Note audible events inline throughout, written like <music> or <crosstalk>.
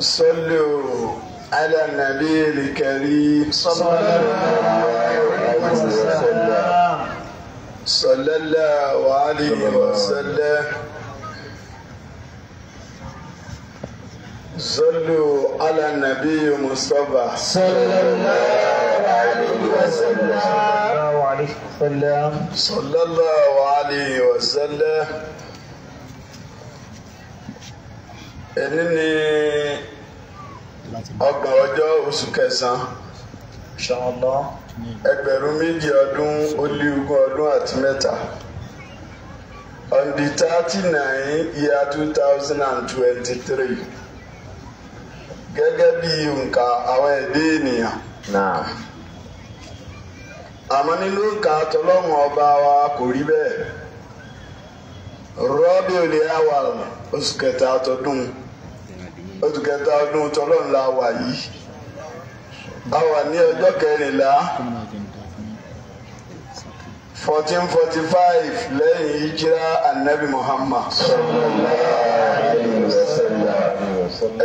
صلوا على النبي الكريم صلى الله عليه وسلم صلى الله عليه وسلم صلوا على النبي مصطفى صلى الله عليه وسلم صلى الله عليه وسلم إنني ọgbọ̀n ọjọ́ oṣù kẹsàn-án ẹgbẹ̀rún méjì ọdún ó lé ogún ọdún àti mẹ́ta on the thirty nine year two thousand and twenty three gẹ́gẹ́ bí nǹka àwọn ẹ̀dá ènìyàn. àmọ́ nínú nǹka tọlọ́run ọba wa kò rí bẹ́ẹ̀ olè oṣù kẹta tọdún. oṣù kẹta ọdún tọlọ́run la wà yìí a wà ní ọjọ́ kẹrìnlá fourteen forty five lẹ́yìn hijira anabi muhammad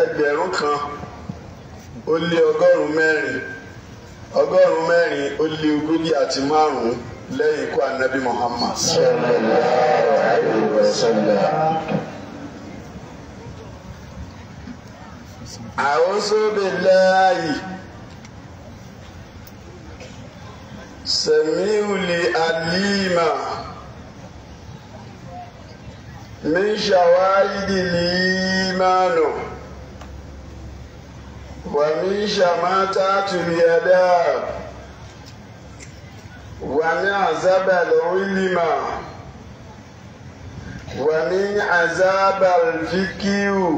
ẹgbẹ̀rún kan ó lé ọgọ́rùn mẹ́rin ọgọ́rùn mẹ́rin ó lé ogójì àti márùn lẹ́yìn ikú anabi muhammad. أعوذ بالله سميع العليم من شوائد الإيمان ومن شماتات الأداب ومن عذاب العلم ومن عذاب الفكر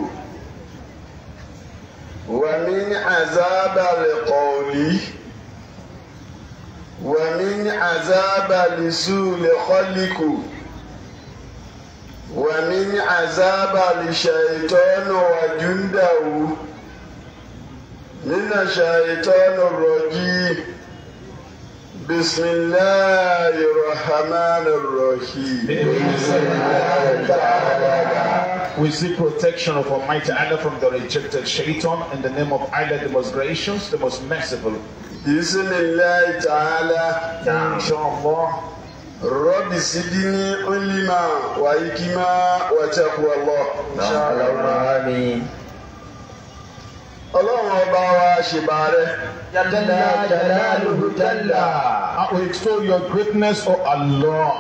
ومن عذاب القول ومن عذاب لسوء خلق ومن عذاب الشيطان وجنده من الشيطان الرجيم بسم الله الرحمن الرحيم We seek protection of Almighty Allah from the rejected shaitan in the name of Allah the most gracious, the most merciful. بسم الله تعالى إن شاء الله رب سيدني علما وحكما وتقوى الله. إن شاء الله آمين ọlọ́run ọba wa ṣèbà rẹ. yàtọ̀lá yàtọ̀lá lòlùtẹ́lá. I will extol your greatness O Allah.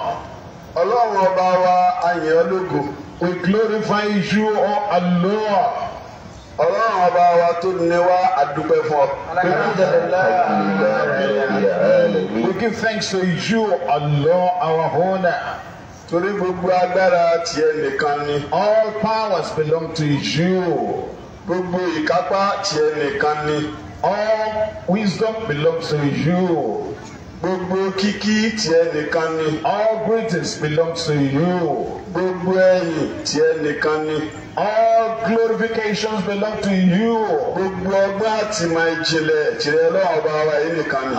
ọlọ́run ọba wa ayẹ̀ ológo. we glorify you O Allah. ọlọ́run ọba wa tó ní wa àdúpẹ́ fún ọ. we give thanks to you Allah our owner. torí gbogbo agbára tiẹ̀ nìkan ni. all powers belong to you gbogbo ìkápá tiẹ̀ nìkan ni all wisdom belongs to you gbogbo kíkí tiẹ̀ nìkan ni all greatness belongs to you gbogbo ẹ̀yìn tiẹ̀ nìkan ni all glorifications belong to you gbogbo ọgbọ́n àti ìmọ̀ ìjìnlẹ̀ tìrẹ lọ́wọ́ bá wa yìí nìkan ni.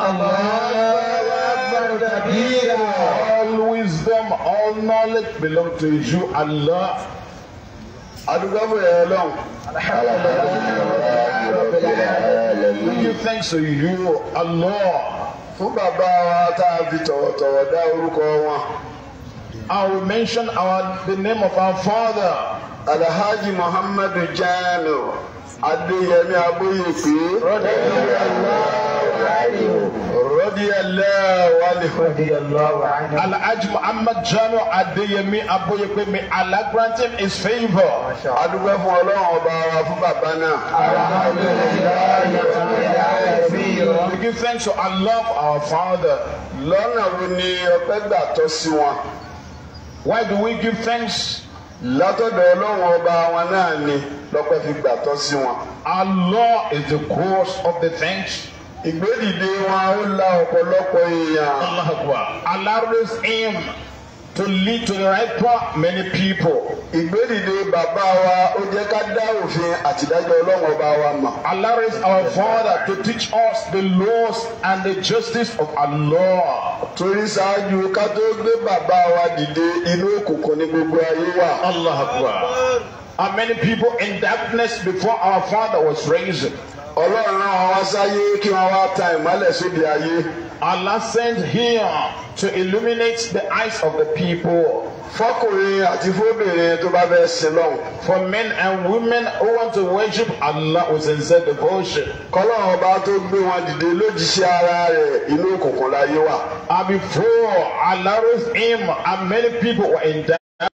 all wisdom all knowledge belong to you Allah adúgbò fún yẹn lọ́wọ́. We give thanks to you, Allah. Fún bàbá wa tá a fi tọ̀wọ̀tọ̀wọ̀ dá orúkọ wọn. I will mention our, the name of our father. Alhaji Muhammadu Jamiu Adéyẹmí Aboyepe. Rọ́dà ìlú Allah wáyé. رضي الله عنه رضي الله عنه الحاج his favour. adúgbò fún ọlọ́run ọba wa fún bàbá náà. we give thanks to Allah our father. lọ́nà wo ni ọpẹ́ gbà tọ́ sí wọn. why do we give thanks. látọ̀dọ̀ ọlọ́run ọba wọn náà ni lọ́pẹ́ fi gbà tọ́ sí wọn. Allah is the cause of the thanks ìgbédìde wọn ó la ọ̀pọ̀lọpọ̀ èèyàn. Allah rose him to lead to the right path many people. ìgbédìde bàbá wa ó jẹ́ ká dá òfin àtìdájọ́ ọlọ́run ọba wa mọ̀. Allah our father to teach us the laws and the justice of Allah. torí ṣáájú ká tó gbé bàbá wa dìde inú òkùnkùn ní gbogbo ayé wa. Allah akbar. And many people in darkness before our father was raised. Ọlọ́run rán wọn kí wọ́n wá ta ìmọ́lẹ̀ sóde ayé. Allah sent him to illuminate the eyes of the people. Fọkùnrin àti fóbìnrin tó bá fẹ́ sin lọ́hùn. For men and women who want to worship Allah with sincere devotion. Kọ́lọ́run ọba tó gbé wọn dìde lójíṣẹ́ ara rẹ̀ inú òkùnkùn láyé wà. And before Allah raised him and many people were in doubt.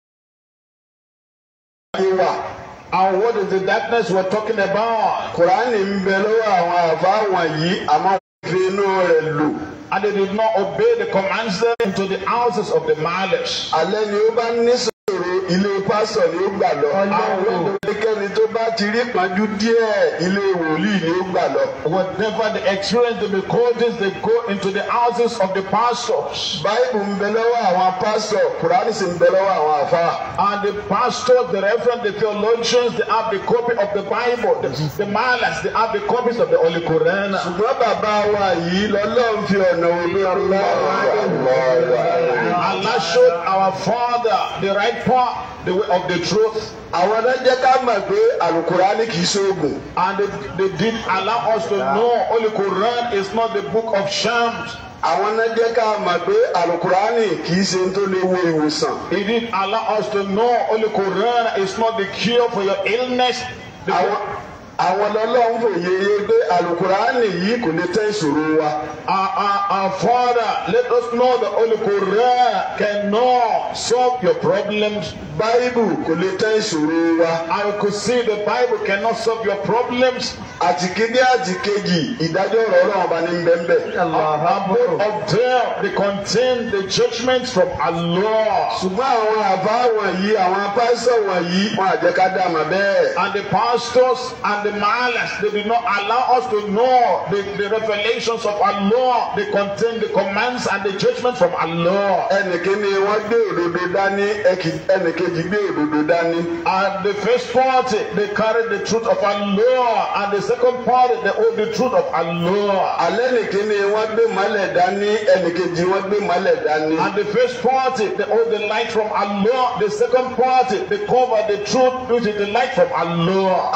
And what is the darkness we're talking about? Quran ń bẹ lọ́wọ́ àwọn àbá wọ̀nyí And they did not obey the commands into the houses of the malice. Alẹ́ ni ó bá ní ilé pásọ̀ ni ó gbà lọ àwọn ẹnikẹ́ni tó bá ti rí ìpájú díẹ̀ ilé wòlíì ni ó gbà lọ. whatever they experience the recordings they go into the houses of the pastors. báyìí ń bẹ lọ́wọ́ àwọn pásọ̀ kùránì sì ń bẹ lọ́wọ́ àwọn àfa. and the pastors the reverend the theologians they have the copy of the bible the, the malas they have the copies of the holy quran. ṣùgbọ́n bàbá wa yìí lọ́lọ́run fi ọ̀nà òbí ọlọ́run. Allah showed our father the right path the way of the truth. àwọn náà jẹ́ ká mọ̀ pé alukurani kì í ṣe oògùn. and they, they did allow us to know Holy Quran is not the book of shams. àwọn náà jẹ́ ká mọ̀ pé alukurani kì í ṣe tó lè wo ìwòsàn. he did allow us to know Holy Quran is not the cure for your illness. àwọn àwọn lọ́lọ́run fòye yé pé alukurani yìí kò lè tẹ́ ìṣòro wa. Our, our, our Father, let us know the Holy Quran cannot solve your problems. Bible kò lè tẹ́ ìṣòro wa. I could see the Bible cannot solve your problems. Àtìkéde àtìkéjì ìdájọ́ ọ̀rọ̀ ọ̀rọ̀ ọba ní bẹ́ẹ̀ Both of them they contain the judgment from Allah. Ṣùgbọ́n àwọn àbá wọ̀nyí àwọn pásítọ̀ wọ̀nyí wọn àjẹká dàmà bẹ́ẹ̀. And the pastors and the the malice. They did not allow us to know the, the revelations of Allah. They contain the commands and the judgment from Allah. And the first party they carry the truth of Allah and the second party they hold the truth of Allah. And the first party they hold the light from Allah. The second party they cover the truth which is the light from Allah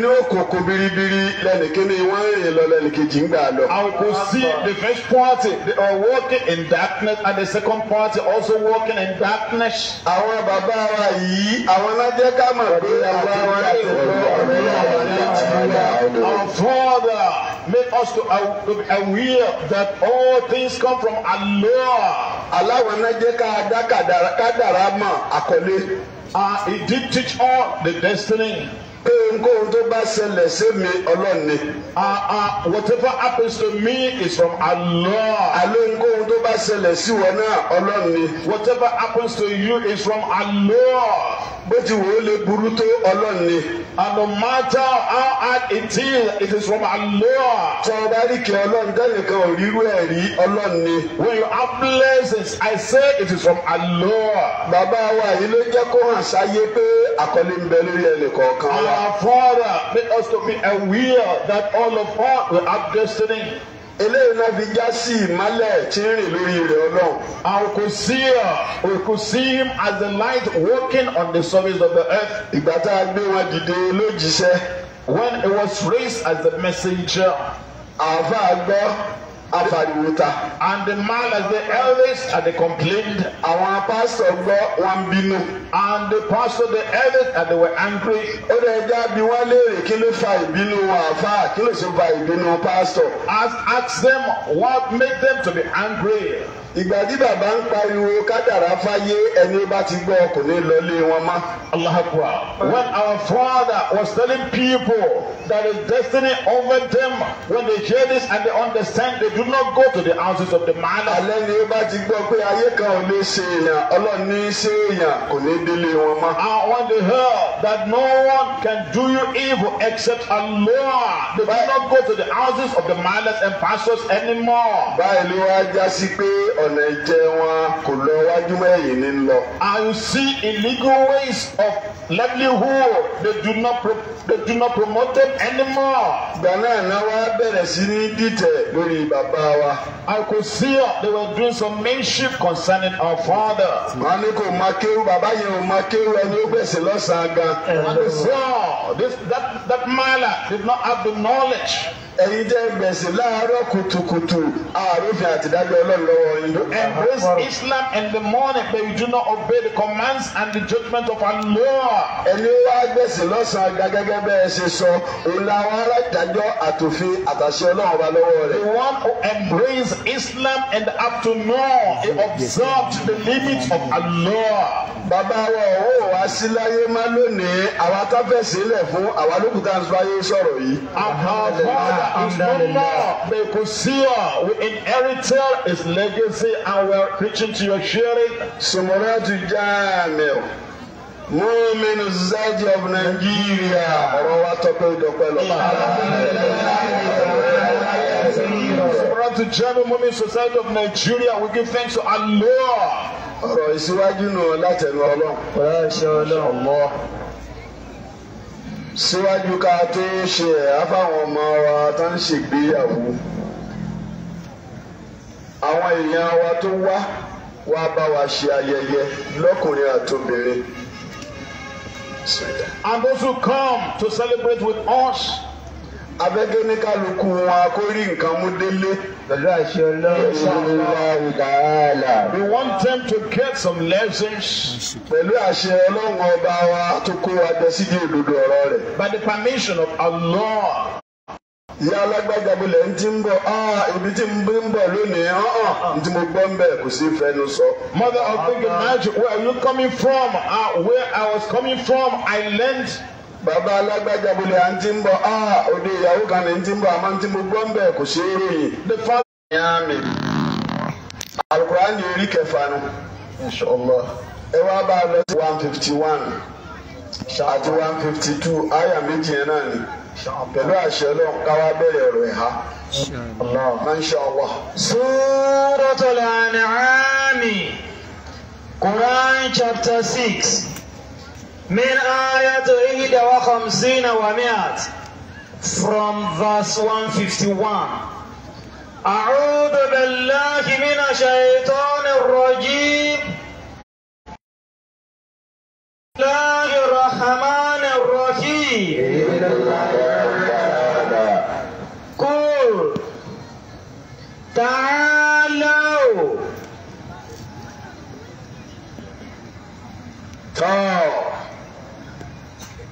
inú òkòkò biribiri lẹ́nìkíní wọ́n rìn lọ lẹ́nìkejì ń lọ. I could see the first party they are uh, walking in darkness and the second party also walking in darkness. Àwọn bàbá wa yìí àwọn alájẹ́ ká mọ̀ pé àwọn ọ̀rẹ́ àwọn alájẹ́ ká mọ̀. Our father make us to be aware that all things come from Allah. Aláwọ̀ alájẹ́ ká dá kádàrá mọ̀ àkọlé. Uh, he did teach all the destiny nkóhun tó bá ṣẹlẹ̀ sí mi ọlọ́run ni. whatever happens to me is from Allah. àlọ́ nkóhun tó bá ṣẹlẹ̀ sí wọn náà ọlọ́run ni. whatever happens to you is from Allah. bó ti wò ó lè burú tó ọlọ́run ni. And no matter how hard it is, it is from Allah. Tí kí Ọlọ́run dẹ́nìkan ò ẹ̀ rí Ọlọ́run ni. When you have blessings, I say it is from Allah. Bàbá wa yìí ló jẹ́ kó hàn sáyé pé àkọlé ń bẹ lórí ẹnìkọ̀ọ̀kan wa. Our father made us to be aware that all of us we have destiny eléyìí náà fi já sí ìmálẹ̀ tí ń rìn lórí ilẹ̀ ọlọ́run. and we could see her we could see him as the light walking on the surface of the earth. ìgbà tá a gbé wọn dìde lójíṣẹ́. when he was raised as the messenger. àáfàá gbọ́ apariwo ta. and the man as the eldest and they complained. àwọn pastor gbọ́ wọn bínú. and the pastor the eldest and they were angry. ó lè dá bí wọ́n léèrè kí ló fa ìbínú àáfàá kí ló sì fa ìbínú pastor. as ask them what make them to be angry ìgbà tí bàbá ń pariwo kádàrá fáyé ẹni bá ti gbọ́ kò ní lọlé wọn má. Allah When our father was telling people that the destiny over them when they hear this and they understand they do not go to the houses of the man. Alẹ́ ni ó bá ti gbọ́ pé ayé kan ò ní ṣe èèyàn ọlọ́run ní ṣe èèyàn kò ní délé wọn má. And when they heard that no one can do you evil except Allah they do not go to the houses of the mindless and pastors anymore. Báyìí ló wá já sí pé ọ̀nà ìjẹ wọn kò lọ wájú mẹ́yìn ní lọ. and see illegal ways of livelihood they do not pro they do not promote them anymore. ìgbà náà náà wá bẹ̀rẹ̀ sí ní dìtẹ̀ lórí bàbá wa. I could see uh, they were doing some mischief concerning our father. wọ́n ní kò máa kéwú bàbá yẹn ò máa kéwú ẹni ó gbèsè lọ́sàn-án gan. and so this that that man did not have the knowledge ẹ̀yin jẹ́ gbẹ̀sìn láàárọ̀ kùtùkùtù àròfin àtìdájọ́ ọlọ́run lọ́wọ́ yín. embrace Islam in the morning but you do not obey the commands and the judgment of Allah. ẹni wá gbẹ̀sìn lọ́sàn-án gẹ́gẹ́ bẹ́ẹ̀ ṣe sọ òun làwọn arájàjọ́ àtòfin àtàṣe ọlọ́run wa lọ́wọ́ the one who embrace Islam in the afternoon he observed the limits of Allah. bàbá wa ò wá sí láyé má lónìí àwa tá fẹ́ sílẹ̀ fún àwa lókùtà ń sọ ayé sọ̀rọ̀ yìí. àhàfọ́dà is no more. Mekusia, we inherited his legacy and we are preaching to your sharing. Sọmọlá ti já àmì o. of Nigeria. Ọ̀rọ̀ wa tọ́pẹ́ ìdọ́pẹ́ lọ. Sọmọlá Society of Nigeria. We give thanks to Allah. Ọ̀rọ̀ ìsíwájú nù látẹnu Ọlọ́run. Ọ̀rọ̀ ìṣẹ́ Ọlọ́run mọ́ síwájú ká tó ṣe ẹ̀yà ọmọ wa tó ń ṣègbéyàwó àwọn èèyàn wa tó wá wá bá wa ṣe ayẹyẹ lọ́kùnrin àtòbìnrin. And those who come to celebrate with us abẹ́gẹ́ ní kálukú wọn kó nǹkan mú délé. Pẹ̀lú àṣẹ Ọlọ́run ìdáhàlà. We want them to get some lessons. Pẹ̀lú àṣẹ Ọlọ́run ọba wa tó kó wa jọ síbi òdodo ọ̀rọ̀ rẹ̀. By the permission of Allah. Ìyá alágbájá bolẹ̀ ń ti ń bọ̀ ah, ibi tí ń ń bọ̀ lónìí hàn ah, ah, tí mo gbọ́ ń bẹ̀ kò sí fẹnu sọ. Mother of big magic where are you coming from? Uh, where I was coming from I learned. bàbá alágbájá bolẹ̀ à ń ti ń bọ̀ á òde ìyàwó kan mbọ ń ti ń bọ̀ àmọ́ ń ti ń bọ̀ gbọ́ǹbẹ̀ kò ròyìn. the I mean ni orí kẹfà inshallah ẹ wá bá a lọ sí one fifty one ṣáàtì one fifty two àyà méjì yẹn náà ni ha من آية إحدى وخمسين ومئات from verse 151 أعوذ بالله من الشيطان الرجيم الله الرحمن الرحيم قل تعالوا تعالوا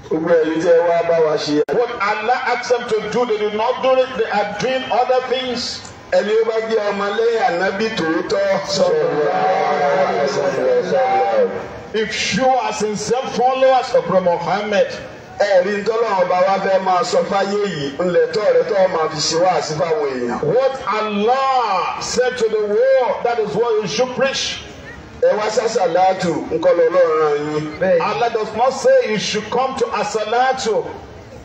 Gbogbo ẹ̀yin tẹ́ wá bá wa ṣe. What Allah asked them to do, they did not do it, they are doing other things. Ẹni ó bá gbé ọmọ lẹ́yìn ànábì tòótọ́. If you are sincere followers of Muhammad ẹ̀rí tọ́lọ́run bá wá fẹ́ máa sọ fáyé yìí ńlẹ̀ tọ́ tọ́ máa fi ṣe wá èèyàn. What Allah said to the world, that is what you should preach ẹ wá ṣàṣàlátù nkọlọ Ọlọ́run yín. Allah does not say you should come to asalatu.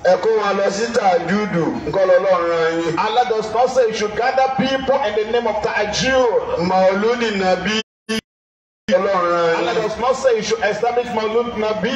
Ẹ kó wa lọ sí tàjúdù nkọlọ Ọlọ́run yín. Allah does not say you should gather people in the name of tajud. Màálùlì nàbí. Allah does not say you should establish Màálùlì nàbí.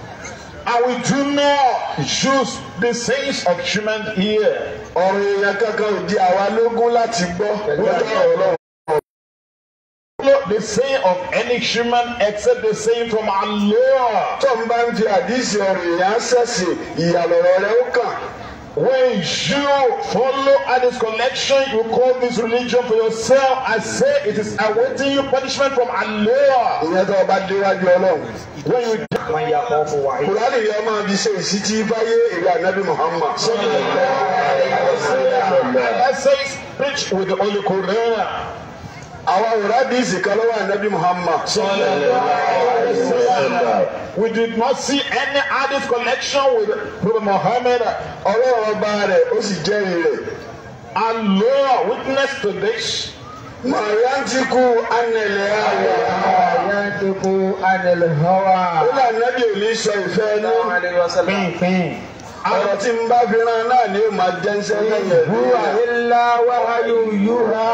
And we do not use the things of human ear. Ọ̀rọ̀ èèyàn kankan ò di àwa lógún láti gbọ́. Wọ́n ọ̀rọ̀ the saying of any human except the saying from Allah. tó ń bá ń fi àdísì When you follow this connection, you call this religion for yourself. I say it is awaiting you punishment from Allah. Ìyẹn when you die. wọ́n yà kọ́ fún wa. kùránì yà máa fi ṣe ìṣítí báyé ìyá nabi muhammad. essays preach with holy quran. àwọn àwòrán bíi ìsìnkálọ́wọ́ anabi muhammad. we did not see any hadith connection with prophet muhammad. ọ̀rọ̀ ọba rẹ̀ ó sì jẹ́rìí rẹ̀. and law witness to this. ما ينطق عن الهوى ما ينطق عن الهوى ولا النبي àwọn tí n bá fi náà ni yóò máa jẹ́nsẹ́ lẹ́yìn rẹ̀. ilá wàhálù yúhà.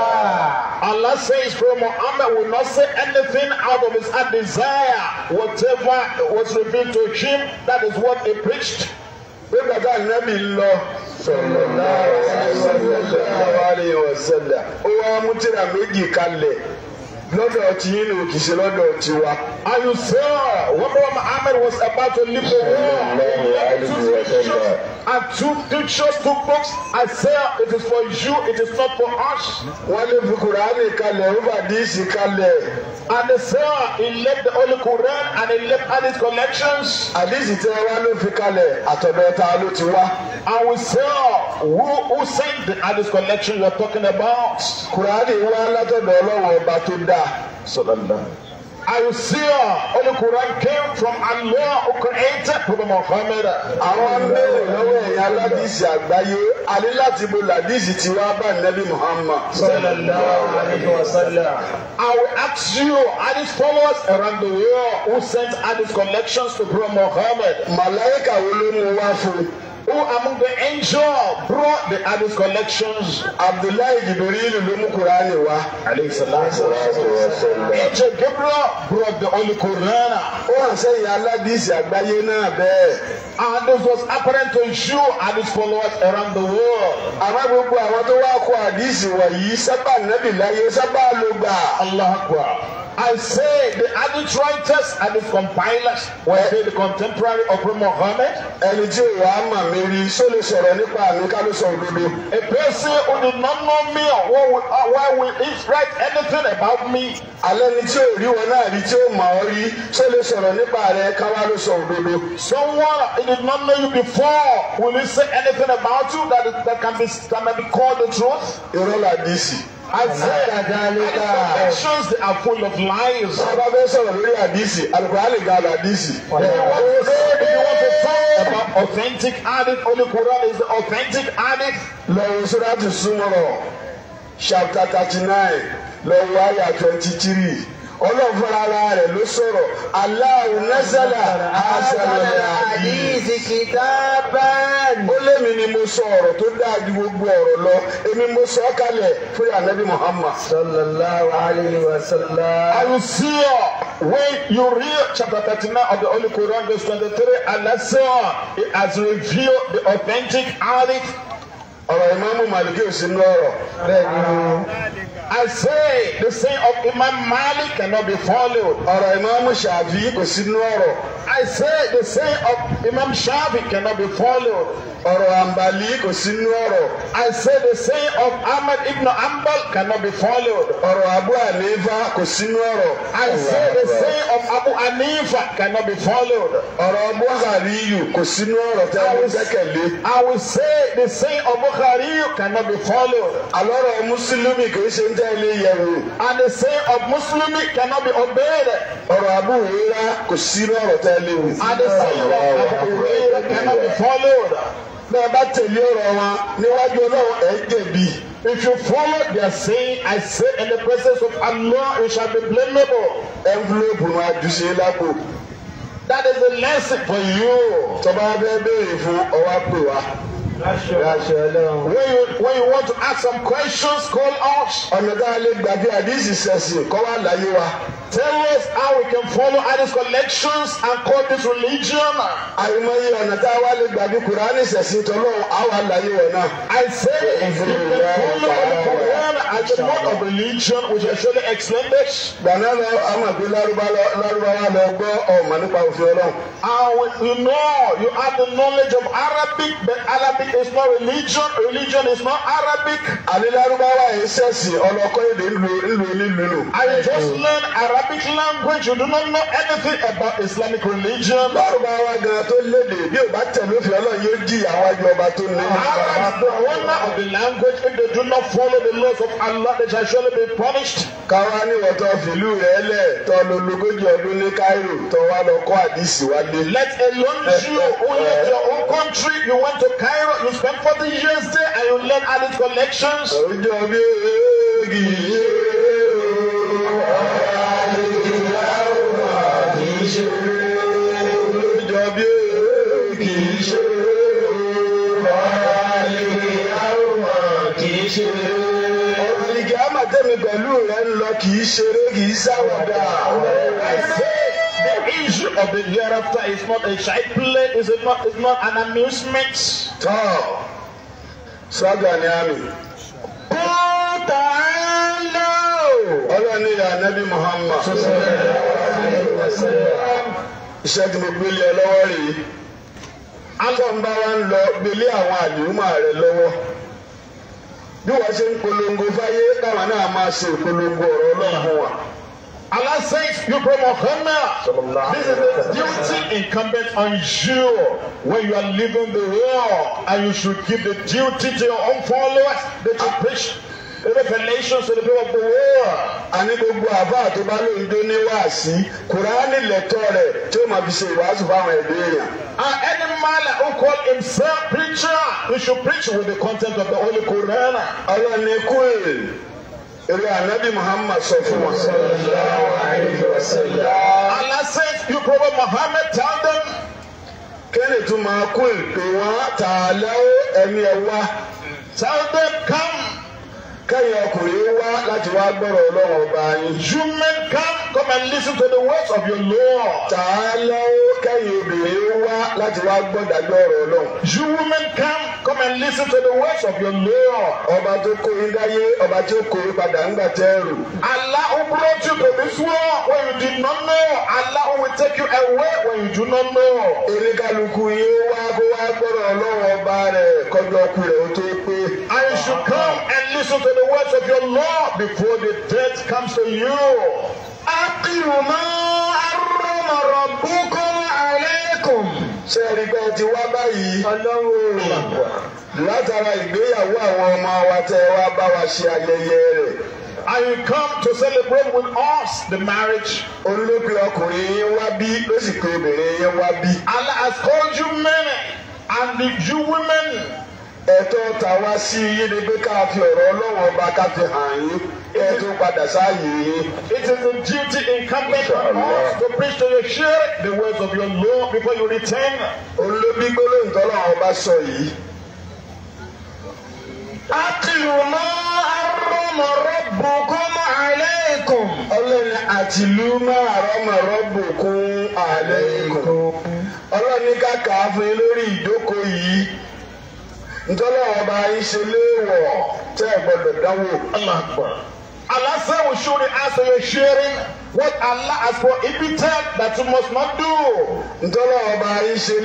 Allah says for Muhammad will not say anything out of his own desire whatever was revealed to him that is what he preached pé bàbá ànábì lọ sallallahu alaihi wasallam ó wá mú tírà méjì kalẹ̀ lọ́dọ̀ ti yín ló kìí ṣe lọ́dọ̀ ti wa. Are you sure when Muhammad Ahmed was about to leave the war? I took pictures, took books. I said it is for you, it is not for us. Wọ́n lè fi kalẹ̀, ó díìsì kalẹ̀. And they he left the Holy Quran and he left all his collections. Àdìsí tí wá ló fi kalẹ̀, àtọ̀dọ̀ ta ló ti wá. I will say who who sent all his collections? you are talking about? Kùránì wá látọ̀dọ̀ Ọlọ́run ọba tó dá. Allah sallallahu I see her. Uh, Only Quran came from Allah who created from Muhammad. Àwọn mẹ́rin lọ́wọ́ ẹ̀yà aládìsí àgbáyé aléláàtìbó làdìsí ti wá bá Nabi Muhammad. Sallallahu alayhi wa sallam. I will ask you, these followers around the world who sent these connections to Prophet Muhammad. Màláyíkà wo ló mú wá fún un? who among the angels brought the hadith collections. Abdullahi Jibril ló mú Kùránì wá. Aleyhi salatu Angel Gabriel brought the Holy Quran. Ó hàn sẹ́yìn aládìsí àgbáyé náà bẹ́ẹ̀. And this was apparent to you and his followers around the world. Àmọ́ gbogbo àwọn tó wá kó àdìsí wọ̀nyí sábà nábì láyé sábà ló gbà. Allah akbar. I say the adulterators and the compilers were they the contemporary of Muhammad. Ẹni tí ìwà àmà mi rí só lè sọ̀rọ̀ nípa àmì ká ló sọ òdodo. A person who did not know me or who uh, why will he write anything about me. Alẹ́ ni tí ò rí wọn náà rí tí ó mà ọ́ rí só lè sọ̀rọ̀ nípa rẹ̀ ká wá ló sọ òdodo. Someone who did not know you before will he say anything about you that, that can be that may be called the truth? Ìrọ̀lá dì í sí. Isaiah Dalika. Actions are full of lies. Bàbá fẹ́ lórí àdìsí, àlùkòrán ga àlọ́ authentic hadith, Holy Quran is the authentic hadith. Lọ́wọ́ Sọ́dá ti súnmọ́rọ̀, chapter thirty nine, lọ́wọ́ àyà twenty three ọlọ́fọ́ra ara rẹ̀ ló sọ̀rọ̀ Allahu nazala àṣàlẹ̀ àdìsí kìtàbán. ó lémi ni mo sọ ọ̀rọ̀ tó dáa ju gbogbo ọ̀rọ̀ lọ èmi mo sọ ọ́ kalẹ̀ fún anabi Muhammad. sallallahu alayhi wa I will see you when you read chapter thirty nine of the Holy Quran verse twenty three alasio as revealed the authentic hadith ọ̀rọ̀ ìmáàmù Màlìkì ò sí nú ọ̀rọ̀. I say the saying of Imam Malik cannot be followed. ọ̀rọ̀ ìmáàmù Ṣàfi kò sí nú ọ̀rọ̀. I say the saying of Imam Shafi cannot be followed. ọ̀rọ̀ àǹbàlì kò sí nú ọ̀rọ̀. I say the saying of Ahmad ibn Ambal cannot be followed. ọ̀rọ̀ Abu Hanifa kò sí nú ọ̀rọ̀. I say the saying of Abu Hanifa cannot be followed. ọ̀rọ̀ Buhari yìí kò sí nú ọ̀rọ̀ tí a lè gbẹ́kẹ̀lé. I will say the saying of Buhari. Bukhari cannot be followed. alora lot of se kì í ṣe ń And of Mùsùlùmí cannot be obeyed. Ọ̀rọ̀ Abu Hira kò sí lọ́rọ̀ tẹ́lẹ̀ o. And of Abu Hira cannot be followed. Bí ẹ bá tẹ̀lé wa níwájú If you follow their saying, I say in the presence of Allah, you shall be blameable. Envelope That is the lesson for you. Tọ́ba bẹ́ẹ̀ fún ọwọ́ àpè When you when you want to ask some questions, call us. Ọ̀nà tá a lè gbàgbé àdìsí sẹ̀sìn kọ́ wá láyé wa. Tell us how we can follow Ali's collections and call this religion. Àìmọye ọ̀nà tá a wá lè gbàgbé Kùránì ṣẹ̀sìn tọ́lọ́run á wà rẹ̀ náà. I say if you can follow the Quran as the mode of religion which is actually explain it. Gbàná lọ àwọn àgbẹ̀ Lárúbáwá lọ gbọ́ ọ̀mà nípa òfin Ọlọ́run. Àwọn you know you have the knowledge of Arabic but Arabic is not religion religion is not Arabic. Àlè Lárúbáwá yìí ṣẹ̀sìn ọlọ́kọ́ èdè ńlò ńlò nílùú. I just learn Arabic. Arabic language you do not know anything about Islamic religion. Lárúbáwá gan tó léde bí o bá tẹ̀lé òfin ọlọ́run yóò jí àwọn àjọ ọba tó lé. Arabs the owner of the language if they do not follow the laws of Allah they shall surely be punished. Káwá ní wọ́tọ̀ fìlú rẹ̀ lẹ̀ tọ́ lo lógójì ọdún ní Cairo tọ́ wá lọ kọ́ àdìsí wálé. Let alone eh, you eh, who left eh. your own country you went to Cairo you spent forty years there and you learn all these collections. Òjò bí ooo gìí. ṣe olùjọ The issue of the hereafter is not a child play, is it not, is not an amusement. Tọ́ sọ́gà ni àmì. Kó tàá lọ. Ọlọ́ni ìyá Nabi Muhammad iṣẹ́ tí mo ẹ lọ́wọ́ rèé akọ̀ǹba wa ń lọ gbélé àwọn àdìmọ́ rẹ lọ́wọ́ bí wọ́n ṣe ń polongo fáyé káwọn náà máa ṣe ìpolongo ọ̀rọ̀ ọlọ́run wa. Allah says, you This is the duty incumbent on you when you are leaving the world, and you should give the duty to your own followers The you preach revelation to the people of the world. àní gbogbo àbá tó bá lóun dé ní wáàsí kùránì lẹ́tọ́ rẹ̀ tí ó máa fi ṣe ìwàásù fáwọn ẹ̀dá èèyàn. And any man that who call himself preacher, he should preach with the content of the Holy Quran. ọlọ́run ní kú èrè èrè ànábì Muhammad sọ fún wọn. Allah says you prophet Muhammad tell them. kẹ́lẹ̀ tún máa kú ìpè wọn tààlà ẹ̀mí ẹ̀ wá. Tell them come kẹ́yìn ọkùnrin wá láti wá gbọ́rọ̀ ọlọ́run ọba yín. you men come come and listen to the words of your Lord. tààlọ́ kẹ́yìn obìnrin wá láti wá gbọ́dàgbọ́ ọ̀rọ̀ ọlọ́run. you women come come and listen to the words of your Lord. ọba tó kó yín dáyé ọba tó kó yín padà ń gbà tẹ́rù. Allah brought you to this world when you did not know Allah will take you away when you do not know. èrè kálukú yín wá kó wá gbọ́dọ̀ ọlọ́run ọba rẹ̀ kọjọ́ ọkùnrin rẹ̀ ó tó pé. I should come and listen to the words of your Lord before the death comes to you. Aqimu ma harrama rabbukum alaykum. Ṣé ẹ̀rí pé ẹ ti wá báyìí? Ọlọ́run ò látara ìgbéyàwó àwọn ọmọ wa tẹ́ wá bá wa ṣe ayẹyẹ rẹ̀. And you come to celebrate with us the marriage. Olúbi ọkùnrin yín wá bí ló sì pé obìnrin yín wá bí. Allah has called you men and you women ẹ̀tọ́ tàwa sí yín ni pé ká fi ọ̀rọ̀ Ọlọ́run ọba ká fi hàn yín ẹ padà sáàyè yín. It is the duty incumbent on us to preach to you share the words of your Lord before you return. olóbi gbólóhùn tọ́lọ́ àwọn ọba sọ yìí. Atlu ma harrama rabbukum alaykum. Ọlọ́run atlu ma harrama rabbukum alaykum. Ọlọ́run ní ká kàá fún yín lórí ìdókòó yìí ntọ́lọ́wọ́ bá yín ṣe léèwọ̀ tẹ́ ẹ̀ gbọ́dọ̀ dáwọ́ ọ̀làgbọ̀n. Allah said we should answer your sharing what Allah has prohibited that you must not do. Ntọ́lá ọba yìí ṣe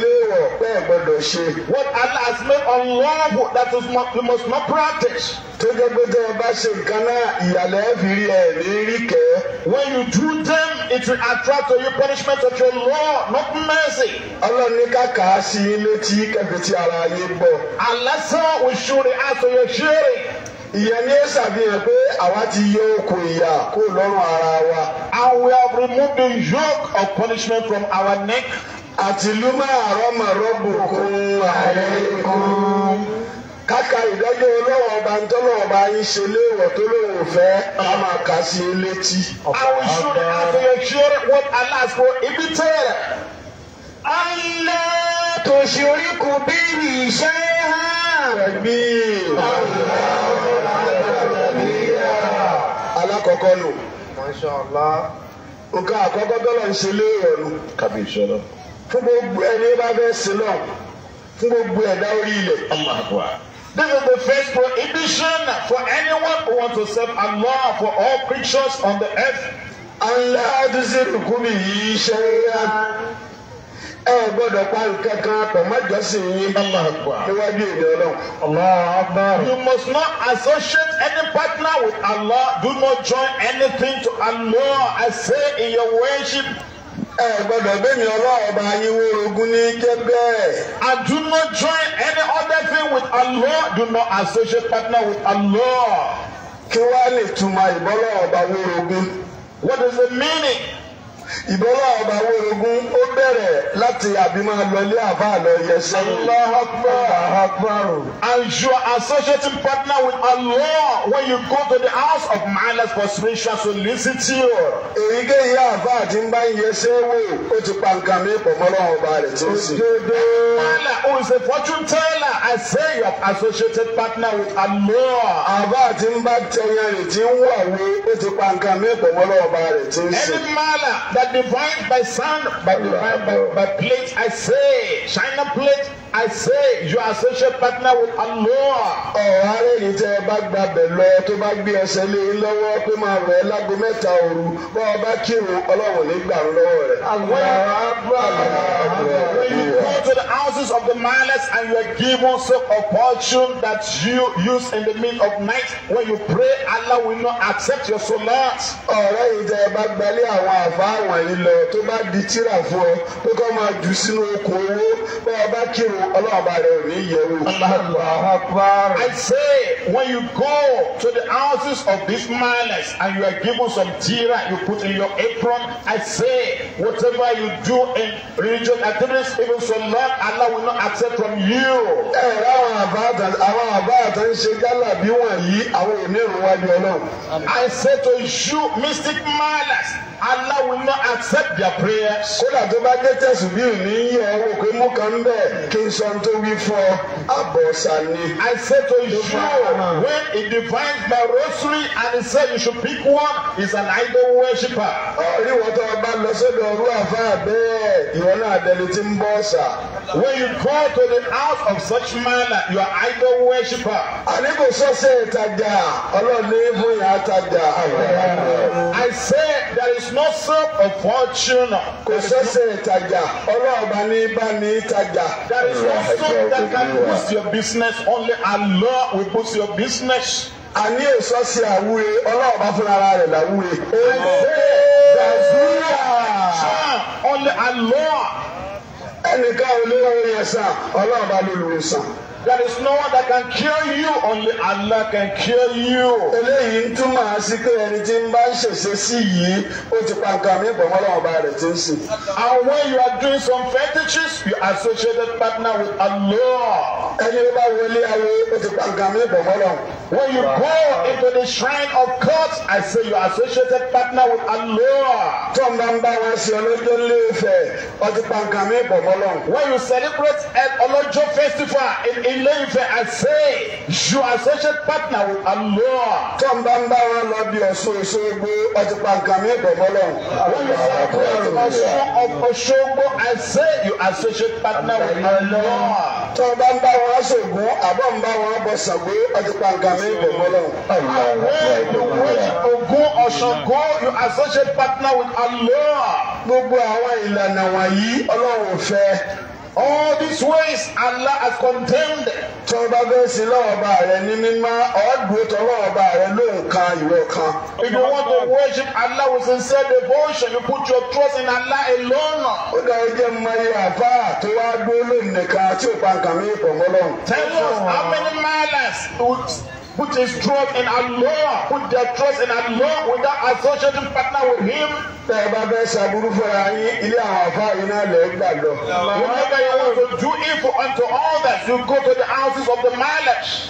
bẹ́ẹ̀ gbọ́dọ̀ ṣe. What Allah has made unlawful that you must not practice. Tó jẹ́ pé ṣe nǹkan náà ìyàlẹ́ fi rí ẹ̀ ní rí When you do them, it will attract to you punishment of your law, not mercy. Ọlọ́run ní kàkà sí létí kẹfì tí ara yé gbọ́. Allah said we should answer your sharing ìyẹn ní ṣàfihàn pé àwa ti yọ okùn ìyà kó lọ́rùn ara wa. and we have removed the yoke of punishment from our neck. àtìlúmọ̀ àrọ́mọ̀ rọ́bùkún àlẹ́kùn. káka ìdájọ́ ọlọ́wọ́ ọba ń tọ́lọ́ ọba yín ṣe léèwọ̀ tó lóun fẹ́ a máa kà sí i létí. and we should as we share what Allah has for ibitere. Allah tó ṣe orí kò bí ìṣe hàn. àkọ́kọ́ nù. nǹkan àkọ́kọ́ tọ́lọ̀ ń ṣe léèyàn nù. kábíyèsí ọlọ. fún gbogbo ẹni bá fẹ́ sin náà fún gbogbo ẹ̀dá orí ilẹ̀. Allahu Akbar. This is the first prohibition for anyone who wants to serve Allah for all creatures on the earth. Allah ti ṣe yìí ṣe é yá ẹ gbọ́dọ̀ pa nǹkan kan pọ̀ yín níwájú èdè Ọlọ́run. You must not associate any partner with Allah. Do not join anything to Allah I say in your worship. Ẹ gbọ́dọ̀ bẹ́mi ọlọ́ọ̀bá yín wórogún ní jẹ́bẹ́. I do not join any other thing with Allah. Do not associate partner with Allah. Kí wàá lè túmọ̀ ìbọ́lọ́ọ̀bá wórogún. What is the meaning? ìbọ́lá ọba wo ogun ó bẹ̀rẹ̀ láti àbímọ lọlé àbá lọ yẹsẹ. Akbar. And you are associating partner with Allah when you go to the house of mindless for spiritual solicitude. èyíkéyìí àbá àti ń bá ń yẹsẹ wò ó ti pa nǹkan mi pọ̀ mọ́lọ́ ọba rẹ̀ tó sì. Mọ́lá who is a fortune teller I say you have associated partner with Allah. Àbá àti ń bá tẹyẹ rẹ̀ ti ń wà wé ó ti pa nǹkan mi pọ̀ mọ́lọ́ ọba rẹ̀ tó sì. Any mala that that divide by sun, by divine by, by plates, I say, china plate. I say you are social partner with Allah. ọ̀rọ̀ arẹ́ yìí tẹ́ ẹ bá gba bẹ̀ lọ tó bá gbé ẹsẹ̀ lé e lọ́wọ́ pé máa rẹ̀ ẹ́ lágbo mẹ́ta òru bọ́ ọ bá kírun ọlọ́run ní gbà lọ́wọ́ rẹ̀. When you go to the houses of the mindless and you are given some opportune that you use in the middle of night when you pray Allah will not accept your salat. ọ̀rọ̀ yìí tẹ́ ẹ bá gbalẹ̀ àwọn àfa àwọn yìí lọ tó bá di tírà fún ọ pé kọ́ máa jù sínú okùn owó ọ bá kírun I say when you go to the houses of these miners and you are given some jira you put in your apron I say whatever you do in religious activities even so long Allah will not accept from you. I say to you mystic miners. Allah will not accept their prayers. kódà tó bá dé tẹ̀sùn bí òní yẹ ẹ wò pé mú kan bẹ́ẹ̀ kí n sọ tó wí fọ àbọ̀sà ni. I said to you sure when he divides my rosary and he said you should pick one is an idol worshiper. ọ̀rí wọ́n tó bá lọ sọ́dọ̀ ọ̀rú àfa bẹ́ẹ̀ ìwọ náà dẹni tí ń bọ́ sà. When you call to the house of such man you are idol worshiper. àníkò sọ́sẹ̀ ìtajà ọlọ́ọ̀ni fún ìyá ìtajà àwọn ọ̀rẹ́ rẹ̀. I say there is is not self fortunate. kò sẹ́sẹ̀ ìtajà ọlọ́ọ̀bá ní bá ní ìtajà. there is no soul that can boost your business only Allah will boost your business. àní èso ṣe àwúre ọlọ́ọ̀bá fúnra rẹ̀ làwúre. èdè dàdúrà. only Allah. ẹnìkan ò lè wọ ẹ̀sà ọlọ́ọ̀bá ló lù ú There is no one that can cure you, only Allah can cure you. Eléyìí ń túmọ̀ sí pé ẹni tí ń bá ń ṣèṣe sí yìí, ó ti pa nǹkan mi pọ̀ mọ́lá ọba rẹ̀ tí ń sìn. And when you are doing some fetishes, you associated partner with Allah. Ẹni tó bá wọlé awo, ó ti pa nǹkan mi pọ̀ mọ́lá. When you go into the shrine of gods, I say you associated partner with Allah. Tọ́ǹda ń bá wọn ṣe ọlọ́jọ́ léèfẹ̀, ó ti pa nǹkan mi pọ̀ mọ́lá. When you celebrate an ọlọ́jọ́ festival in Ilé-Ifẹ̀ I say your associate partner with Allah. Tó ń bá ń bá wọn lọ bí Ọ̀ṣun Òṣogbo ọtí pàǹkà mi bọ̀bọ̀ lọ. When you say Ọ̀ṣun Òṣogbo I say your associate partner with Allah. Tó ń bá ń bá wọn ṣògùn àbọ̀ ń bá wọn bọ̀ ṣàgbé ọtí pàǹkà mi bọ̀bọ̀ lọ. Ògùn Ọ̀ṣọ́gbó your associate partner with Allah. Gbogbo àwọn ìlànà wọ̀nyí Ọlọ́run fẹ́. All these ways Allah has condemned. Tí o bá fẹ́ lọ́ọ̀bà rẹ ní mímọ́, ọ̀ọ́dúró tọ́ lọ́ọ̀bà rẹ lóòkan ìwọ kan. If you want to worship Allah with sincere devotion, you put your trust in Allah alone. Ó dáa jẹ́ mọ́yé àbá tó wá dúró nìkan tí ò bá nǹkan mi pọ̀ mọ́ Tell us how many miles which is trust in Allah, put their trust in Allah without associating partner with him. Whenever you want to do evil unto others, you go to the houses of the Malach.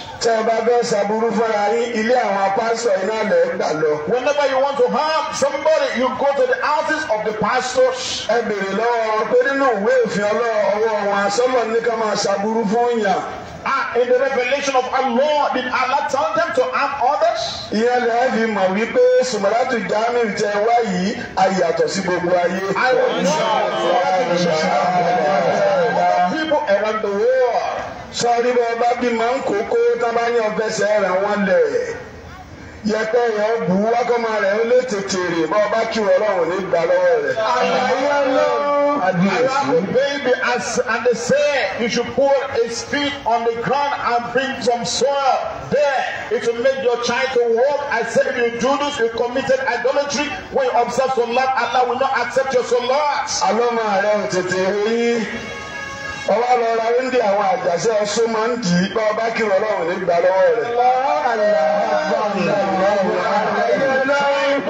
Whenever you want to harm somebody, you go to the houses of the pastors. Ẹ lọ́wọ́ pé nínú ìwé òfin ọlọ́wọ́ wọn, àṣọ́lọ́ ní ká máa ṣàbúrú fún yàn. Ah, in the revelation of Allah, did Allah tell them to harm others? Ìyẹn lè fi mọ̀ wípé Sùmọ́látù Jamiu jẹ wá yìí, sí gbogbo ayé. I will not let you people around the world. Sọ rí bọ́ bá bí máa ń kókó tábà ní ọ̀fẹ́sẹ̀ rẹ̀ lẹ̀ yẹpẹ yẹn ó bu wákọ́mọ rẹ̀ ń lé tètèrè bá ọba kí wọn lọ́wọ́ ní gbà lọ́wọ́ rẹ̀. àlàyé ló allow baby as and they say you should put his feet on the ground and bring some soil there it will make your child to walk I said if you do this you committed idolatry when you observe some salat Allah will not accept your salat. àlọ́ máa rẹ̀ ò tètè rí ọwọ́ lọ ra wíńdí àwọn àjàṣe ọsùn máa ń dì í pé ọba kiri ọlọ́run nígbà lọ́wọ́ rẹ̀.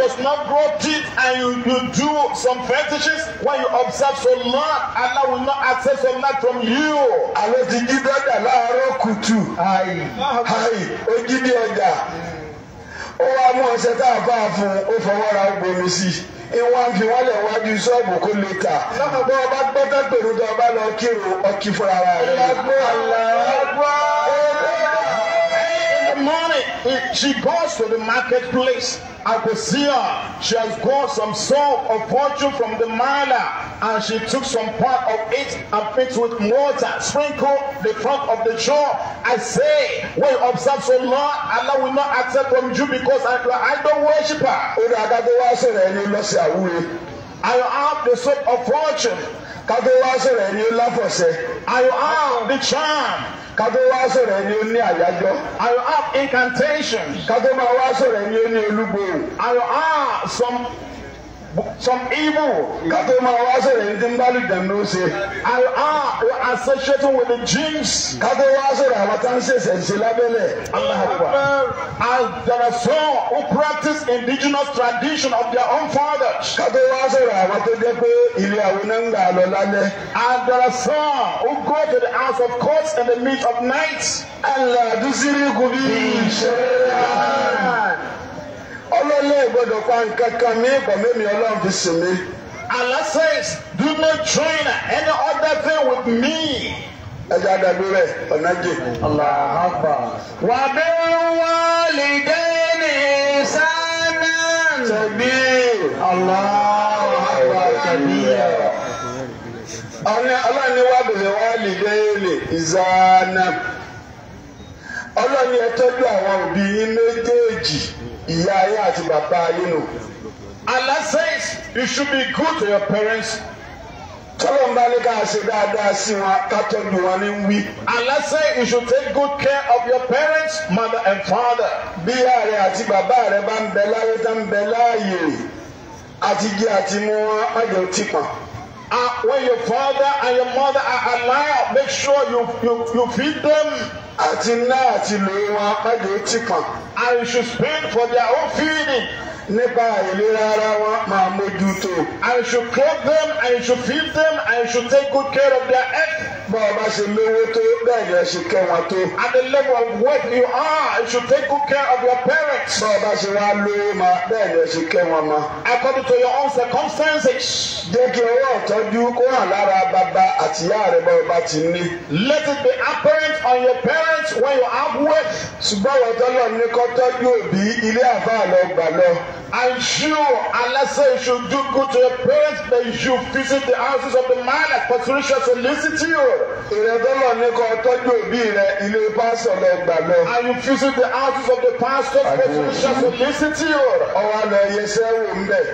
Was not grow teeth and you, you do some fetishes when you observe so long Allah will not accept so much from you. Allah Àlọ́ ti that Allah láàárọ̀ kùtù. you. Ayi. Ó jí bí ọjà ó wá mú ọṣẹ tá a bá a fún ó fọwọ́ ra ó bomi sí i ìwọ ń fi wọ́n lẹ̀ wájú ṣọ́ọ̀bù kó lè tà. lọ́kọ̀ọ́ ọba gbọ́dọ̀ pèrò tó ọba lọ kírun ọkì fúnra rẹ̀. ìyá gbọ́ àlá ẹ̀gbọ́n the morning, she goes to the marketplace. I could see her. She has got some soap of fortune from the miner, and she took some part of it and mixed with water, sprinkled the front of the jaw. I say, when you observe so long, Allah will not accept from you because I, I don't worship her. Ó dàgbà tó wá sọ̀rọ̀ ẹni lọ́sẹ̀ àwúre. I have the soap of fortune. Ká tó wá sọ̀rọ̀ ẹni láfọ̀ṣẹ. I have the charm kátó wá sọ̀rọ̀ ẹni ó ní àyájọ́. I will have incantations. kátó máa wá sọ̀rọ̀ ẹni ó ní olúgbòho. I will have some some evil katoma wase ndimbali dandusi al ah wa associating with the dreams kato wase rabatanse sensilabele Allah akbar and there are some who practice indigenous tradition of their own fathers kato wase rabatede pe ile awunanga lolale and there are some who go to the house of courts in the midst of night Allah dusiri kubi shaytan ọlọ́lẹ́ gbọ́dọ̀ pa nǹkan kan ní ìbọ̀mẹ́mi ọlọ́run fi sùn mí. Allah says, do not join any other thing with me. Ẹja dàbí rẹ̀ ọ̀nà Wa bil walidayni ihsanan. Tẹ̀bí. Allahu Akbar tẹ̀bí. Ọ̀nà ọlọ́ni wà ìyá ayé àti bàbá ayé nù. Allah says you should be good to your parents. Tọ́lọ̀ ń bá ní ká ṣe dáadáa sí wọn ká tọ́jú wọn ní wí. Allah says you should take good care of your parents, mother and father. Bí ìyá rẹ̀ àti bàbá rẹ̀ bá ń bẹ láyé tán ń bẹ láàyè àti jẹ àti mu wọn, má jẹ́ uh, when your father and your mother are alive, make sure you, you, you feed them. Àti náà àti lè wọn, má lè tì And you should spend for their own feeding nípa ìlera ara wọn máa mójútó. I should clothe them, I should feed them, I should take good care of their health. Bá a bá ṣe lówó tó bẹ́ẹ̀ ni ẹ ṣe kẹ́ wọn tó. At the level of wealth you are, you should take good care of your parents. Bá a bá ṣe wá lówó ma bẹ́ẹ̀ ni ẹ ṣe kẹ́ wọn ma. According to your own circumstances. Jẹ́ kí owó ọ̀tọ́jú kó hàn lára bàbá àti ìyá rẹ̀ bá ọba ti ní. Let it be apparent on your parents when you have work. Ṣùgbọ́n ọ̀tọ́ lọ ní kọ́tọ́jú òbí ilé àbá àlọ́ gbà lọ. And you, unless you should do good to your parents, then you visit the houses of the man at Patricia solicitude. Ìrẹ̀dọ́lọ̀ ní kò tọ́jú òbí rẹ̀ ilé pásítọ̀ lọ gbà lọ. And you visit the houses of the pastors Patricia solicitude. Ọwọ́ àlọ́ ẹ̀yẹsẹ̀ wò ń bẹ̀.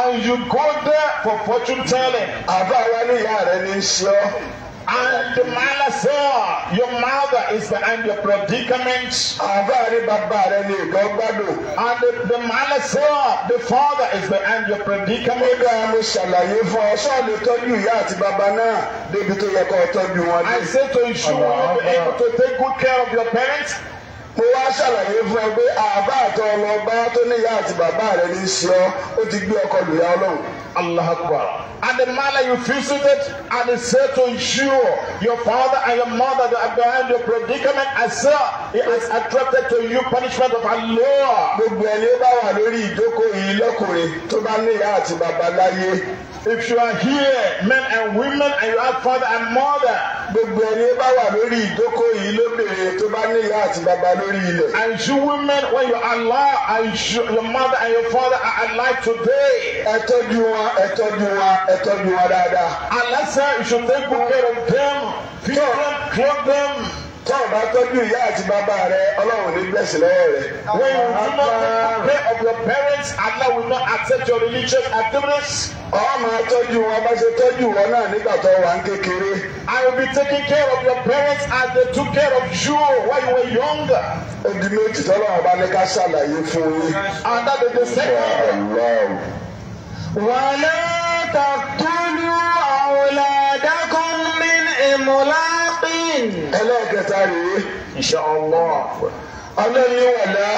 And you go there for fortune telling. Àbá wa ní ìyá rẹ̀ ní í And ah, Mala saw your mother is the behind your predicament. Àbáre bàbá rẹ lè gbọ́ gbádùn. And the, the the father is behind your predicament. Ó I say to you, you will be able to take good care of your parents mo wá ṣàlàyé fún ẹ pé àbá àtọ ọlọ́ba tó níyà àti bàbá rẹ ní í ṣe ọ ó ti gbé ọkọ lùyà Ọlọ́run. Allah akbar and the manner you visited, and he said to ensure your father and your mother that are behind your predicament, and sir, he has attracted to you punishment of Allah. Gbogbo ẹni ó bá wà lórí ìjókòó yìí lọ́kùnrin tó bá ní ìyá àti bàbá láyé if you are here men and women and you have father and mother. gbogbo ẹni bá wà lórí ìdókò yìí lóbìnrin tó bá níyà àti bàbá lórí ilẹ̀. and you women when you are alive and your mother and your father are alive today. ẹ tọ́jú wọn ẹ tọ́jú wọn ẹ tọ́jú wọn dáadáa. Allah said you should take good care of them. feed them clothe them tó o bá tọ́jú ìyá àti bàbá rẹ ọlọ́run ní bless lọ́wọ́ rẹ. when you do not take care of your parents Allah will not accept your religious activities. ọ̀ọ́ máa wọn bá ṣe tọ́jú wọn náà nígbà tó wà ń kékeré. I will be taking care of your parents as they took care of you when you were younger. ó di méjì tọ́lọ́ ọba ní ká ṣàlàyé fún yín. and that is the second. wàlẹ́ tàkùlù àwòlẹ̀ dẹ́kun mi ìmúlá ẹlẹ́ẹ̀kẹta rèé inshallah ọlọ́ni wàlá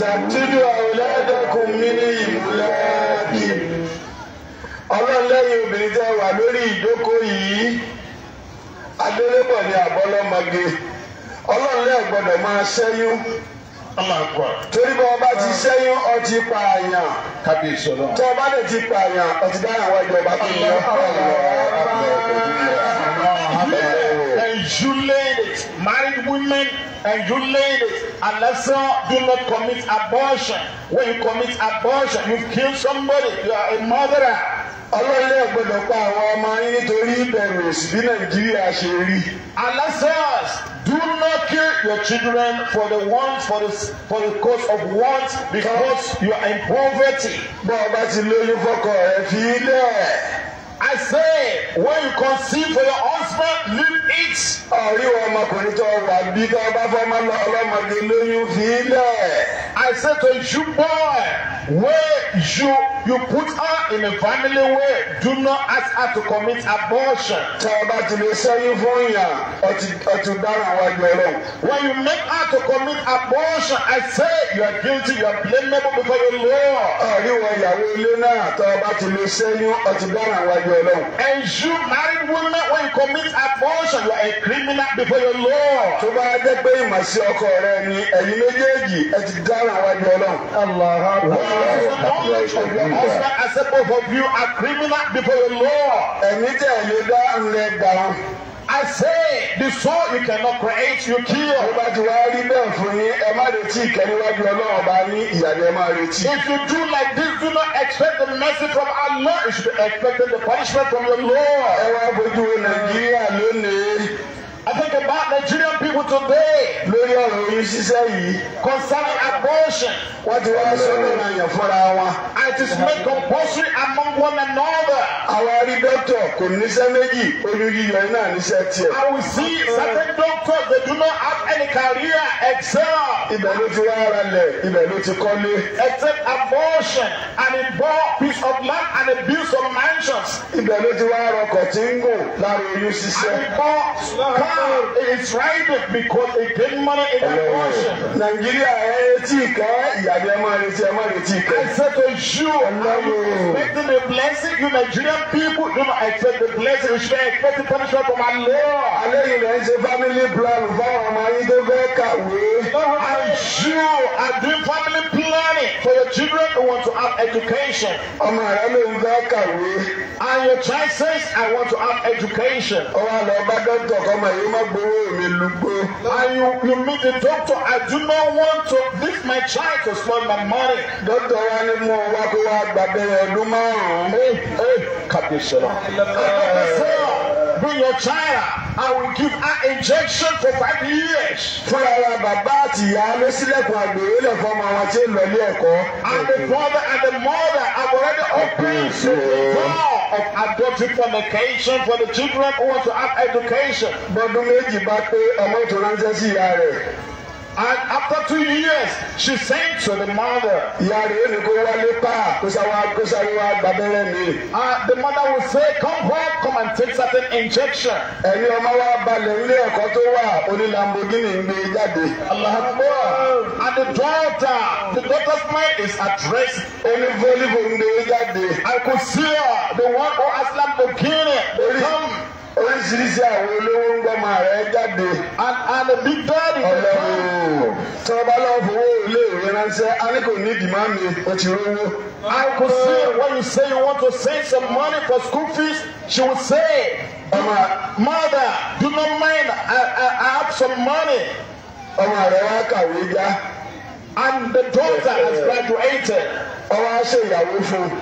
tàbílù àwòlẹ́dẹ́kùn mi ní ìmúlẹ́ẹ̀kì ọlọ́lẹ́yìn obìnrin tẹ́ wà lórí ìjókòó yìí adélébọ̀ ni àbọ́lọ́mọge ọlọ́lẹ́ gbọ́dọ̀ máa ṣẹ́yún torí bá ọba ti ṣẹ́yún ọtí pààyàn tí ọba lè ti pààyàn ọtí dáhùn wájú ọba tó ń lọ. You ladies, married women, and you ladies, unless you do not commit abortion. When you commit abortion, you kill somebody, you are a murderer. Ọlọ́run yóò pa àwọn ọmọ yín nítorí ìbẹ̀rù òsì bí Nàìjíríà ṣe rí. Alasas do not kill your children for the want for the for the cause of want because you are in poverty. Bọ́ọ̀ bá ti lóyún fọkọ rẹ̀ fi í lẹ̀. I say, when you conceive for your husband, leave it. Ọ̀rí ọmọkùnrin tó wà bí tó bá fọmọ ọlọ́mọdé lóyún fílẹ̀. I say to you boy, where you you put her in a family way, do not ask her to commit abortion. Tá a ti lè sẹ́yìn fún yà, ọtí dára àwọn ẹgbẹ́ When you make her to commit abortion, I say you are guilty, you are blameable before your Lord. Ọ̀rí wọ ìyàwó ilé náà, tá a ti lè sẹ́yìn ọtí dára àwọn ẹgbẹ́ níwájú ọlọ́run. and you married woman when you commit abortion you are a criminal before your Lord. tó bá jẹ́ pé ìmọ̀sí ọkọ rẹ ni ẹ̀yin méjèèjì ẹ ti dára wájú ọlọ́run. Allah Allah as both of you are criminal before your Lord. ẹ̀yin tẹ̀ lé dá ń lẹ́ gbà. I say the soul you cannot create you kill. Ó ti wá rí bẹ́ẹ̀ fún yín, ẹ má retí ìkẹ́niwájú Ọlọ́run bá ní ìyàrá ẹ má retí. If you do like this, do not expect the mercy from Allah. You should be expecting the punishment from your Lord. Ẹ wá bójú Nàìjíríà lónìí. I think about Nigerian people today. Lórí ọ̀rọ̀ oyún ṣíṣẹ́ yìí. Concerning abortion. Wọ́n ti wá sọ lórí àyàn fúnra wọn. It is made compulsory among one another. Àwọn arí dọ́tọ̀ kò níṣẹ́ méjì, olùyíyọ náà níṣẹ́ tiẹ̀. I will see certain doctors they do not have any career except. Ibẹ̀ ló ti wá ara ibẹ̀ ló ti kọ́lé. Except abortion and a bore peace of land and a built some mansions. Ibẹ̀ ló ti wá arọkọ̀ tí ń gùn lára oyún ṣíṣẹ́. And it bore is right because it gain money in that portion. Nàìjíríà ẹ retí ìkẹ́ ìyàgbé I said to you, you expecting the blessing you Nigerian people do not expect the blessing you should expect the punishment from our Lord. Alẹ́ yìí lẹ́yìn ṣe family plan fáwọn ọmọ yín tó fẹ́ kàwé you are doing family planning for your children who want to have education. ọmọ rẹ ló ń fẹ́ kàwé. and your child says I want to have education. ọwọ́ àlọ́ ọba dọ́tọ̀ ọmọ yìí má gbowó mi lùgbó. and you you meet the doctor I do not want to leave my child to spend my money. Doctor, I ni mo wá kó wa gbàgbé ẹ̀ẹ́dún márùn-ún. ẹ ẹ kàbíyèsí lọ bring your child I will give her injection for five years. fúnra wa bàbá àti ìyá ló sílẹ̀kùn àgbèrè lè fọ́ ọmọ àwọn tí ń lọ ilé ẹ̀kọ́. and the father and the mother have already opened the door of adoptive fornication for the children who want to have education. bọ́dún méjì bá pé ọmọ tó ránṣẹ́ sí ìyá rẹ̀. And after two years, she said to the mother. Ìyá rẹ̀ kò wọlé pa kòsáwá kòsáwá wá mi. And the mother will say come home come and take certain injection. Ẹ̀yin ọmọ wa balẹ̀ ilé ẹ̀kọ́ tó wà oní Lamborghini ń gbé e jáde. Alahakubá. And the daughter the daughter's mind is addressed. Oní Volvo ń gbé e jáde. I could see her the one who has Lamborghini. Come oríṣiríṣi àwọn olówó ń gbọ́ máa jáde. and and the big daddy. tí wọ́n bá lọ́wọ́ fowó ilé ìwé ránṣẹ́ a ní kò ní rówó. I could see when you say you want to save some money for school fees she would say. ọmọ mother do not mind I, I, I have some money. ọmọ rẹ̀ wá kàwé já. and the daughter has graduated. ọmọ aṣèyàwó fún un.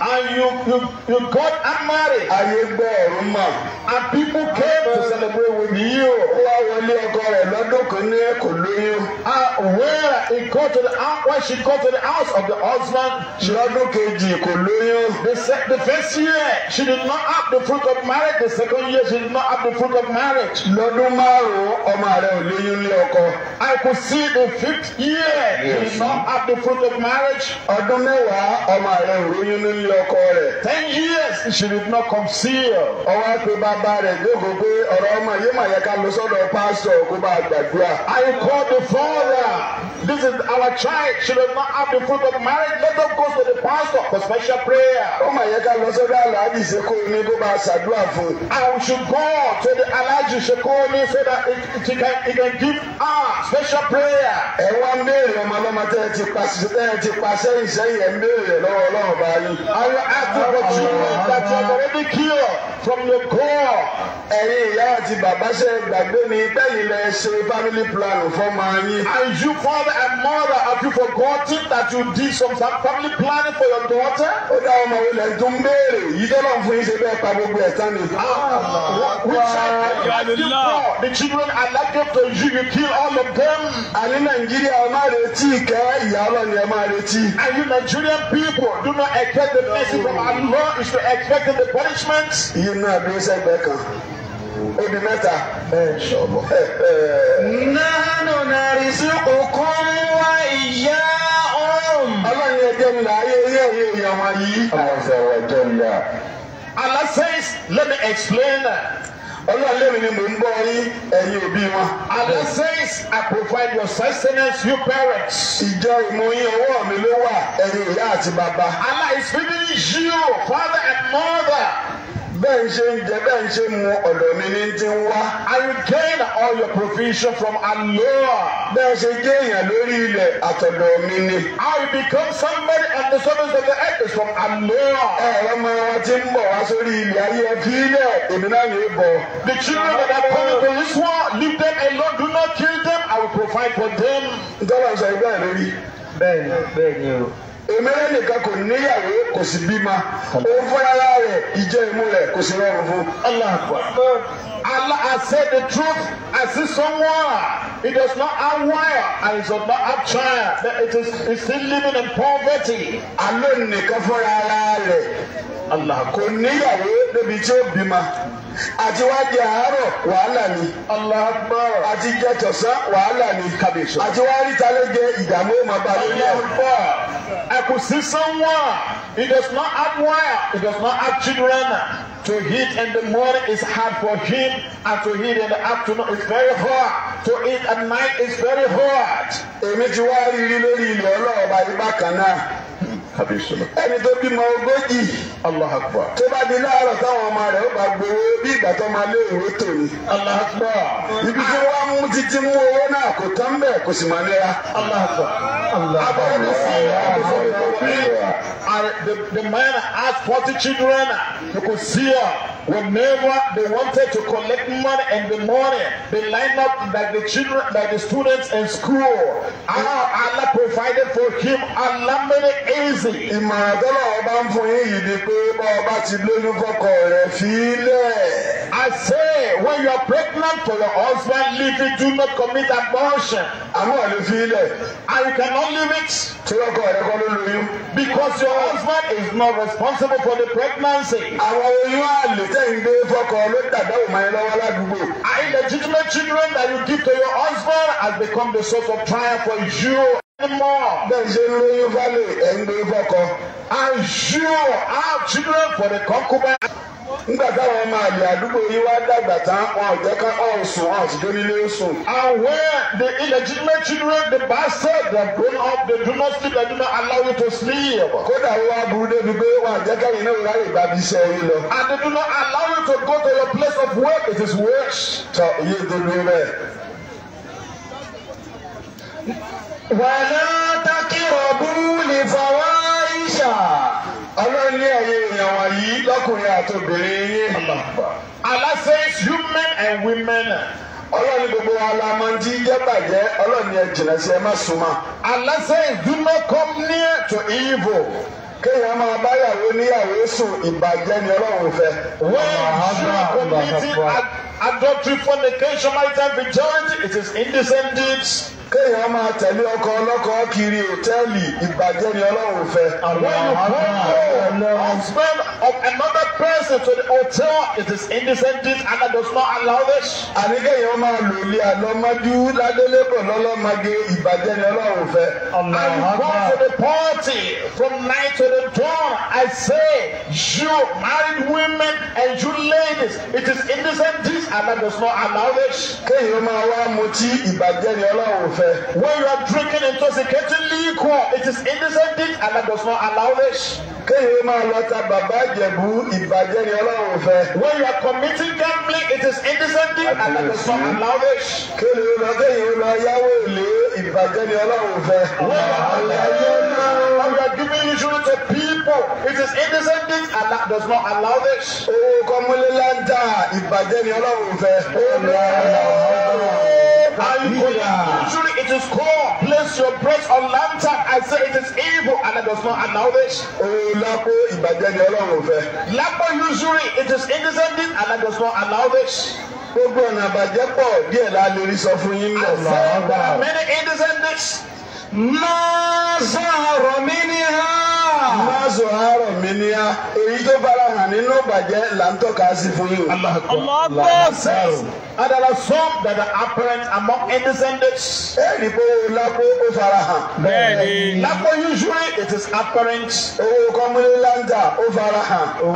And you, you, you got unmarried. Ayé gbọ́ ọ̀run mà. And people came to celebrate with you. Ó wá wọlé ọkọ rẹ̀ lọ́dún kan ní kò lóyún. Ah where he go to the house when she go to the house of the husband. Lọ́dún kejì kò lóyún. The se the first year she did not have the fruit of marriage. The second year she did not have the fruit of marriage. Lọ́dún márùn-ún ọmọ rẹ̀ ò lóyún ní ọkọ. I could see the fifth year yes. she did not have the fruit of marriage. Ọdún mẹ́wàá ọmọ rẹ̀ ò lóyún ní ọkọ rẹ̀. ten years she did not conceal. ọwọ́ àpè bàbá rẹ̀ jókòó pé ọ̀rọ̀ ọmọ yìí mà yẹ ká lọ sọ́dọ̀ pásítọ̀ kó bá gbàdúrà. I call the father. This is our child. She does not have the fruit of marriage. Let them go to the pastor for special prayer. Ó mà yẹ ká lọ sọ́dọ̀ aláàjì ṣekó ní kó bá ṣàdúrà fún. I should go to the aláàjì ṣekó ní so that it, it, it, can, it can give her special prayer. Ẹ wá ń béèrè ọmọ ọlọ́mọ tẹ́ ẹ ti pa sẹ́yìn sẹ́yìn ẹ̀ ń béèrè lọ́wọ́ ọlọ́run báyìí. I will ask you for children that you have already cured from your core. Ẹ̀yin ìyá àti bàbá ṣe gbàgbé ni bẹ́ẹ̀ lẹ ṣe family plan fọ́mọ yín. And you father and mother have you forgotten that you did some family planning for your daughter? Ó dá ọmọ ilẹ̀ tó béèrè yìí tó fún yín ṣe bẹ́ẹ̀ pa gbogbo ẹ̀ tán ni. Ah, which I ask you for the children are like to you you kill all of them. Àní Nàìjíríà ọmọ rẹ̀ ìkẹ́ ìyá ọlọ́ni ẹ̀ máa retí. And you Nigerian people do not expect the mercy from our Lord is to expect the punishment. You know, dúró sẹ́gbẹ̀ẹ́ kan. Odi mẹ́ta. Ṣọ̀bọ̀. Nánú nàrí sí òkun wá ìyá ọ̀rùn. Ọlọ́run ẹjẹ́ mi láàyè ilé ìwé ìyàwó yìí. Àwọn ọ̀sẹ̀ wọ̀ mi yá. Allah says, let me explain Allah lèmi ni mò ń bọ́ yín ẹ̀yin òbí wọn. At the I provide your sustenance you parents. Ìjọ ìmọ̀yìn ọwọ́ mi ló wà ẹ̀yin Allah is feeding you father and mother bẹ́ẹ̀ ń ṣe ń jẹ bẹ́ẹ̀ ń mu ọ̀dọ̀ mi ní ti wá. and you all your provision from Allah. bẹ́ẹ̀ ṣe jẹ́ èèyàn lórí ilẹ̀ àtọ̀dọ̀ mi ni. how become somebody at the service of the earth from Allah. ẹ ẹ wọn ti ń bọ̀ wá sórí ilẹ̀ ayé ẹbí ilẹ̀ èmi náà yóò bọ̀. the children that are coming to this world leave them alone do not kill them I will provide for them. ǹjẹ́ wàá sọ ibẹ̀ rí? bẹ́ẹ̀ ni bẹ́ẹ̀ ni o èmẹ́rẹ́ nìkan kò níyàwó kò sì bímọ òun fúnra rẹ̀ ìjẹ́ imú rẹ̀ kò sì rọrùn fún. Allah Allah has the truth I see someone. It does not have wire and it does not have chair. But it is it's still living in poverty. Àlọ́ nìkan fúnra rẹ̀. Allah kò níyàwó débi tí ó bímọ àti wá jẹ àárọ̀ wàhálà ni. àti jẹ tọ̀sán wàhálà ni. àti wá rí talẹ́ jẹ ìdààmú ọmọ balẹ̀. Allahu I could see someone, It does not have wire. It does not have children. To eat in the morning is hard for him, and to eat in the afternoon is very hard. To eat at night is very hard àbísọ̀lá. ẹni tó bímọ ogójì Allahu Akbar. tó bá di láàárọ̀ táwọn ọmọ rẹ̀ ó bá gbowó bí ìgbà tó máa lé ìwé tò ní. Allahu Akbar. ibi tí wọ́n mú títí mú owó náà kò tán bẹ́ẹ̀ kò sì máa nira. Allahu Akbar. abẹ́rẹ́ sí i. The man has forty children. You could see Whenever they wanted to collect money in the morning, they lined up like the children, like the students in school. How ah, Allah provided for him, Allah made it easy. Ìmọ̀ràn tó ń fún yín yìí ni pé ọba ti lóyún fọkọ rẹ̀ fílẹ̀. I say when you are pregnant for your husband, leave it, do not commit abortion. Àwọn ọ̀lẹ́ fílẹ̀. And you cannot leave it. Tí ọkọ rẹ̀ kọ́ ló lóyún. Because your husband is not responsible for the pregnancy. Àwọn oyún àlè tẹ̀ ń gbé fọkọ ló dàgbà òmà yẹn lọ́wọ́ ládùúgbò. Are illegitimate children that you give to your husband has become the source of trial for you anymore. Bẹ́ẹ̀ ṣe ń lóyún fálè ẹ̀ ń lóyún fọkọ. Are you have children for the concubine nígbà táwọn ọmọ àgbẹ̀ àdúgbò yìí wá dàgbà tán wọn ò jẹ́ ká ọ̀ sùn wọn ò sì dé nílé sùn. and where the illegitimate children the bastard they are grown up they do not sleep they do not allow you to sleep. kódà wọ́n á burú débi pé wọn àjẹ́ kẹ́yìn náà ráyè gba iṣẹ́ yín lọ. and they do not allow you to go to your place of work it is worse. tọ iye ìdènà rẹ. wàlá takirọ̀ bú lè fọwọ́ ìṣà ọlọ́run ní ẹ̀yin èèyàn wọ̀nyí lọ́kùnrin àti obìnrin yín. Allah says human and women ọlọ́run gbogbo alamọ́ndí yẹ́bàjẹ́ ọlọ́run yẹn jìnnà sí ẹ má súnmọ́. Allah says do not come near to evil kéèyàn máa báyàwó níyàwó sùn ìbàjẹ́ ni ọlọ́run fẹ́. when you committing adultery fornication marital virginity it is indecent deeds kéèyàn máa tẹ̀lé ọkọ ọlọ́kọ kiri òtẹ́ẹ̀lì ìbàjẹ́ ni Ọlọ́run fẹ́. when you bring oh, husband of another person to the hotel it is indecent deed Allah does not allow this. àní kéèyàn máa lò lé àlọ́mọdú ládélébọ̀ lọ́lọ́mọge ìbàjẹ́ ni Ọlọ́run fẹ́. and go to the party from night to the dawn I say you married women and you ladies it is indecent deed Allah does not allow this. kéèyàn máa wá mutí ìbàjẹ́ ni Ọlọ́run fẹ́. When you are drinking intoxicating liquor, it is indecent, and that does not allow this. kéèyàn máa lọ ta bàbá ìjẹ̀bú ìbàjẹ́ ni ọlọ́run fẹ́. when you are committing gambling it is innocent thing and that is not allowed. kéèyàn lọ kéèyàn lọ yáwó èlé ìbàjẹ́ ni ọlọ́run fẹ́. when you are giving insurance to people it is innocent thing and that does not allow this. owó kọ́múlélàntà ìbàjẹ́ ni ọlọ́run fẹ́. Usually it is called place your breast on lantern. I say it is evil and I does not allow this lápò ìbàjẹ́ ni ọlọ́run fẹ́. lápò usury it is indecent and I does not allow this. gbogbo ọ̀nà àbàjẹ́ pọ̀ díẹ̀ la lè rí sọ fún yín lọ. I many indecent things. máa sọ̀rọ̀ mi ní ha. máa sọ̀rọ̀ èyí tó farahàn nínú ìbàjẹ́ là ń tọ́ka sí fún yín. Allah akbar. Allah akbar. And there are some that are apparent among independents. Èrì bó usually it is apparent. Owó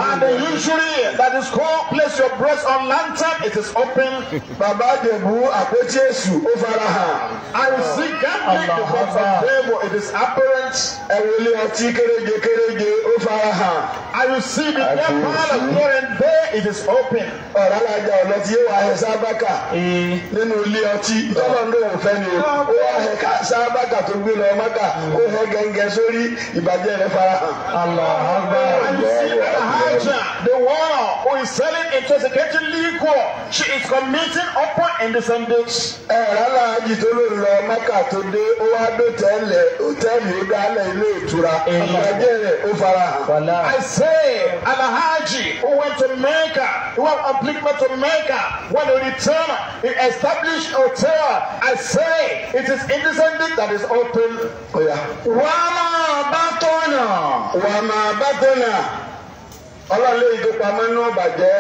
And usually that is called place your breast on lantern it is open. <laughs> Bàbá Dèbú àpótí èṣù I will see gambling because of devil it is apparent. Ẹ̀wọ̀n I will see the devil of glory and there it is open sábàkà nínú ilé ọtí tọ́lọ̀ ń lòun fẹ́ ni o ó wá hẹ sábàkà tó gbé lọ mọ́kà ó hẹ gẹ́gẹ́ sórí ìbàjẹ́ rẹ farahàn one who is selling intoxicating liquor she is committing upon indecent. ẹ̀rọ aláàjì tó ló lọ mẹ́kà tó dé ó wá dó tẹ́lẹ̀ hòtẹ́ẹ̀lì ó dálẹ̀ ilé ìtura ìgbàjẹ́ rẹ̀ ó fara hàn. I say Alhaji who went to Mecca who went on pilgrimage to Mecca when he returned he established hotel I say it is indecent that is open. wàá máa bá tọ́nà. wàá ọlọ́run lè yíjọ pamọ́ inú bàjẹ́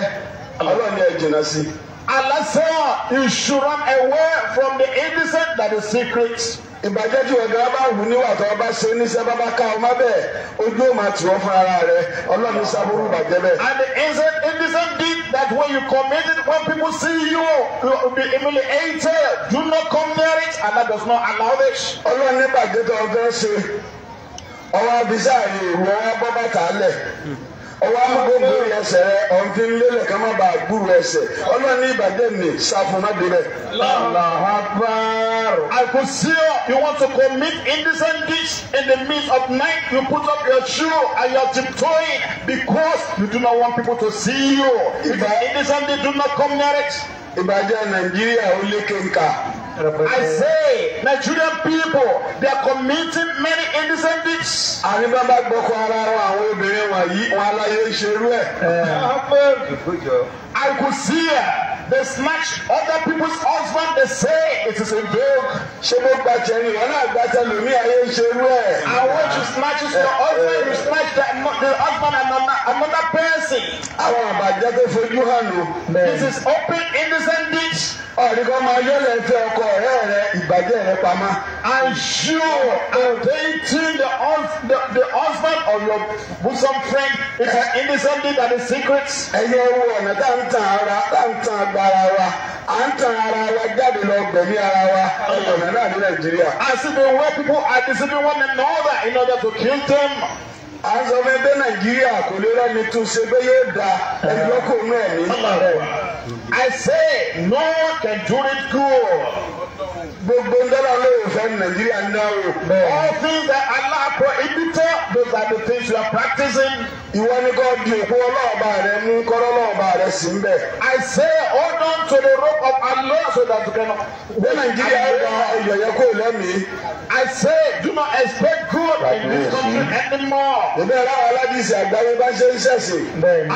ọlọ́run yẹ jìnnà sí. Allah said you should run away from the innocent that the secret. ìbàjẹ́ tí ọ̀gá bá wù níwà tó bá ṣe níṣẹ́ bábá ká ọmọ bẹ́ẹ̀ ojú ò máa wọ́n fún ara rẹ ọlọ́run sábúrú bàjẹ́ bẹ́ẹ̀. and the innocent innocent deed that when you commit it when people see you you will be humiliated do not come near it and that does not allow it. ọlọ́run ní bàjẹ́ tó ń fẹ́ ṣe ọwọ́ abisa yìí wọ́n bọ́ bàtà lẹ̀ ọwọ́ agbógbó ẹsẹ̀ rẹ ọ̀nfin lélẹ̀ ká má ba àgbúrò ẹsẹ̀ ọlọ́run ní ìbàjẹ́ ní sàfùmádé rẹ. Allahabar. I could see you want to commit indecent deeds in the midst of night. You put up your shoe and your are because you do not want people to see you. If Because innocent, they do not come near it. Ìbàjẹ́ Nàìjíríà ó lé kéka. I say, Nigerian people, they are committing many innocent deeds. Àrígbá bá gbọ́ kó ara ara àwọn obìnrin wọ̀nyí, wọn aláyé ṣerú ẹ̀. Eh. I could see her they snatch other people's husband they say it is a joke. ṣé mo gba jẹ̀rì wọn náà gba jẹ̀rì mi àyè ṣe rú ẹ̀. and when you snatch your eh, eh, husband eh. you snatch the, the husband another another person. àwọn àbàjẹ́ tó fojú hàn lò. this is open innocent deeds. ọ̀rí kan máa yọ̀lẹ̀ fẹ́ ọkọ ọ̀rẹ́ rẹ ìbàjẹ́ rẹ pamọ́. and you are dating the, the, the husband of your bosom friend. it's an innocent deed that is secret. ẹ̀yẹ wo ọ̀nà tá à tàn ara tá à tàn àgbà ara wa à ń tan ara wa jáde lọ gbẹ̀mí ara wa ọ̀nà náà ní nàìjíríà. as they were people are deceiving one another in order to kill them à ń sọ fún ẹgbẹ́ nàìjíríà kò lè rẹ́ni tún ṣe bẹ́ẹ̀ yóò da ẹgbẹ́ kò nú I say no one can do it good. Gbogbo ndọ́là ló yóò fẹ́ Nàìjíríà náà All things that Allah prohibited, those are the things you are practicing. Ìwọ ni kò di òkú ọlọ́ọ̀bà rẹ mú kọ́rọ́ ọlọ́ọ̀bà rẹ sí ń bẹ̀. I say hold on to the rope of Allah so that you can. Bí Nàìjíríà yóò wá ìyọ̀yẹ́ kò lẹ́mìí. I say do not expect good in this country anymore. Ìbẹ́ ẹ̀rọ àwọn aládìsí àgbáyé bá ṣe ń ṣẹ̀sìn.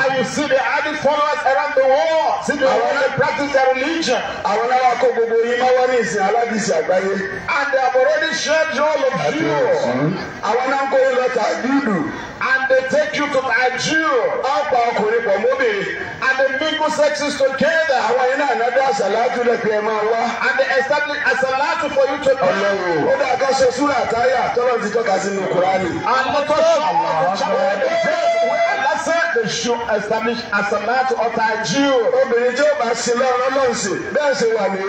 And you see the hard followers around the world. See the way they practice their religion. Àwọn ará kó gbogbo yín máa wá ní ìsìn aládìsí àgbáyé. And they have already shared all of you. Àwọn náà ń kó yín lọ tàbí And they take you to a Jew ọ̀pọ̀ ọkùnrin pọ̀ mọ́bìnrin. and the mingle sexes together. àwọn yìí náà nàdó àsàlátù lẹ́kùn ẹ̀ máa wá. and they establish àsàlátù for you to pray. ọlọ́run ó dà ká ṣe súrà táyà tọ́lọ́ ti tọ́ka sínú kúránì. and the church Allah said they should establish àsàlátù ọ̀tá Jew. obìnrin tí ó bá ṣe lọ́rọ́ lọ́sìn bẹ́ẹ̀ ṣe wà ní.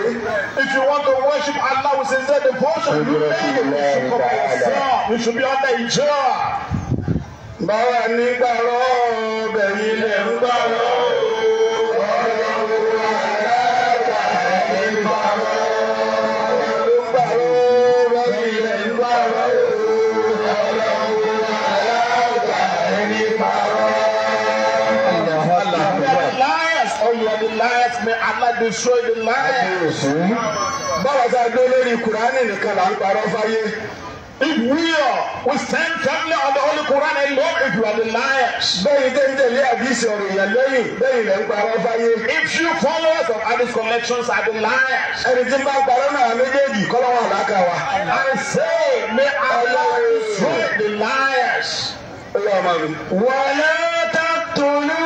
if you want to worship Allah with sincere devotion you pay you should come by yourself you should be under hijab báwa nígbà lọ́wọ́ bẹ̀yìn lẹ̀ ń gbà lọ́wọ́. destroy the lies. Báwo ṣe adó lórí Kùránì nìkan là ń parọ́ fáyé? If we are, we stand firmly on the Holy Quran and know if you are the liars. Bẹ́ẹ̀ni tẹ́ ń tẹ̀lé àdìsí ọ̀rọ̀ ìyá lẹ́yìn bẹ́ẹ̀ni lẹ́ ń If you followers of Addis collections are the liars. Ẹni tí bá parọ́ náà méjèèjì kọ́lọ́wọ́ àlákà wa. I say may Allah destroy the liars. Wàlẹ́ tàtúnú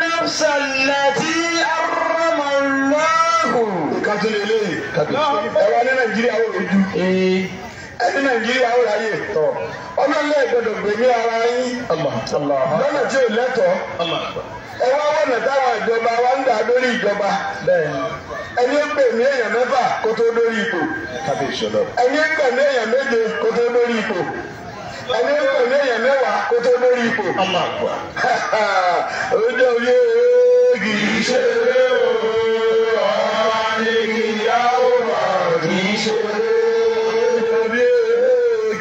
nàfṣàlẹ́tì àrùnmọ̀lọ́hùn. Ìkàtúndínlẹ́yìn. Ẹ̀wọ̀n ní Nàìjíríà wò lójú. Eh ẹni nàìjíríà ó ráyè tọ ọlọ́lẹ̀ gbọdọ̀ gbẹ̀mí ara yín lọ́nà tí ò lẹ́tọ̀ọ́ ẹ wá wọ̀nà táwọn ìjọba wa ń dà lórí ìjọba ẹni ń gbẹ̀mí èèyàn mẹ́fà kó tó lórí ipò ẹni ń gbẹ̀mí èèyàn méje kó tó lórí ipò ẹni ń gbẹ̀mí èèyàn mẹ́wàá kó tó lórí ipò. ojú <laughs> oyè kì í ṣe eré o ọ̀rọ̀ ni kì í yá o kì í ṣe eré.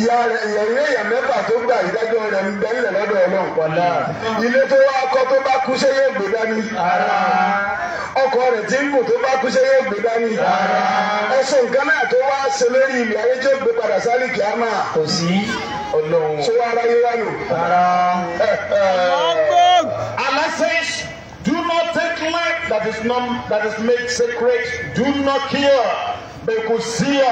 ìyá rẹ ìyẹ̀rí èèyàn mẹ́fà tó gbà ìdájọ́ rẹ̀ ń bẹ́ lọ́dọ̀ ọlọ́run padà ilé tó wá kọ́ tó bá kú ṣé yóò gbé dání ọkọ rẹ̀ tí ń gùn tó bá kú ṣé yóò gbé dání ẹ̀sùn nǹkan náà tó wá ṣe lórí ilẹ̀ ayé tí gbé padà sálì kìámà kò sí ọlọ́run ṣé wàá ráyé wá nù. Allah says, do not take life that is not that is made sacred do not kill bekusia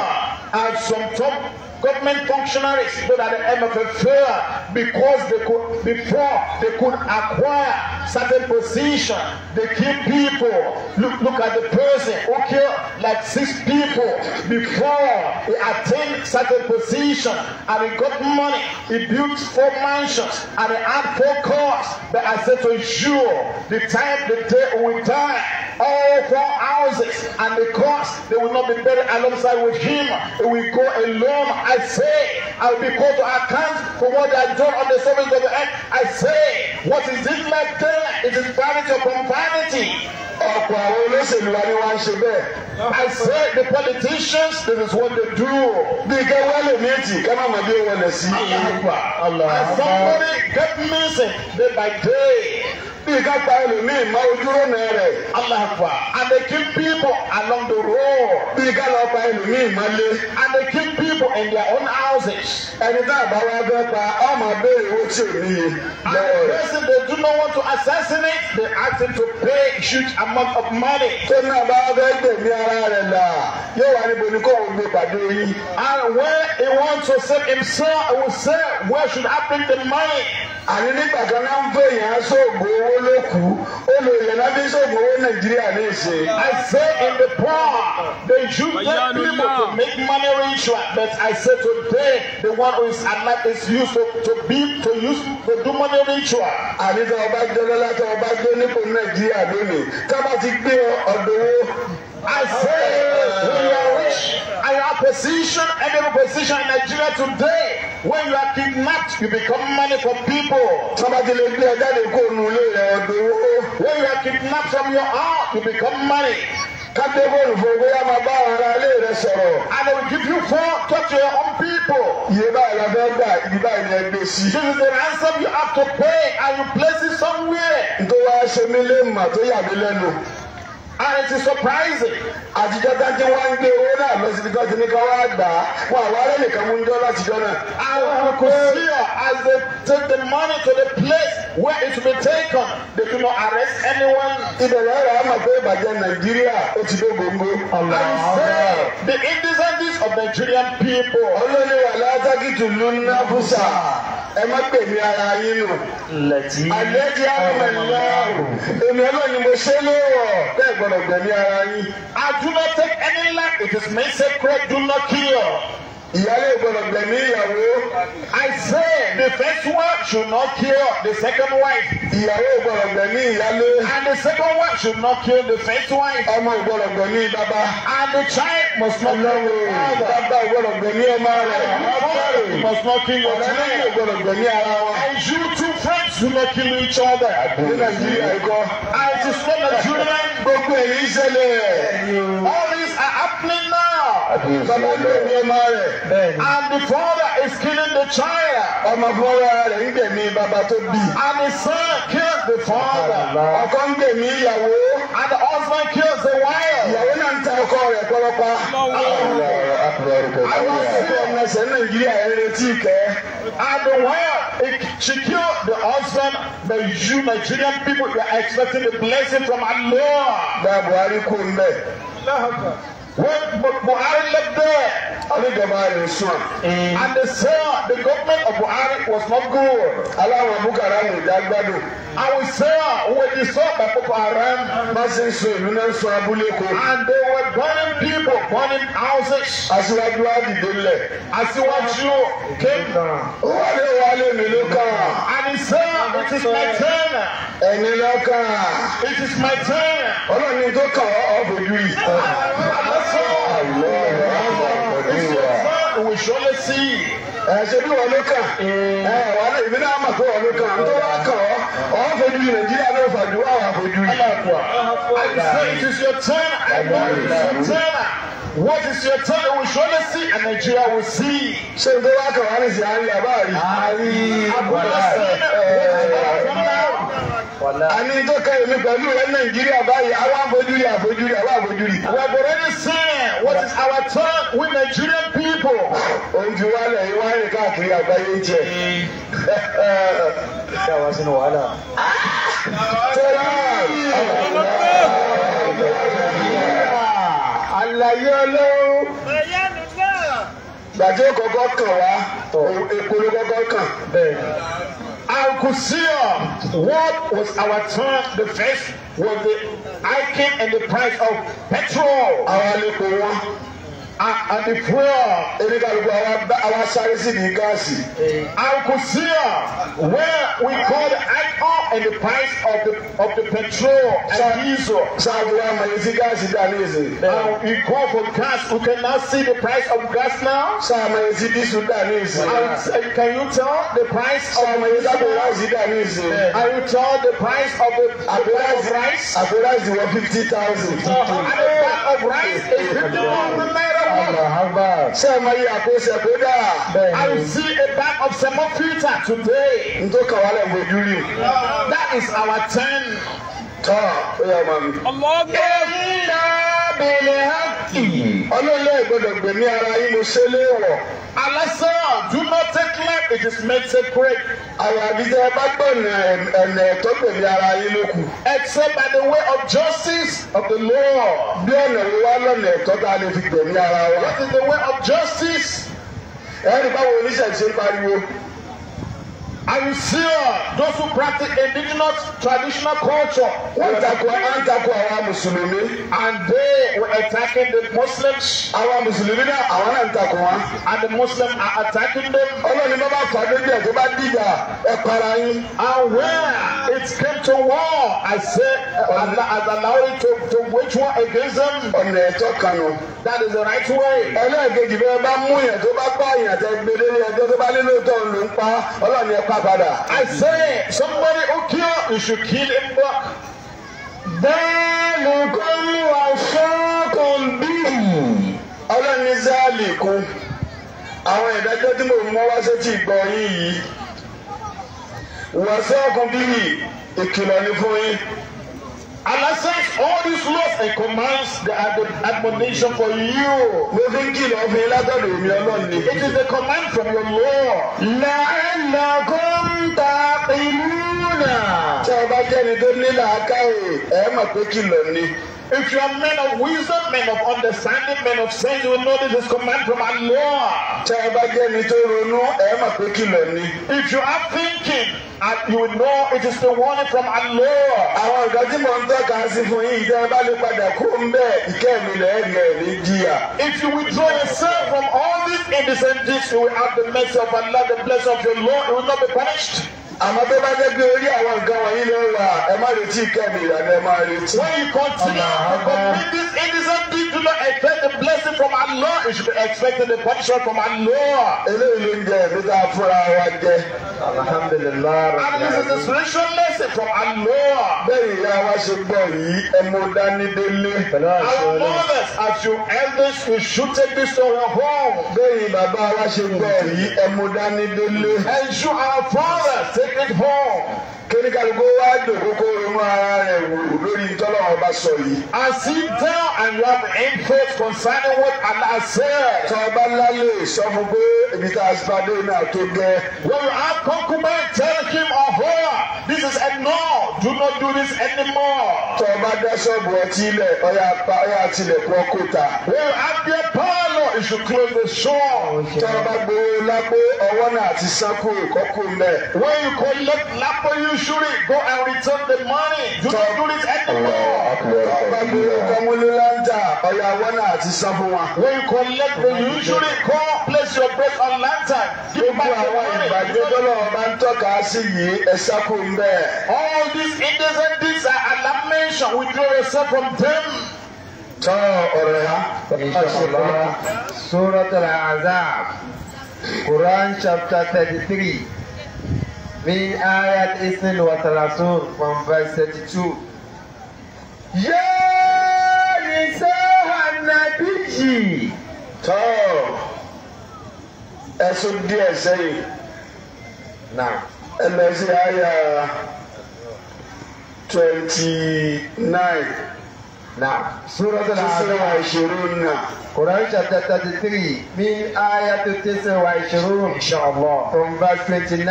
and some top government functionaries so that the MFA, fail because they could before they could acquire certain position they kill people look look at the person who kill like six people before he attain certain position and he got money he built four mansions and he had four cars but I say to you the time the day we die all four houses, and because they will not be buried alongside with him, they will go alone. I say, I will be called to account for what they have done on the surface of the earth. I say, what is it my there? It is vanity upon vanity. ọ̀pọ̀ àwọn olóṣèlú wa ni wọ́n ṣe bẹ́ẹ̀. I say the politicians this is what they do. bí ká wálé méjì ká má máa bí wọlé sí. and somebody get missing day by day bí ká gba ẹlòmíì mọ ojúrò náà rẹ̀ aláfa and they keep people along the road bí ká lọ gba ẹlòmíì mọ lé and they keep people in their own houses. ẹni tá a bá wá bẹ́ẹ̀ pa ọmọ béèrè owó tí ò ní lọ́wọ́ rẹ̀. and the person they do not want to assassinate they ask him to pay huge amount of money. tó ní àbá bẹ́ẹ̀ gbẹ̀mí ara rẹ̀ là yóò wá níbo ni kò ń gbé yìí. and where he wants to save himself he will say where should I bring the money. àní nígbà kan náà ń fẹ́ yẹn aṣọ ògbó owó owó ló kú olóyè lábí sọ̀bù owó nàìjíríà ní ìṣe. I say in the poor should useless people to make money ritual but I say today the one who is alive is used to to be to use to do money ritual. àníta ọba jẹ́ lọ́lá tó ọba jẹ́ nípò nàìjíríà lónìí ká bá ti gbé ọ̀dọ́wọ́. I say when you are rich and you are position enable position in Nigeria today when you are kidnapped you become money for people. Sábàtì lè gbé ẹja lè kó nu ilé rẹ̀ When you are kidnapped from your house you become money. Kápẹ́ bọ́ọ̀lù fún bóyá máa bá ara ilé rẹ̀ sọ̀rọ̀. And they will give you four talk to your own people. Iye báyìí la fẹ́ This is the ransom you have to pay and you place it somewhere. Ntọ́wá ṣe mí lé mà tó yà mí lẹ́nu and it is surprising àtijọ́ dájú wá ń gbé owó náà lọ síbi tó ti ní ká wá gbà á wọn àwọn nìkan mú níjọ́ látijọ́ náà. àwọn kò sí ọ as they take the money to the place where it be taken they do not arrest anyone. ìbẹ̀rẹ̀ rẹ̀ á mọ̀ pé ìbàjẹ́ nàìjíríà ó ti dé gbòǹgbò. ọ̀la ọ̀la the indigenous of Nigerian people. olórí wa látàkì tùlù nàbùsà ẹ má gbèmí ara yín nù. àlejò àwọn ọmọ ìlú ọ̀hún èmi ọlọ́ni gbọ́dọ̀ gbẹ̀mí ara yín. I do not take any life it is my sacred do not kill. Ìyálé gbọ́dọ̀ gbẹ̀mí ìyàwó. I say the first one should not kill the second wife. Ìyàwó gbọ́dọ̀ gbẹ̀mí ìyálé. And the second wife should not kill the first wife. Ọmọ gbọ́dọ̀ gbẹ̀mí bàbá. And the child must not know it. Bàbá gbọ́dọ̀ gbẹ̀mí ọmọ rẹ̀. Must not kill your child. Ọ̀rẹ́ mi gbọ́dọ̀ gbẹ̀mí ara wa. And you too friend do not kill each other ní nàìjíríà ikọ. and it is not Nigerian. gbogbo èyí ṣẹlẹ̀. all these are happening now. bàbá ń gbé ní ọmọ rẹ̀. and the father is killing the child. ọmọ fúnra rẹ̀ ń gbẹ̀mí bàbá tó bí. and the son kills the father. ọkọ ń gbẹ̀mí ìyàwó. and the husband kills the wife. ìyàwó náà ń ta ọkọ rẹ̀ pọ́lọ́pá àwọn sẹ́kọ̀ ọ̀nẹ́sẹ̀ nàìjíríà ẹ̀ retí kẹ́ and where it secure the husband the you Nigerian people they are expecting the blessing from Allah. bẹ́ẹ̀ Buhari kò ń bẹ́ẹ̀. Buhari left there, Ali Gamari was shot. Eh. And they say the government of Buhari was not good. Aláwọ̀ Bukarani Dagbado. Àwọn ìṣẹ́yà wọ́n ti sọ ọ̀pọ̀ Boko Haram máa ṣe sọ ìlú sọ abúlé kù. And they were burning people, burning houses. Aṣíwájú Adìde lẹ̀. Aṣíwájú came down. Ó wà ní wàhálà èmi ló kàn. And he said, it is my turn. Ẹni eh, ló It is my turn. Ọlọ́run tó kàn ọ́ ọ̀bùn yìí. Eh, we surely see ẹsẹ bí wọn ló kàn ẹ wà ní ìbí náà mà pé wọn ló kàn nítorí wọn kàn ọ ọ fojú nàìjíríà ló fàdú wà wà fojú yìí. I say it is your turn I know it is your turn. What is your turn? We surely see and Nigeria will see. ṣé nítorí wọn kàn wá ní sí àárín àbáàrí. àárín àbúrò sẹ ẹ ẹ ẹ àní tó ká èmi pẹ̀lú rẹ nàìjíríà báyìí àwọn àfojúrí àfojúrí àwọn àfojúrí. we have already seen what is our turn with Nigerian people. ojú wa lẹ̀ yín wáyé káàkiri àgbáyé jẹ. <laughs> ṣé àwa sínú wàhálà. Ah! àlàyé ọlọ́run gbàdé kọ́kọ́ kàn wá èpolo kọ́kọ́ kàn. I could see what was our turn? the first was the hiking and the price of petrol. Àwọn àlejò wọn àdìpúrọ̀ èmi kàlùkù àwa sáré sí ní gáàsì. I could see her where we called Accra and the price of the of the petrol and diesel. Sáàbù wa mà ní sí gáàsì dá ní And we call for gas we can now see the price of gas now. Sáàmà ní sí dísù dá ní ìsìn. And can you tell the price of Sáàmà ní sábò láìsí dá ní ìsìn. And you tell the price of the price of rice. Àbúrò àìsí wọ fifty thousand. Uh-huh. And the price of rice is fifty thousand naira. Say, Maria, go say, go there. I will see a bag of semo filter today. That is our turn tọ́ ó do not take life it is made sacred. except by the way of justice of the law. bí ọ̀nà wo wá lọ́nà ẹ̀tọ́ tá a lè fi gbẹ̀mí ara wa. what is the way of justice? ẹ̀rí báwo oníṣẹ́ ṣe ń pariwo. Are you sure those who practice indigenous traditional culture? Wọ́n tako wọ́n tako àwọn Mùsùlùmí. And they were attacking the Muslims. Àwọn Mùsùlùmí náà àwọn náà ń tako wọn. And the Muslims are attacking them. Ọlọ́run bá bá fàdé díẹ̀ tó bá dìgbà ẹ para yín. And where it came to war, I say, Allah allow it to to wage war against them. Ọ̀nà ẹ̀tọ́ kanu. That is the right way. Ẹlẹ́ẹ̀kejì bẹ́ẹ̀ bá mú yẹn tó bá bá yẹn tẹ́ gbélé ẹjọ́ tó bá lé lóòótọ́ ló ń pa Ọlọ́run ẹ̀ka yapa I say somebody who kill you should kill him back. Dáàlùkún wà fọ́ọ̀kùn bí. Ọlọ́run ní Záàlìkún. Àwọn ìdájọ́ tí mo mú wá sétí ìgbọ́ yín yìí. Wà fọ́ọ̀kùn bí ìkìlọ̀ ní fún yín. Allah says all these laws and commands they are the admonition for you. Mo fi kìlọ̀ fún látọ̀dọ̀ èmi Ọlọ́run ni. It is a command from your Lord. La'allakum taqiluna. Tí a bá jẹ́ni tó ní làákàyè, ẹ pé kìlọ̀ ni. If you are men of wisdom, men of understanding, men of sense, you will know this is command from Allah. Tẹ́ If you are thinking, and you will know it is the warning from Allah. Àwọn ọ̀dọ́ tí ń tọ́ka sí fún yín, ìjẹ́ bá lè padà kú ń bẹ̀, ìkẹ́ mi lẹ̀ ẹ́ ní jìyà. If you withdraw yourself from all these indecent things, you will have the mercy of Allah, the blessing of your Lord, you will not be punished àwọn tó bá dẹ́gbẹ́ orí àwọn nǹkan wọ̀nyí ló wà ẹ má retí kẹ́mi ìlànà ẹ má retí. when you continue to complete this innocent deed do not expect the blessing from Allah you should be expecting the punishment from Allah. eléyìí ló ń jẹ ẹbí tá a fúnra wa jẹ alhamdulilayi. and this is the spiritual lesson from Allah. bẹ́ẹ̀ ìyá wa ṣe gbọ́ yìí ẹ mú dání délé. our mothers as you elders we should take this to our home. bẹ́ẹ̀ bàbá wa ṣe gbọ́ yìí ẹ mú dání délé. ensure our fathers sacred form kéríkàlùkù wá dòdò kó ronú ara rẹ̀ wò lórí ìtọ́lọ̀ ọba sọ yìí. and sit down and have in faith concerning what Allah said. tọ́ba lálẹ́ sọ fún pé ibi tá a bá dé náà tó gẹ́. when you have concubine tell him or her this is enough do not do this anymore. tó bá dá ṣọ́ọ̀bù ọtí ilẹ̀ ọ̀yà apá ọ̀yà àtìlẹ̀kùn ọkọ̀tà. when you have your parlour you should close the shop. tó o bá gbowó lápò ọwọ́ náà àti sákò ìkọ́kù mẹ́. when you collect lápò you should go and return the money. do not do this anymore. tó bá gbowó kọ́múlé láńtà ọ̀yà ọwọ́ náà àti sáfù wa. when you collect the usually go place your bread on lantern. gbogbo àwọn ìbàjẹ́ dọ́lọ́ ọba ń tọ́ka sí yìí ẹ̀ sákò ń bẹ́ẹ̀. all these these and these are alarming, shall withdraw yourself from them. Tọ́ ọ̀rọ̀ ha. Ìṣọ̀lá Suratul Azab Quran chapter thirty-three min ayat isnin wa talasun from verse thirty-two. Yé nisa ànàbíyì. Tọ́ ẹ̀sùn díẹ̀ sẹ́yìn. Nà ẹ lọ sí àyà. 29 نعم سورة العذاب عشرون Quran chapter thirty-three. 33 من آية 29 إن شاء الله from verse 29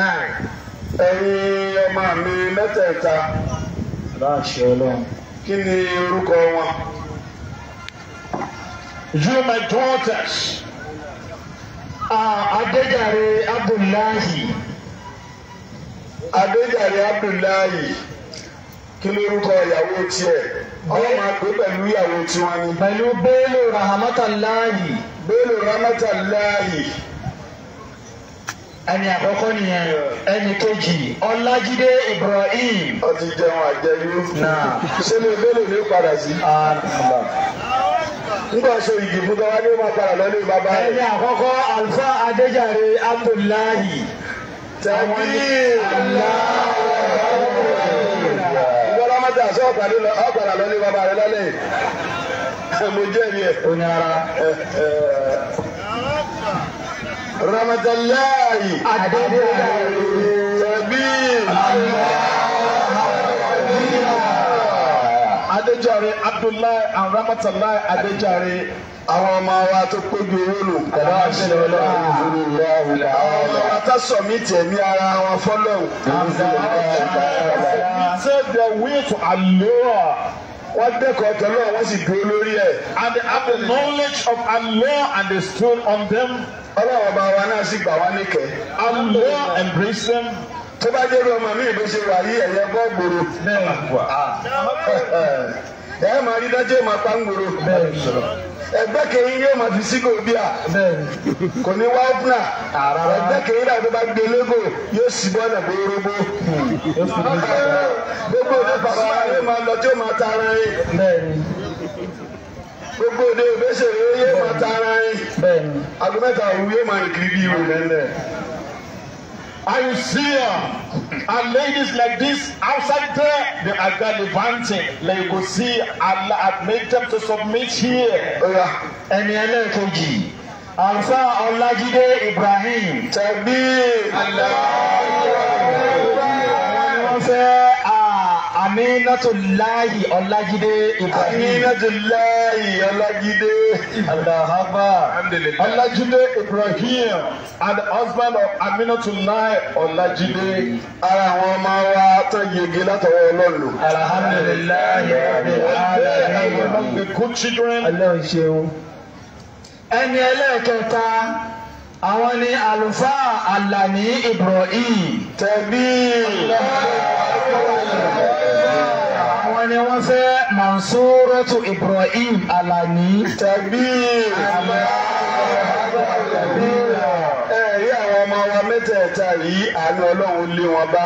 ẹ̀yin ọmọ mi mẹ́tẹ̀ẹ̀ta láṣẹ ọlọ́run kí ni orúkọ wọn. You my daughters ah, Adéjàre Abdullahi Adéjàre Abdullahi kí lórúkọ ìyàwó tiẹ̀ ọlọ́run máa pè pẹ̀lú ìyàwó tiwọn ni. pẹ̀lú bẹ́ẹ̀lù rahamatalahi. bẹ́ẹ̀lù rahamatalahi. ẹni àkọ́kọ́ nìyẹn ẹni kejì ọlájídé ibrahim. ọtí jẹun àjẹyó. ṣé lè bẹ́ẹ̀lù ní padà sí. Ah. nígbà ṣe ìdìbò tó wá ní ma padà lọ ní bàbá rẹ̀. ẹni àkọ́kọ́ alfa adéjàre abdullahi. tẹ̀lé aláwọ̀ àṣọ ọ̀pàdà lọ ní bàbá rẹ lọ́lẹ̀ mo jẹ́ mi ẹ̀ o ní ara ramadalayi adébóyè sẹbí adéjàre abdullahi and ramatalayi adéjàre àwọn ọmọ wa tó péjú owó lò kọ́ bá ṣe ọlọ́run àwọn ọmọ wa tó sọ̀mí tẹ̀mí ara wọn fọlọ́run. Say the way to Allah wọ́n dẹ́kọ̀ọ́ tọ́lọ́ wọ́n sì dúró lórí ẹ̀. and they have the knowledge of allure and they stood on them. ọlọ́run ọba wa náà sì gbà wá níkẹ́. Allah embrace them. tó bá dé ọmọ mi ìgbésẹ̀ wà yí ẹ̀yẹ bọ́ gbòòrò ẹ máa rí dájú ẹ máa pa ń gbòòrò ẹgbẹ́ kẹyìn yóò máa fi síkò bí a kò ní wá ọ́pùnà ẹgbẹ́ kẹyìn náà tó bá gbé lébò yóò sì bọ́ ọ̀nà gbogbo gbogbo ní bàbá yóò máa lọ tí ó máa ta ara yẹn gbogbo òde ìgbésẹ̀ yóò máa ta ara yẹn agbẹ́mẹ́ta òun yóò máa kiri bí ìwé lẹ́lẹ̀. And you see her. And ladies like this outside there, they are gallivanting. Like you could see, Allah had made them to submit here. Ẹni ẹlẹ́ẹ̀kejì. Àǹfà Ọlájídé Ibrahim. Tẹ̀bí. Àwọn ni wọ́n fẹ́ aminatulayi ọlájídé ibrahim aminatulayi ọlájídé alahaba ọlájídé ibrahim and husband of aminatulayi ọlájídé ara àwọn ọmọ wa tó yege látọwọ́ ọlọ́run. alhamdulilayi alayi the good children. ọlọ́run ṣeun. ẹni ẹlẹ́ẹ̀kẹta àwọn ni àlùfáà alani ibrahim. tẹ̀bí. ọlọ́run ṣeun àwọn ni wọ́n fẹ́ mansuratu ibrahim alani. tàbí àwọn mẹ́tẹ̀ẹ̀ta yìí àánú ọlọ́run lé wọn bá.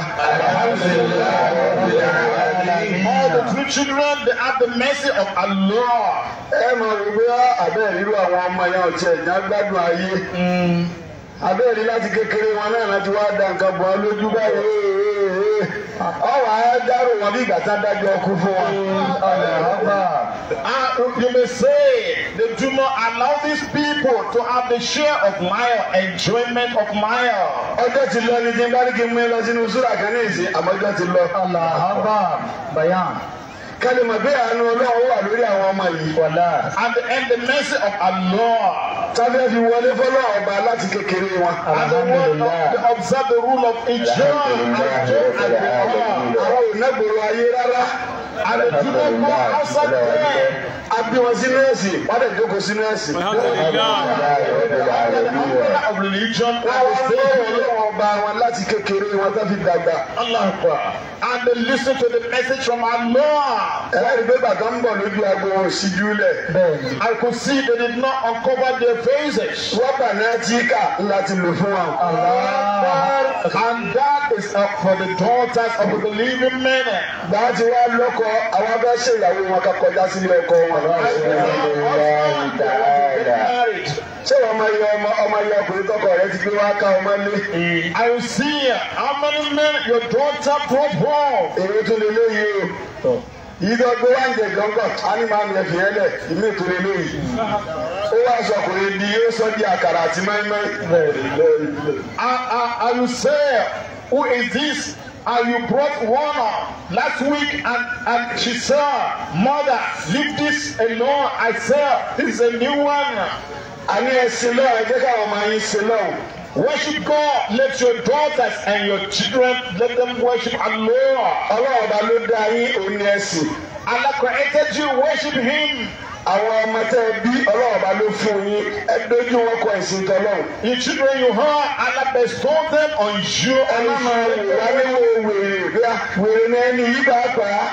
All the two children they have the mercy of Allah. ẹ mọ̀ wípé àbẹ́ẹ̀rí àwọn ọmọ yẹn ọ̀tí ẹ̀dá ayé. Mm abẹ́rẹ́ láti kékeré wọn náà láti wá da nǹkan bọ̀ lójú báyìí ọwọ́ ayé dárò wọn bí ìgbà tá a dájọ́ ọkú fún wọn. Ah, you may say they do not allow these people to have the share of my enjoyment of my. Ọjọ́ ti lọ ní tí n bá ní kí n mú ẹ lọ sínú súrà kan ní àmọ́jọ́ ti lọ. Alahaba bayan kálímà bẹ́ẹ̀ àánú ọlọ́run wà lórí àwọn ọmọ yìí. wàlá. and and the mercy of Allah. tábìlì ti wọlé fọlọ́ ọba láti kékeré wọn. alhamdulilayi. and the observe the rule of ijó àjọ àgbẹ̀kọ́ àwọn ò nágbèrò ayé rárá àdùnnú mọ asanu bẹẹ abiwọn sínú ẹsìn wọn dẹ jókòó sínú ẹsìn. láwọn fẹ́ràn lọ́wọ́ bá wọn láti kékeré wọn tó fi dàgbà. and they listen to the message from our Lord. ẹ̀rọ ìgbẹ́gbà kan ń bọ̀ lójú agbo òṣìjú lẹ̀. I could see they did not uncover their faces. rọ́bà náà ti kà láti lò fún wa. and that is for the daughters of the living men. láti wá lọ́kọ̀ọ́ wọn àwọn abẹ́ ṣe ìyàwó wọn ká kọjá sílé ọkọ wọn. ṣé wọn máa yọ ọmọ ọmọ yọ ọkùnrin tọkọ rẹ ti gbé wá ká ọmọ lé. I will see how many men your daughter brought home. èrè lè lóye o yíyọ gbé wá ń jẹ gbọngàn ánìmá mi ẹfì yẹn lẹ ìmí ìtòlè lóyè ó wá sọ kò lè di yóò sọ di àkàrà àti mẹ́mẹ́. I I I will say who is this? and you brought one up last week and and she said mother leave this alone I said this is a new one. àní ẹ ṣe lọ ẹ jẹ́ káwọn ọmọ yín Worship God. Let your daughters and your children let them worship Allah. Ọlọ́run ọba ló Allah created you worship him àwọn ọmọ tẹ ẹ bí ọlọ́run bá ló fún yín ẹ dojú wọn kọ ẹ̀sìn tọ́lọ́run. your children you have Allah bestow them on you. ọlọ́run wà ní wo wèrè wèrè náà ní yí bá pa á.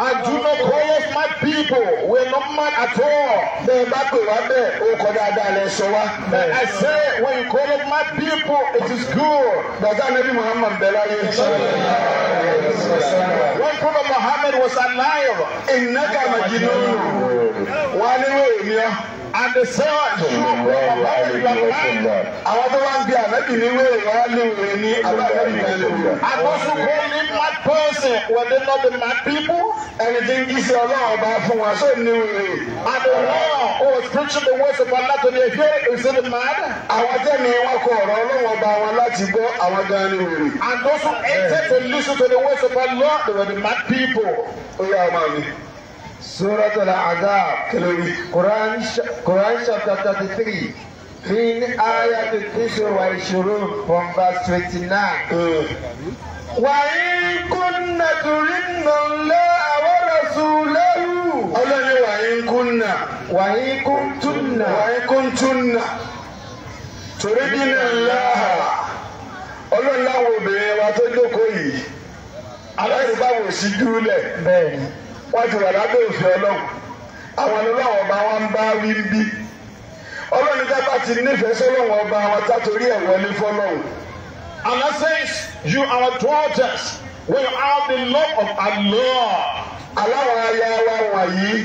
I do not call us my people. We are not mad at all. Bẹ́ẹ̀ bá pè wá bẹ́ẹ̀, ó kọ dáadáa lẹ sọ wá. I say when you call us my people, it is good. Dàda Nabi Muhammad bẹ̀rẹ̀ láyé. When Prophet Muhammad was alive, in màjínú. Wà á níwèé and the soil àwọn tó wá ń bí ànábì ní wéèrè wọn lè wéèrè ní àbájáde ìgbàlè. àkọsùnkọ ní mad person were they not the mad people ẹni tí ń kí sí ọlọ́run bá fún wa ṣé ní wéèrè. and the one who was preaching the words of Allah to the fear is the man. àwọn tẹ́ni wọn kọ ọ̀rọ̀ ọlọ́run bá wọn láti gbọ́ àwọn gan ni wéèrè. and those who entered to listen to the words of Allah they were the mad people. ó yà máa mi. Surah Al-Azab kìlórí Quran Quran chapter thirty three min ayat tisi wa ishurun from verse twenty nine. Wa in kunna turinna Allaha wa rasulahu. Ọlọ́ni wa in kunna. Wa kuntunna. Wa kuntunna. Turidina Allaha. Ọlọ́ni láwọn obìnrin wa tó dókòó yìí. Aláìsí báwo sí dúró lẹ̀ wọ́n ti wà lábẹ́ òfin ọlọ́run àwọn ọlọ́run ọba wa ń bá wí ń bí ọlọ́run tá a bá ti nífẹ̀ẹ́ sọ́lọ́run ọba wa tátorí ẹ̀ wọlé fọlọ́run. And that says you are daughters when you have the love of Allah. aláwọ̀ ayé wa wọ̀nyí.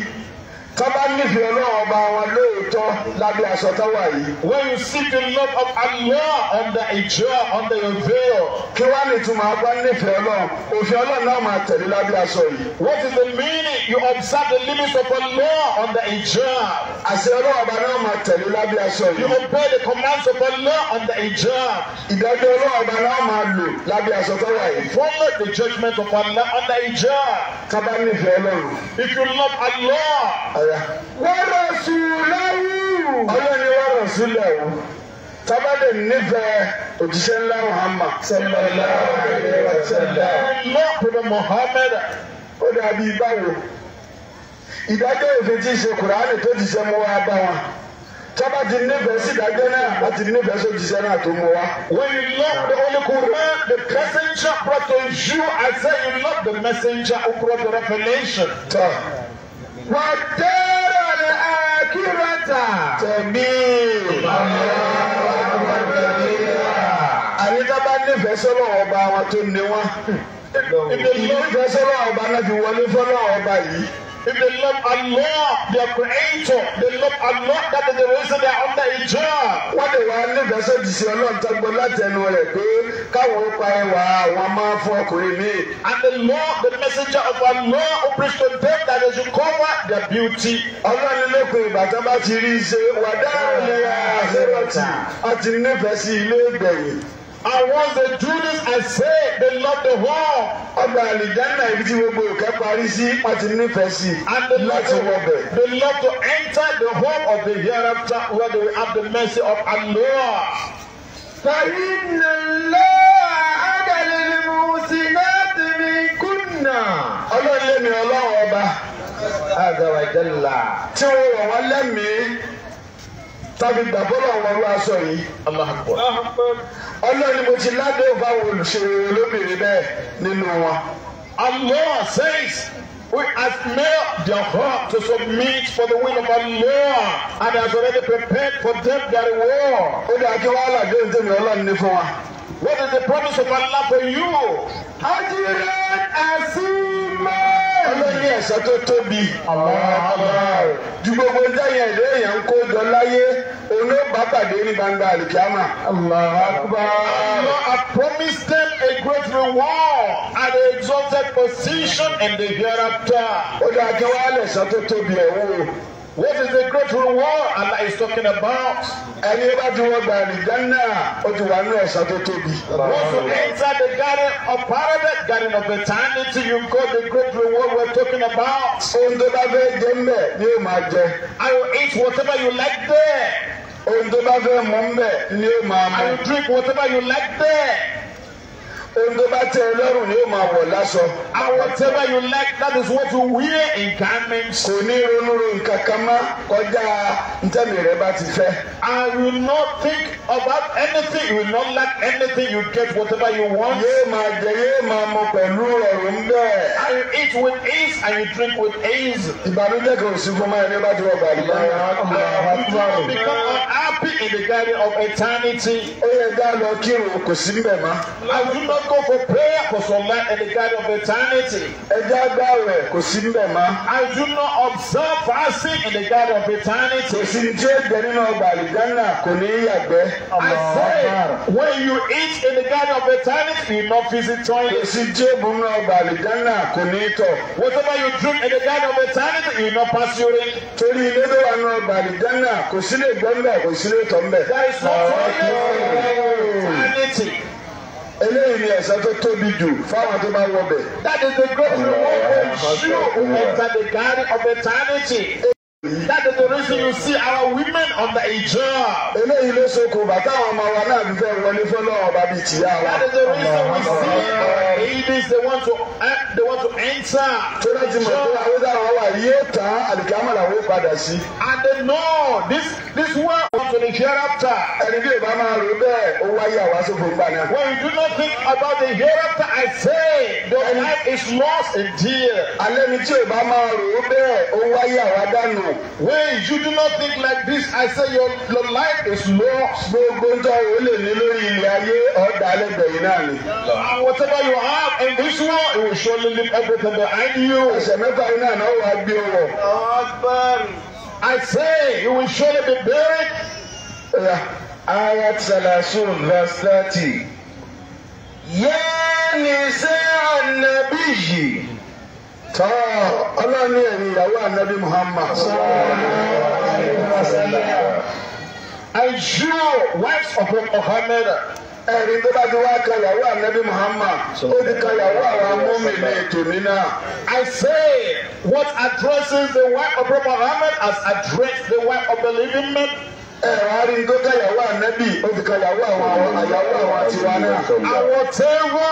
Tọ́ba nífẹ̀ẹ́ Ọlọ́run ọba wọn lóòótọ́ lábẹ́ aṣọ táwa yìí. When you seek the love of Allah under hijab under your veil. Kí wá lè túmọ̀ apá nífẹ̀ẹ́ Ọlọ́run? Òfin Ọlọ́run náà máa tẹ̀lé lábẹ́ aṣọ yìí. What is the meaning? You observe the limits of Allah under hijab. Àṣẹ Ọlọ́run ọba náà máa tẹ̀lé lábẹ́ aṣọ yìí. You obey the commands of Allah under hijab. Ìdájọ́ Ọlọ́run ọba náà máa lò lábẹ́ aṣọ táwa yìí. Follow the judgment of Allah under hijab. Tábà nífẹ̀ẹ́ Ọlọ́run. If you love Allah rárá. wọ́rọ̀ sùlẹ̀wù. ọlọ́ni wọ́rọ̀ sùlẹ̀wù tábà lè nífẹ̀ẹ́ òjíṣẹ́ ńlá Muhammad. sallallahu alaihi wasallam. mọ́kùnrin Muhammad ó dàbí báwo ìdájọ́ òfin tí ń ṣe kùránì tó ti ṣe mọ́ wa bá wa tọ́ba ti nífẹ̀ẹ́ sí ìdájọ́ náà láti nífẹ̀ẹ́ sí òjíṣẹ́ náà tó mọ́ wa. When you love the Holy Quran, the messenger brought to you as you love the messenger who brought the revelation. والدار الآخرة جميل àbí ká bá nífẹ̀ẹ́ sọ́lọ́ ọba wọn tó ní wọn ìdèjì nífẹ̀ẹ́ sọ́lọ́ ọba náà fi wọlé fọ́lọ́ ọba yìí. If they love Allah, their creator, they love Allah, that is the reason they are under a job. Wọ́n lè wá nífẹ̀ẹ́ sódì sí ọlọ́run tó gbọ́ láti ẹnu rẹ̀ pé káwọn ó pa ẹwà àwọn máa fún ọkùnrin mi. And the law, the messenger of Allah who preach to them that they should cover their beauty. Ọlọ́run lókun ìgbà tó bá ti rí i ṣe wàdá ìlera àṣẹwọ̀tì àti nífẹ̀ẹ́ sí ilé ìgbẹ̀yìn and once they do this I say they love the world. ọgbà àlìjáná ibi tí gbogbo ìkẹ́ parí sí wọ́n ti nífẹ̀ẹ́ sí i láti wọ bẹ̀. they love to enter the home of the hereafter where they will have the mercy of Allah. فإن الله أجل المحسنات منكن. ọlọ́run lé mi ọlọ́run ọba. àgàwàjẹ́lá. tí wọ́n wọ̀ wọ́n lẹ́mìí tàbí gbàgbọ́dọ̀ wọn wá aṣọ yìí aláàbọ̀ mo ti ládé òfà olùṣèré olóbìnrin bẹ́ẹ̀ nínú wọn. Allah says we have made their heart to submit for the will of Allah and has already prepared for them their reward. ó dàgbé wàhálà dé ìdèmí ọlọ́run ní fún wa. What is the promise of Allah for you? Ajire asime. Ọlọ́yin ẹ̀sẹ̀ tó tóbi. Ju gbogbo dáyẹ̀ lẹ́yìn ń kó jọ láyé, òun bá pàdé ní gbangba àlùkìyàmà. Allah promised them a great reward and an exalted position in the hereafter. Ó dáa kí wọ́n á lẹ̀sán tó tóbi ẹ̀ wò. What is the great reward Allah is talking about. Ẹni bá ti wọ gba àlìjáná, ó ti wà nínú ẹ̀sán tó tóbi. Once you enter the garden of paradise, garden of eternity, you go the great reward we're talking about. Ohun bá fẹ́ jẹ mbẹ̀ ni yóò máa jẹ. I will eat whatever you like there. Ohun bá fẹ́ mu mbẹ̀ ni yóò máa mu. I will drink whatever you like there. Ohun tẹ ẹ lọ́rùn máa wọ̀ láṣọ. And whatever you like that is what you wear in garments. Kò ní ronúro nǹkan kan mọ́ kọjá ntẹ́mi rẹ bá ti fẹ́. I will not think about anything you will not lack anything you get whatever you want. Yóò máa jẹ yóò máa mu pẹ̀lú ọ̀rùn bẹ́ẹ̀. And eat with ease and you drink with ease. Ìbànújẹ́ kan sí fún máa ní bá ti wọ bàbá yìí. I will become unhappy in the garden of eternity. Ó yẹ ká lọ kírun kò sí mbẹ̀ mọ́. I will not go for prayer for some man in the garden of eternity. Ẹja gbààwẹ̀ kò sí níbẹ̀ mọ́. I do not observe fasting in the garden of eternity. Kò sí ní tí ó gbẹ nínú ọgbà àlùjáná kò ní í yàgbẹ́. I say when you eat in the garden of eternity you no visit toilet. Kò sí tí ó bu nínú ọgbà àlùjáná kò ní í tọ̀. Whatever you drink in the garden of eternity you no pass urine. Torí ilé ló wà nínú ọgbà àlùjáná kò sí lè gbẹ́ mbẹ̀ kò sí lè tọ̀ mbẹ̀. There is no toilet in eternity eléyìí ni tó tóbi jù fáwọn tó bá wọ bẹ̀. that is the great reward for you who enter the garden of eternity. That is the reason you see our women on the hijab. Eléyìí ló ṣokùn bàtà àwọn ọmọ wa náà fi fẹ́ wọlé fọlọ́wọ́ bá bí tìyá wa. That is the reason we see our ladies they want to they want to enter. Tó bá ti mọ̀ pé àwọn ọ̀dà wa wà yóò tán àlùkámọ̀ làwọn ó padà sí. And they know this this world want to the hereafter. Ẹni bí ìbá máa rò bẹ́ẹ̀ ó wáyé àwa ṣòfò gbà náà. When you do not think about the hereafter I say the life is lost and dear. Alẹ́ ni tí ìbá máa rò bẹ́ẹ̀ ó wáyé àwa dànù when you do not think like this I say your your life is low gbogbo ń tọ́ o lè ní lórí ilẹ̀ ayé ọ̀dà alẹ́gbẹ̀yìn náà ni. whatever you have in this world it will surely leave everything behind you. ẹsẹ̀ mẹ́ta yìí náà náà wà á gbé wọ̀. I say you will surely be buried. Ayat Salasun verse thirty. Yẹ́nì sẹ́yà nàbí yìí tọ́ ọlọ́ni ẹ̀rí ìyàwó ànábì Muhammad. and you of Muhammad ẹ̀rí tó bá ti wá kan ìyàwó ànábì Muhammad ó ti kan ìyàwó àwọn amúmìnì tèmi náà. I say what addresses the wife of Muhammad has addressed the wife of the living man ẹ wá rí i tó ká yàwó ànábì ó fi kan yàwó àwọn àyàwó àwọn àtiwá náà. Àwọn tẹ́wà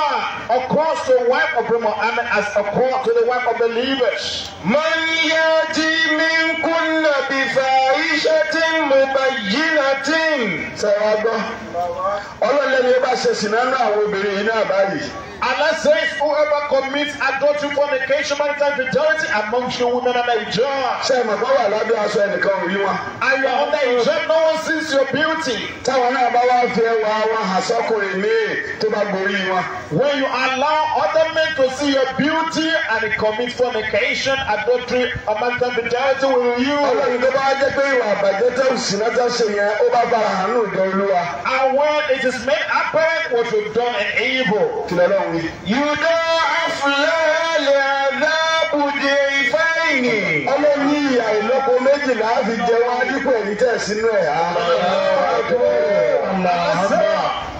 across the wife of the Muhammad as across to the wife of the believers. Man yati minkunna bi fahishatin mubayyinatin. Sẹ́wọ́n gbọ́, ọlọ́lẹ́ni yóò bá ṣe sìnà náà àwọn obìnrin yìí náà báyìí. Allah says, whoever commits adultery, fornication, marital fidelity amongst you women and a judge. Ṣé ìmọ̀ bá wà lábẹ́ aṣọ ẹnìkan òyìnbó? Àyọ̀ ọ̀dà ìjọ náà sees your beauty táwọn náà bá wá fẹ́ wá wá hàn sọ́kùnrin tó bá gorí wọn. when you allow other men to see your beauty and commit fornication adultery amata fidelity with you. ọlọ́run tó bá jẹ́ pé ìwà àbàjẹ́ tẹ́ òsínà tẹ́ ṣe yẹn ó bá bá àánú ìjọ olúwa. and when it is made apparent what you've done in evil. kìlọ̀ náà wí. you don afro lẹ́yìn ẹ̀dá bùdé ìfẹ́ ìní. ọlọ́run yìí méjì láàfin jẹ wọn dípò èyí tẹ̀ sínú ẹ̀ á.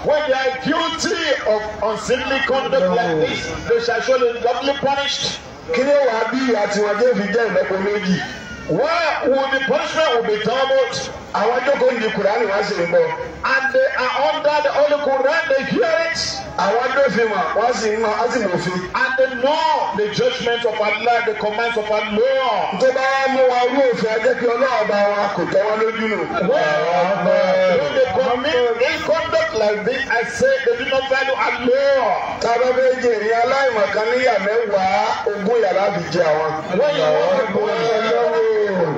When they are guilty of unseemly conduct like this, they shall surely doubly punished. Kí ni wàá bí ìyá tiwọn fi jẹ́ ìlọ́po méjì? Why will the punishment will be doubled àwọn jókòó ní Kùránì wá sí gbọ́ and they are under the Holy Quran they hear it àwọn adófin wa wá sí ìmọ̀ á sì mọ̀ fún. and they know the judgment of Allah the commands of Allah. tó bá mú wa rú òfin ajẹ́ kí ọlọ́run bá wa kò tẹ́ wọn lójú nù. when they commit in conduct like this I say they do not value Allah. tábà bẹ́ẹ̀ jẹ́ ìrìn aláìmọ̀kan níyà mẹ́wàá ogún yàrá fi jẹ àwọn. wọ́n yẹ wọ́n fi bọ́ ẹ lọ́wọ́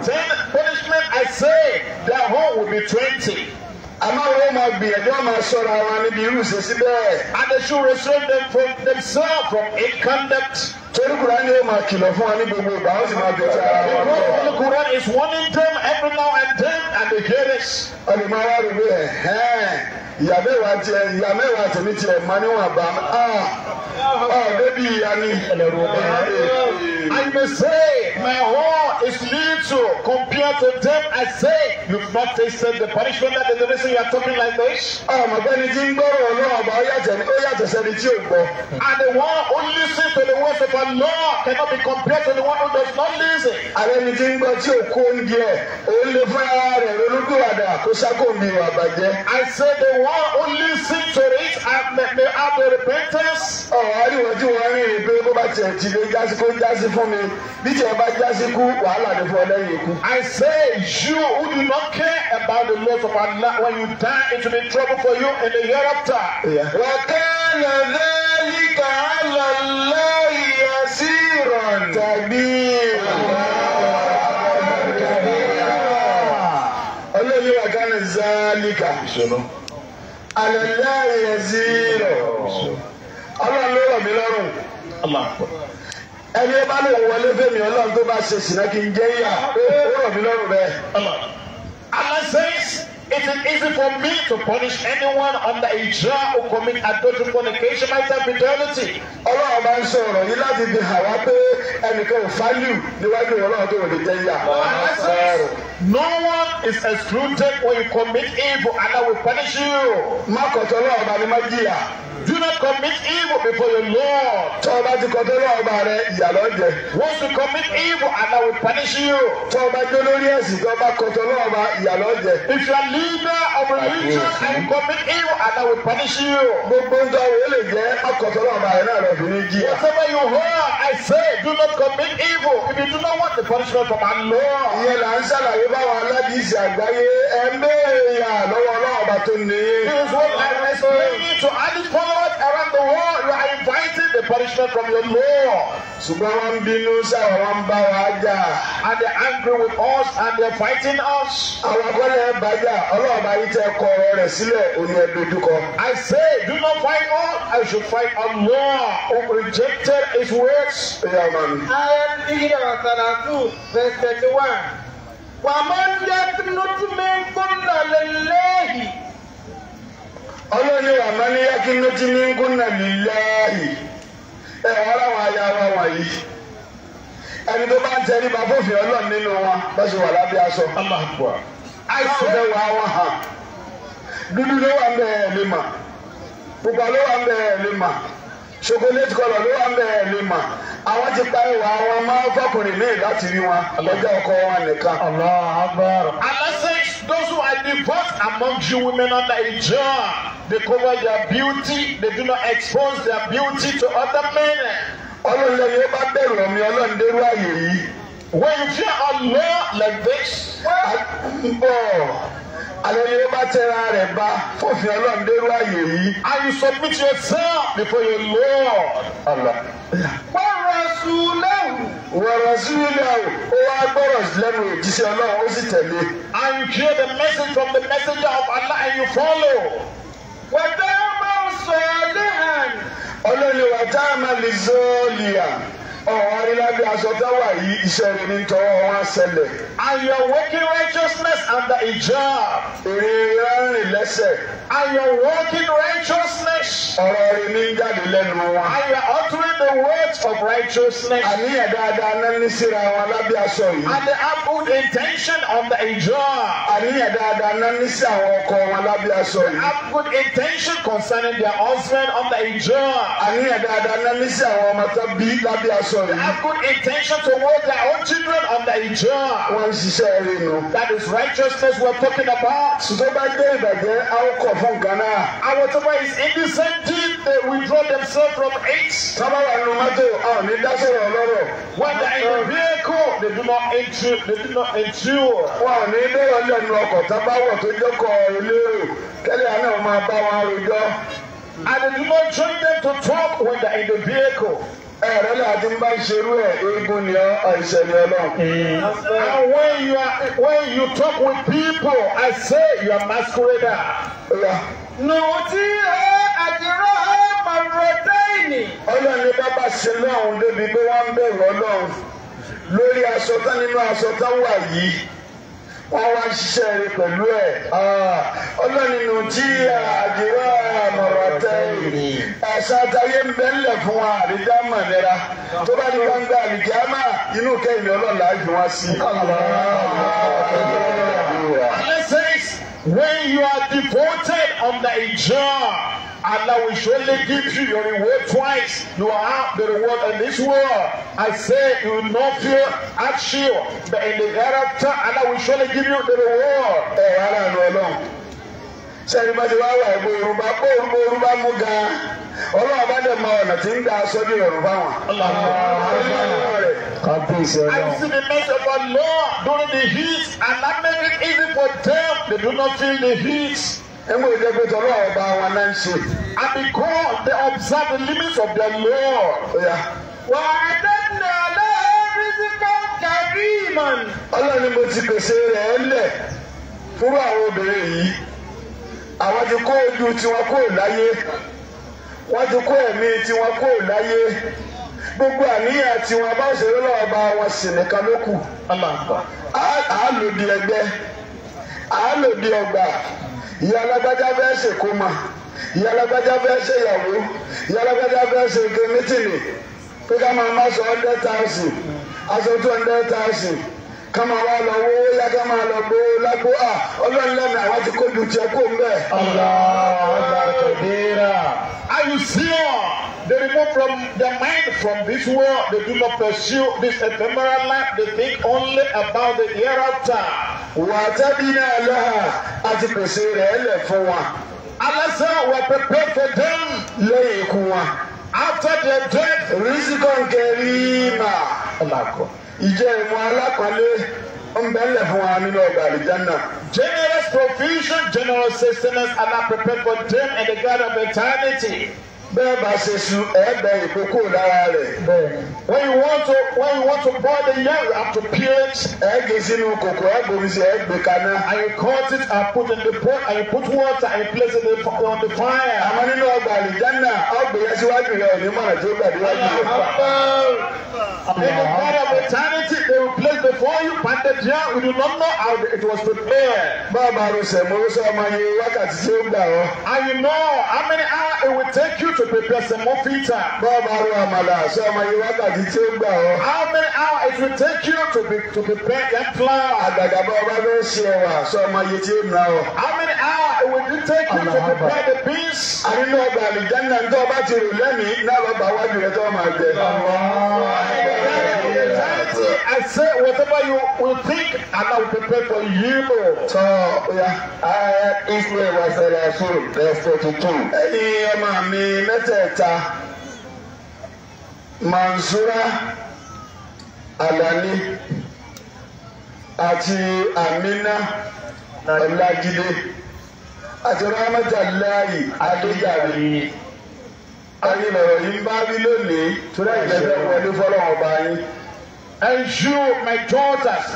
ten punishment I say their home will be twenty. Amáwo ọmọ gbìyànjú ọmọ sọ̀rọ̀ àwọn níbi irú ìṣesí bẹ́ẹ̀. And they should restrain them from themselves from inconduct. Torí Kùrán ni ó máa kìlọ̀ fún wa ní gbogbo ìgbà, ó sì máa bẹ̀rẹ̀ sí ara wọn. The Quran is warning them every now and then and they hear it. Ọ̀nìmọ̀ wa rò wí ẹ̀ hẹ́ẹ̀ ìyá mẹ́wàá tiẹ̀ ìyá mẹ́wàá tèmi tiẹ̀ máa níwọ̀n bá a a débi ìyá ni I may say my heart is little compared to them I say you not tasted the punishment that is the reason you are talking like this. Àmọ̀ bẹ́ni tí ń gbọ́rọ̀ náà ọba ó yàtọ̀ sẹ́ni tí ò gbọ́. And the one who listen to the words of our Lord cannot be compared to the one who does not listen. Àrẹ́ni tí ń gbọ́ tí ò kó oúnjẹ, òun lè fún ara rẹ̀ ronú àdá kó sákòmí ìwà àbàjẹ́. I say the word one who listens to it and may, may have the repentance. ọ̀rọ̀ àríwájú wọn rí i pé bó bá tiẹ̀ ti lé jásí kó jásí fún mi bí tiẹ̀ bá jásí kú wàhálà ní fún ọ ikú. I say you who do not care about the laws of Allah when you die it will be trouble for you in the hereafter. wà á kẹ́lẹ̀ lẹ́yìn kàálà lẹ́yìn ẹ̀sìn ìrọ̀rùn. tàbí ọlọ́run wà kánà zálíkà. àlẹ́lẹ́ yẹn sí ọlọ́run ló rọ̀ mí lọ́rùn ẹni bá lè wọlé fẹ́mi ọlọ́run tó bá ṣe sìnà kí n jẹ́ Is It easy for me to punish anyone under a jar who commit adultery, fornication, myself, eternity. Ọlọ́run máa ń sọ ọ̀rọ̀ yìí láti fi hàn wá pé ẹnìkan ò fálù níwájú Ọlọ́run tó lè jẹ́ No one is excluded when you commit evil and I will punish you. Má kọ̀tọ̀ Ọlọ́run bá ní má jìyà do not commit evil before your Lord. tó o ti kọ́ tó rẹ ìyà jẹ. once you commit evil and I will punish you. tó o bá lórí ẹ̀sìn tó ọba ìyà ló ń jẹ. if you are leader of a religion and you commit evil and I will punish you. gbogbo ń dọ̀wọ́ ó lè jẹ́ ọkọ̀ tó rẹ náà lọ ní jíyà. whatever you hear I say do not commit evil if you do not want the punishment from our Lord. ìyẹn là ń ṣàlàyé báwa aládìsí àgbáyé ẹ̀ ń bẹ́ẹ̀ yà lọ́wọ́ ọlọ́ọ̀bà Lord around the world you are inviting the punishment from your Lord. ṣùgbọ́n wọ́n ń bínú àwọn bá wa jà. and they are angry with us and they are fighting us. àwọn akọ́lẹ̀ bàjá ọlọ́ọ̀bá yìí tẹ kọ ọ̀rọ̀ rẹ̀ sílẹ̀ òní ẹ̀dójúkọ. I say do not fight us I should fight Allah who rejected his words. ẹ̀yà ọmọ mi. ayé ti yíra ọ̀sán àtúntò verse thirty one. wàá máa ń jẹ́ tinútìmí kúndà lélẹ́yìí. ọlọ́ni wà má ní yákí ti ní gúnnà lílẹ́yì ẹ aráwọ̀ ya wa wọ̀nyí ẹni tó bá ń tẹrí bá fòfin nínú wa bá wà lábẹ́ aṣọ àìsàn bẹ́ẹ̀ wà hàn dúdú ló wà ń bẹ́ẹ̀ mà pupa ló wà chocolate colour ló wà ń bẹ̀rẹ̀ lè mà àwọn ti pa ìwà wọn máa ń fọkùnrin míì láti rí wọn lọ́jọ́ ọkọ wọn nìkan. Allah Akbar. Allah says those who are devout among you women under hijab they cover their beauty they do not expose their beauty to other men. ọlọ́lẹ́yìn ó bá bẹ̀rù ọ̀mí ọlọ́ọ̀dẹ́rù àyè yìí. when you fear Allah like this. wọ́n á bọ̀ alóyè bá tẹ́ra rẹ̀ bá fòfin ọlọ́run dérú ààyè yìí. and you submit yourself before your Lord. Allah. wọ́rọ̀ sùlẹ̀wù. wọ́rọ̀ sùlẹ̀wù ó wá gbọ́rọ̀ lẹ́nu òjíṣẹ́ ọlọ́run ó sì tẹ̀lé. and hear the message from the messenger of Allah and you follow. wàtá máa sọ ọ́ lẹ́hàn. ọlọ́run wàtá máa lè sọ ọ́ lẹ́hàn ọ̀hún arílábí aṣọ táwa yìí iṣẹ́ rẹ̀ ní tọwọ́ wọn ṣẹlẹ̀. and your working righteousness under a job. èrè rẹ́rìn lẹ́sẹ̀. and your working righteousness. ọ̀rọ̀ rẹ̀ ní jáde lẹ́nu wọn. and your uttering the words of righteousness. àníyàn dáadáa náà síra wọn lábẹ́ aṣọ yìí. and the have intention under a job. àníyàn dáadáa sí àwọn ọkọ wọn lábẹ́ aṣọ yìí. they have intention concerning their husband under a job. àníyàn dáadáa sí àwọn ọmọ tó bí lábẹ́ aṣọ sọ yìí. they have good intention toward their own children and their children. wọ́n ń ṣiṣẹ́ rẹ̀ nù. that is righteousness we are talking about. ṣùgbọ́n bá jẹ́ ìbàjẹ́ àwòkọ̀ fún Ghana. our tó is innocent they withdraw themselves from it. sábà wà nínú mọ́tò àwọn ní dásọ̀rọ̀ ọlọ́rọ̀. wọ́n dà in the vehicle they do not endure they do not endure. wọ́n ní bẹ́ẹ̀ lẹ́nu ọkọ̀ tábàwọ̀ tó jókòó ilé kẹ́lẹ́ àná máa bá wọn àròjọ. and they do not join them to talk when they are in the vehicle ẹ̀rọ láti bá ṣerú ẹ̀ eégún ni ọ́ àìsẹ̀lẹ̀ ọlọ́run. and when you are when you talk with people I say you are masquerader. nù tí ẹ àjẹrọ ẹ màrúwẹ̀ tẹ́yìnì. ọlọ́run ní bàbá ṣe lọ́hùn débi pé wọ́n ń bẹ̀rù ọlọ́run lórí aṣọ tán nínú aṣọ tán wà yìí wọ́n wá ṣiṣẹ́ rẹ pẹ̀lú ẹ̀ ah, ọlọ́nìnú tí ah, àdìrọ́ àmọ̀rọ̀tẹ́ ah, ẹ̀sán àtàyé ń bẹ́ ńlẹ̀ fún wa àrídá mọ̀nira tó bá ní gbangba àlìjáàmà inú kẹ́hìn ọlọ́lá jù wá sí. When you are devoted on the job. Allah will surely give you your reward twice. You have the reward in this world. I say you will not fear actual, but in the hereafter Allah will surely give you the reward. Oh Allah, no ọlọ́run. Sẹ́ni bá ti wá wà ẹ̀bùn Yorùbá kó orúkọ Yorùbá mú gan-an. Ọlọ́run bá dẹ̀ mọ ọ̀nà tí ń dá aṣọ ní Yorùbá wọn. I see the mercy of our Lord during the heat and that makes it easy for them. They do not feel the heat. enwere ndị ekwetọrọ ọba wa na nche and because they observe the limits of their law. wà á dẹ́nà lẹ́yìn rísíkọ́ kàríman. ọlọ́run ni mo ti pèsè rẹ̀ lẹ̀ fúrú àwọn obìnrin yìí àwọn ti kó ojú ti kó láyé wọ́n ti kó ẹ̀mí tiwọn gbogbo àníyàn tiwọn bá ṣeré lọ́wọ́ bá wọn sì nìkan ló kù. àlòdì ẹgbẹ́ àlòdì ọgbà. ìyá alágbájá fẹ́ kuma, ma ìyá alágbájá fẹ́ ṣèyàwó ìyá alágbájá fẹ́ ṣe nǹkan mítìnì pé ká máa má sọ hundred ká máa lọ wó yá ká lọ bó lápò à ọlọ́run lẹ́nu àwa ti kó ju tiẹ̀ kó ń bẹ̀. Are you sure? They remove from their mind from this world. They do not pursue this ephemeral life. They think only about the hereafter. Wà á tẹ́bi náà lọ́hà àti pèsè rẹ̀ ẹ̀lẹ̀ fún wa. Alẹ́sẹ̀ were prepared for them. Lẹ́yìn ikú wa. After their death, rizikọ̀ nkẹ́rì mà. Ọlọ́kọ̀ ìjẹ́ ìmọ̀ alákọ̀ọ́lé ń fún wa nínú ọgbà àlùjáná. generous provision generous sustenance Allah prepared for them in the garden of eternity bẹ́ẹ̀ bá ṣe sun ẹ̀ẹ́dẹ̀ ìkókó lára rẹ̀. when you want to when you want to boil the yam you have to peel it ẹ̀ẹ́gẹ̀ e sínú kòkò ẹ̀gbọ̀n sí ẹ̀gbẹ̀ e kaná. and you cut it and put in the pot and you put water and you place it on the fire. àwọn nínú ọgbà àlìjáná ọgbà yẹn síwájú rẹ ò ní mọ̀nà tí ó gbàdúrà jù lọ. in the part of eternity they will place before you pounded yam you do not know how it was prepared. báwo bá a mo sọ ọmọ yẹn wákàtí tí ó gbà ọ. and you know how many hours it will take you to prepare some more pizza. bọ́ọ̀bù arọ àmàlà ṣé ọmọ yìí wákàtí tí ó gbà ọ́. how many hours it will take you to be to prepare that flour. àgàgà bọ́ọ̀bù arọ ṣe wà ṣé ọmọ yìí tí ó nà ọ́. how many hours it will take you to prepare the beans. àrínú ọgbà àlìjáná ń tọ́ ọba ti rò lẹ́mìí náà lọ́ba wájú rẹ̀ tó máa jẹ that I say whatever you will think and I will prepare for you. So, yeah. ya Israel wa ṣẹlẹ̀ sùn verse thirty two. Ẹyin ọmọ mi mẹ́tẹ̀ẹ̀ta Mansura Alani àti Amina Ọlájídé àti Ramata Láyì Adéjàre ayé lọ̀rọ̀ yìí ń bá rí lónìí tó dáìjẹ́ bẹ́ẹ̀ wọlé fọlọ́wọ́n bá Ensure my daughters,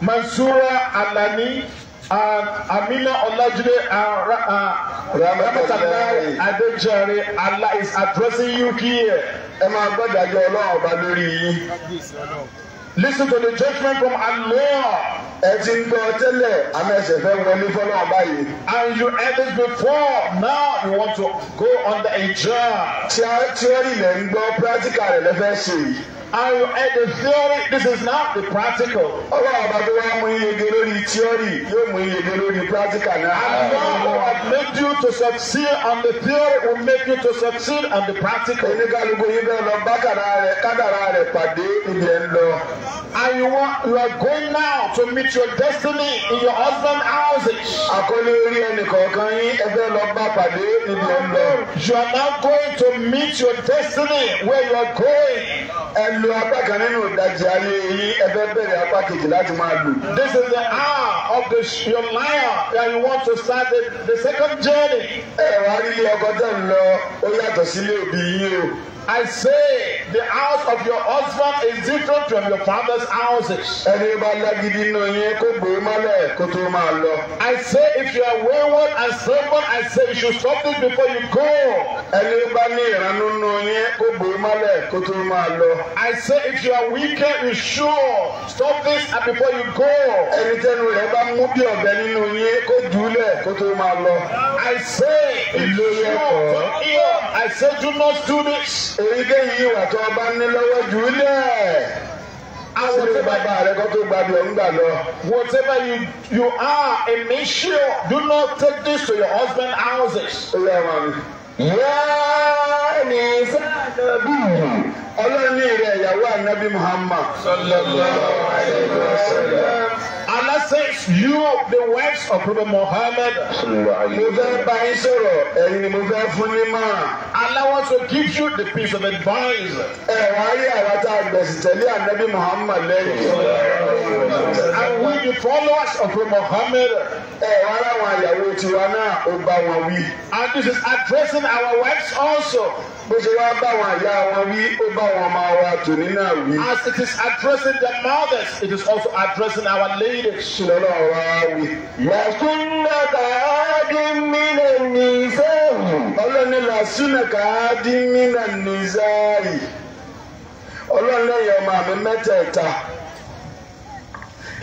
Mansura Alani, and Amina Olajide and uh, Ramatalai Adejare, Allah is addressing you here. Ẹ máa gbọ́dọ̀ àjọ ọlọ́run ọba lórí yín. Listen to the judgment from Allah. Ẹ ti ń gbọ́ tẹ́lẹ̀, àmọ́ ẹsẹ̀ fẹ́ wọlé fọ́nà báyìí. And you heard this before, now you want to go under a jar. Tí a tí ó rí ilẹ̀ gbọ́, practical rẹ̀ lẹ́fẹ̀ẹ́ ṣe yìí. I at the theory this is not the practical. Oh, ọba tó wá mú iyege lórí theory yóò mú iyege lórí practical náà. and made you to succeed on the theory will make you to succeed on the practical. and you want you are going now to meet your destiny in your husband's houses. you are now going to meet your destiny where you are going. and lo apá kan nínú ìdajì ayé yín ẹ fẹ́ bẹ̀rẹ̀ apá kejì láti máa lò. This is the hour of the your life and you want to start the, the second journey. ẹ wá rí ilé ọkọ tẹ̀ ń lọ ó yàtọ̀ sílé òbí yín o. I say the house of your husband is different from your father's houses. Ẹni bá lágídí inú yín kó gbé e mọ́lẹ̀ kó tó máa lọ. I say if you are wayward and stubborn, I say you should stop this before you go. Ẹni bá ní ìranú inú yín kó gbé e mọ́lẹ̀ kó tó máa lọ. I say if you are wicked, you sure stop this before you go. Ẹni tẹnu rẹ̀ bá mú bí ọ̀bẹ nínú yín kó jùlẹ̀ kó tó máa lọ. I say if you are sure, I say do not do this èyíkéyìí ìwà tó o bá ní lọ́wọ́ jù ú lẹ̀. Sílé bàbá rẹ kó tó gba lọ ńgbà lọ. Whatever you you are, a make sure do not take this to your husband houses. Ó yà wá mi. Yáá ní sáàdà bíi ọlọ́ọ̀ni rẹ̀ ìyàwó ànábì Muhammad. Sallallahu alayhi wa sallam says you the wives of Prophet Muhammad. Mo fẹ́ bá yín sọ̀rọ̀ ẹ̀yin mo fẹ́ fún yín mọ́. Allah wants to give you the piece of advice. Ẹ wá rí àwa tá a gbẹ̀sì tẹ̀lé ànábì Muhammad lẹ́yìn. And we the followers of Prophet Muhammad. Ẹ wá ráwọn àyàwó tiwa náà ó bá wọn wí. And this is addressing our wives also bó ṣe wá bá wọn àyà wọn wí ó bá wọn máa wá tòní náà wí. as it is addressing the mothers it is also addressing our ladies. ṣùgbọ́n àwa wí. làṣúnà káàdì mílẹ̀ nìzáàyì. ọlọ́ni làṣúnà káàdì mílẹ̀ nìzáàyì. ọlọ́ni lẹ́yìn ọmọ mi mẹ́tẹ̀ẹ̀ta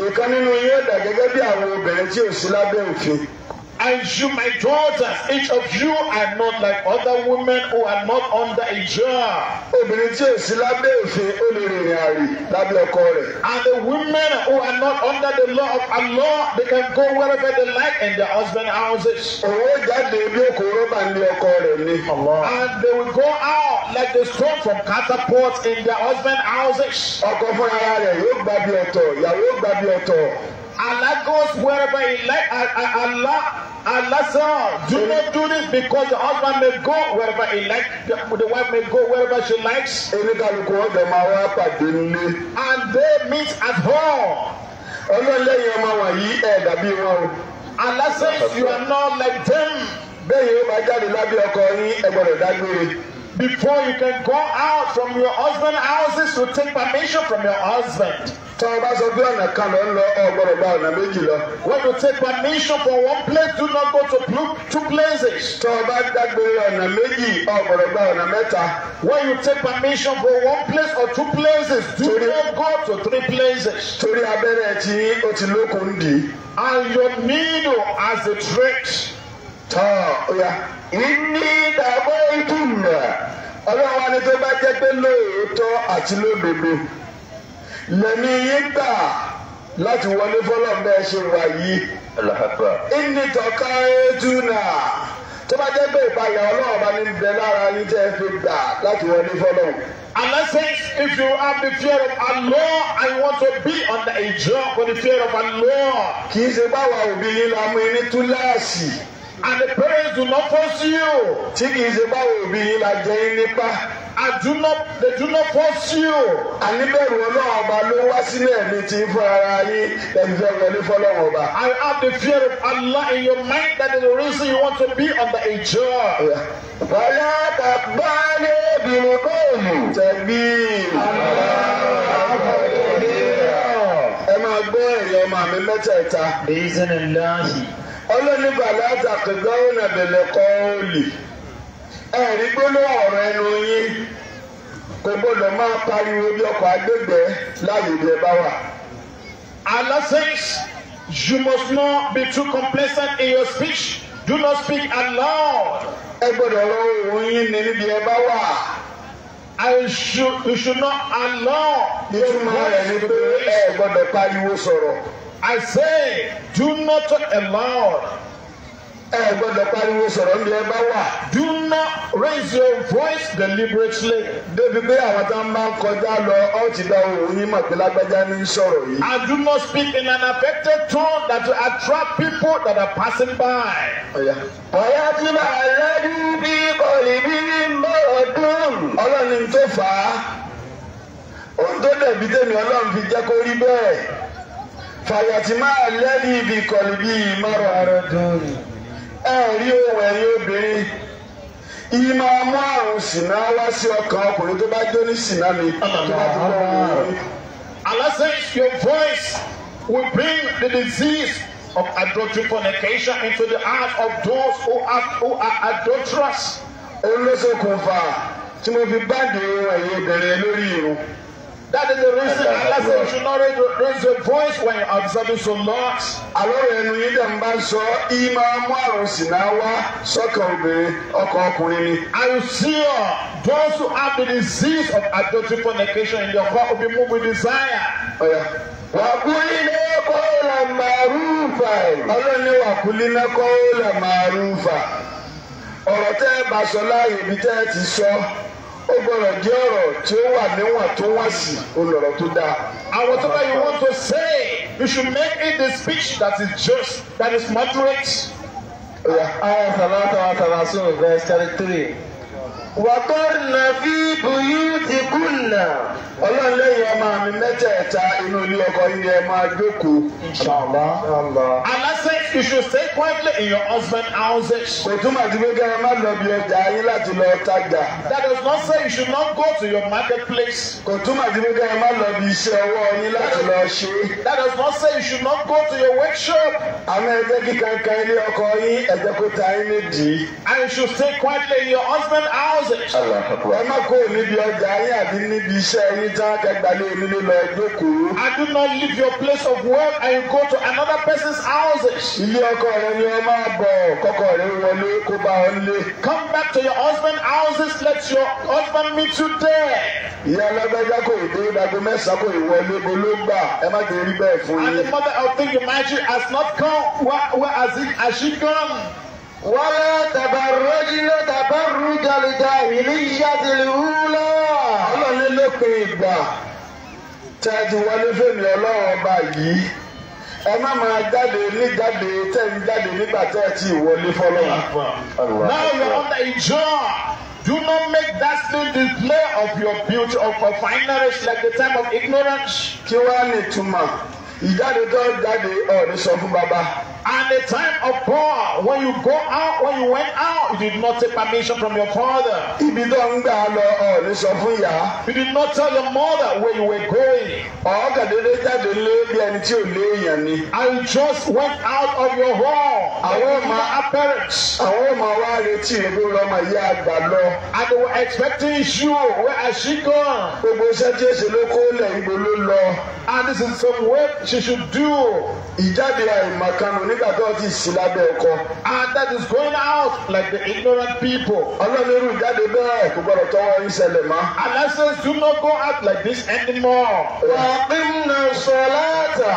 ìkan nínú yẹn dà gẹ́gẹ́ bí àwọn obìnrin tí ò sí lábẹ́ òfin. And you, my daughters, each of you are not like other women who are not under a jar. Obìnrin tí èsì lábẹ́ òfin ó lè rìnrìn àrè lábẹ́ ọkọ rẹ̀. And the women who are not under the law of Allah, they can go wherever they like in their husband houses. Òwò jáde bí okòó rọ́bà ní ọkọ rẹ̀ ní. And they will go out like the stone from catapult in their husband houses. Ọkọ fún ara rẹ̀ yóò gbàbí ọ̀tọ̀, ìyàwó gbàbí ọ̀tọ̀. Allah goes wherever He like. Allah, Allah says, oh, "Do not do this because the husband may go wherever he likes, the, the wife may go wherever she likes." Oníkàlùkù ọ̀dọ̀ máa wá pàdé nílé. And they meet at home. Ọlọ́lẹ́yìn ọmọ wàyí ẹ̀ dàbí wọn o. Allah says, "You are not like them." Bẹ́ẹ̀ yóò máa jáde lábẹ́ ọkọ yín ẹ gbọ́dọ̀ dágbére before you can go out from your husband houses to take permission from your husband. tọ́ ọ bá sọ bí ọ̀nà kan lọ ń lọ ọgbọ́dọ̀ bá ọ̀nà méjì lọ. when you take permission for one place do not go to two places. tọ́ ọ bá dágbére ọ̀nà méjì ọgbọ́dọ̀ bá ọ̀nà mẹ́ta. when you take permission for one place or two places do torí, not go to three places. torí abẹ́rẹ́ tí ó ti lókun dì. and your needle has a thread tọ́ọ̀ya ìní ìdààmú ìdùnnà ọlọ́wọ́ ni tó bá jẹ́ pé lóòótọ́ àti lódodo lẹ́ni yín gbà láti wọlé fọlọ́ bẹ́ẹ̀ ṣe wà yìí ìní tọ́ka ètùnà tó bá jẹ́ pé ìpayà ọlọ́wọ́ bá ní bẹ lára yín tẹ́ fi gbà láti wọlé fọlọ́. Allah says, if you have the fear of Allah and you want to be under a job with the fear of Allah. Kì í ṣe báwa òbí yín la mú yín ní And the parents do not force you. Tí kì ṣe báwo òbí yín la jẹ yín nípa. I do not they do not force you. Àníbẹ̀rù ọlọ́run ọba ló wá sílẹ̀ mi ti ń fún ara yín ẹni fẹ́ wọlé fọlọ́run ọba. I have the fear of Allah in your mind that is the reason you want to be under a job. Wàlá tàbá lè bìrì bọ́ọ̀lù. Tẹ̀bí. Ẹ máa gbọ́ ẹ̀rí ọmọ mi mẹ́tẹ̀ẹ̀ta. Bẹ́ẹ̀ sẹ́ni láàyè ọlọ́nìgbà látàkùgbọ́ ònàbẹ̀lẹ̀ kọ́ òòlì ẹ̀rí gbóná ọ̀rọ̀ ẹnu yín kò gbọdọ̀ máa pariwo bí ọkọ̀ agbègbè láàyè bí ẹ bá wà. Allah says you must not be too complacent in your speech do not speak aloud. ẹ gbọdọ̀ rọ òun yín ní níbi ẹ bá wà. I should, you should not allow. ìtumọ̀ rẹ̀ ni pé ẹ gbọdọ̀ pariwo sọ̀rọ̀. I say do not allow ẹ pariwo sọ̀rọ̀ ní ẹ bá wà. do not raise your voice deliberately. débi pé àwọn tá a máa ń kọjá lọ ọ ti dá òun yín mọ̀ pé lágbájá ní sọ̀rọ̀ yìí. and do not speak in an affected tone that will attract people that are passing by. ọ̀yá tí màá lọ́dún bí kọ̀lì bí mọ̀ ọdún. ọlọ́run tó fà á ohun tó dẹ̀bi tèmi ọlọ́run fi jẹ́ kó rí bẹ́ẹ̀ fàyàtìmá lẹ́ni ibi kọ̀lì bíi márùn ara dùn ẹ rí ohun ẹ̀rí obìnrin yìí máa mú àrùn sìnà wá sí ọkàn ọkùnrin tó bá jó ní sìnà mi tó bá tó bá wọlé. Allah says your voice will bring the disease of adultery fornication into the heart of those who are, who are adulterous. olóṣèkùnfà tí mo fi bá dèrò ẹ̀yìn obìnrin lórí irun. That is the reason Allah said you should not raise your voice when you you're observing Salah. Àlọ́rọ̀ ẹnu yìí dẹ̀ ń bá sọ ìmáa mú àrùn sínú wá sọ́kàn obìnrin ọkọ ọkùnrin ni. I see you. Those who have the disease of adultery fornication in their heart will be moved with desire. Wàkúlí lẹ́kọ̀ọ́ la màrúfà. Ọlọ́run ní wàkúlí lẹ́kọ̀ọ́ la màrúfà. Ọ̀rọ̀ tẹ́ ẹ bá sọ láàyè ibi tẹ́ ẹ ti sọ. So ó gbọ́dọ̀ jẹ́ ọ̀rọ̀ tí ó wà níwọ̀n tó wá sí olọ̀rọ̀ tó dáa. àwọn tó bá yẹ wọ́n tó ṣe é you should make it the speech that is just that is moderate. àwọn sàlátà wa tàbá sóun verse thirty three wàkọ́rìnà fi buyúti kùnà ọlọ́run lẹ́yìn ọmọ mi mẹ́tẹ̀ẹ̀ta inú ilé ọkọ yìí ẹ máa jókòó. inshallah. Allah says you should stay quietly in your husband house. kò túmọ̀ sí pé kí ẹ má lọ bí ọjà yín láti lọ tajà. that does not say you should not go to your market place. kò túmọ̀ sí pé kí ẹ má lọ bí iṣẹ́ ọwọ́ yín láti lọ ṣe. that does not say you should not go to your workshop. àmọ́ ẹgbẹ́ kíkankan ilé ọkọ yín ẹ̀jẹ̀ kó ta yín nídìí. and you should stay quietly in your husband house thousands. ẹ má kó níbi ọjà yín àbí níbi iṣẹ́ yín tán kẹgbàlẹ́ onílé lọ jókòó. I do not leave your place of work and go to another person's houses. ilé ọkọ rẹ ni ọ máa bọ̀ kọ́kọ́ rẹ wọlé kó bá ọ lé. Come back to your husband's houses let your husband meet you there. ìyá alágbájá kò dé dago mẹ́sàn-án kò wọlé bó gbà ẹ má dé rí bẹ́ẹ̀ fún yín. And the mother of the imagine has not come where, where has, it, has she gone. ولا تبرجن تبرج الجاهلية الأولى ọlọ́run lópin ìgbà tẹ́ ẹ ti wọlé fèmí ọlọ́run ọba yìí ẹ má máa jáde ní jáde tẹ́ ń jáde nígbà tẹ́ ẹ ti wọlé fọlọ́run. Now you under a job. Do not make dazzling display of your beauty of of finery like the time of ignorance. Kí wàá ní ìjáde tó jáde ọ̀ọ́ni sọ fún bàbá. At the time of Paul, when you go out, when you went out, you did not take permission from your father. Ibi tó ń gbà lọ ọ̀ọ́ni sọ fún ìyá. You did not tell your mother where you were going. Ọ̀ọ́kàdédé jáde lé bí ẹni tí ò lé èèyàn ni. I just went out of your home. Àwọn ọmọ parents. Àwọn ọmọ wa retí ìlú lọ́mọ ìyá àgbà lọ. And they were expecting you. Where has she gone? Gbogbo iṣẹ́ tí èsì ló kó lẹ̀ ìgbò lọ. And this is some way relationship duo ìjáde àìmọ̀kanu nígbà tó ti sí lábẹ́ ọkọ. and that is going out like the ignorant people. ọlọ́run irú ìjáde bẹ́ẹ̀ kò gbọ́dọ̀ tọwọ́ ìṣẹ̀lẹ̀ mọ́. and lessons do not go out like this anymore. wàpínà sọláàtà.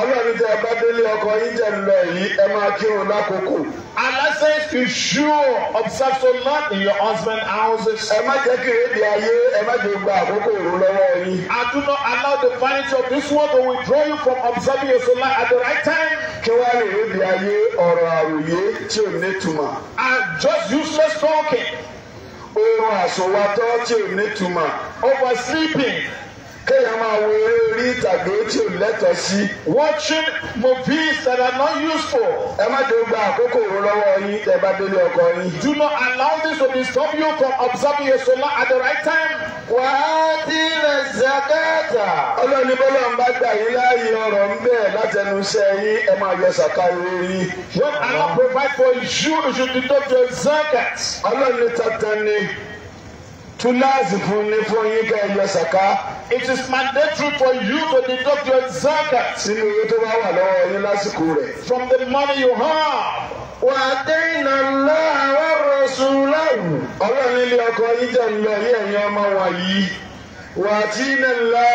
ọlọ́run tí a bá délé ọkọ yín jẹ́ lọ yìí ẹ máa kírun lákòókò. and be sure observe not in your husband houses. ẹ má jẹ́ kí èdè ayé ẹ má jẹ́ gba àkókò ìrù yín. and do not allow the vanity of this world to withdraw you from observing your solat at the right time. kí wàá lè rí ibi ayé ọ̀rọ̀ àròyé tí ò ní túmọ̀. and just useless talking. oorun àsùnwàtọ́ tí ò ní túmọ̀. over sleeping kéèyàn máa wo eré orí ìtàgé tí ò lẹ́tọ̀ọ́ sí. watching movies that are not useful. ẹ má dé gba àkókò wo lọ́wọ́ yín tẹ́ bá délé ọkọ yín. do not allow this to disturb you from observing your solar at the right time. wà á ti rẹ̀ zakata. ọlọ́ni bọ́lá ń bá gbà yín láàyè ọ̀rọ̀ ń bẹ̀ látẹnu iṣẹ́ yín ẹ máa yọ sàkárò yín. when Allah provide for you you should deduct your zakat. ọlọ́ni tata ni. Tulazi fún yín fún yín ká ẹ yọ It is mandatory for you to deduct your zakat. Sínú iye tó wa wà lọ́wọ́ yín lásìkò From the money you have. wa á dẹ́yìnà lọ àwọn rọ̀ṣùláwù. Ọlọ́run ilé ọkọ yín jẹ́ ńlọ yí ẹ̀yin ọmọ wàyí. Wà á tí nà ńlá.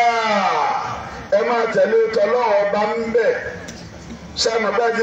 Ẹ máa tẹ̀lé tọ́lọ́ ọba ń bẹ̀. Ṣé àmọ́ bá fi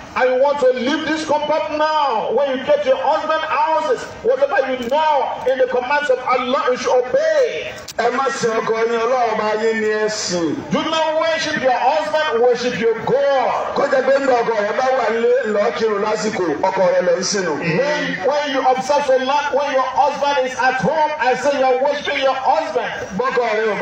I want to leave this compound now. When you get your husband houses, whatever you know in the commands of Allah, you should obey. Ẹ má Do not worship your husband, worship your God. Kó When you observe the land when your husband is at home I say you are worshiping your husband. When your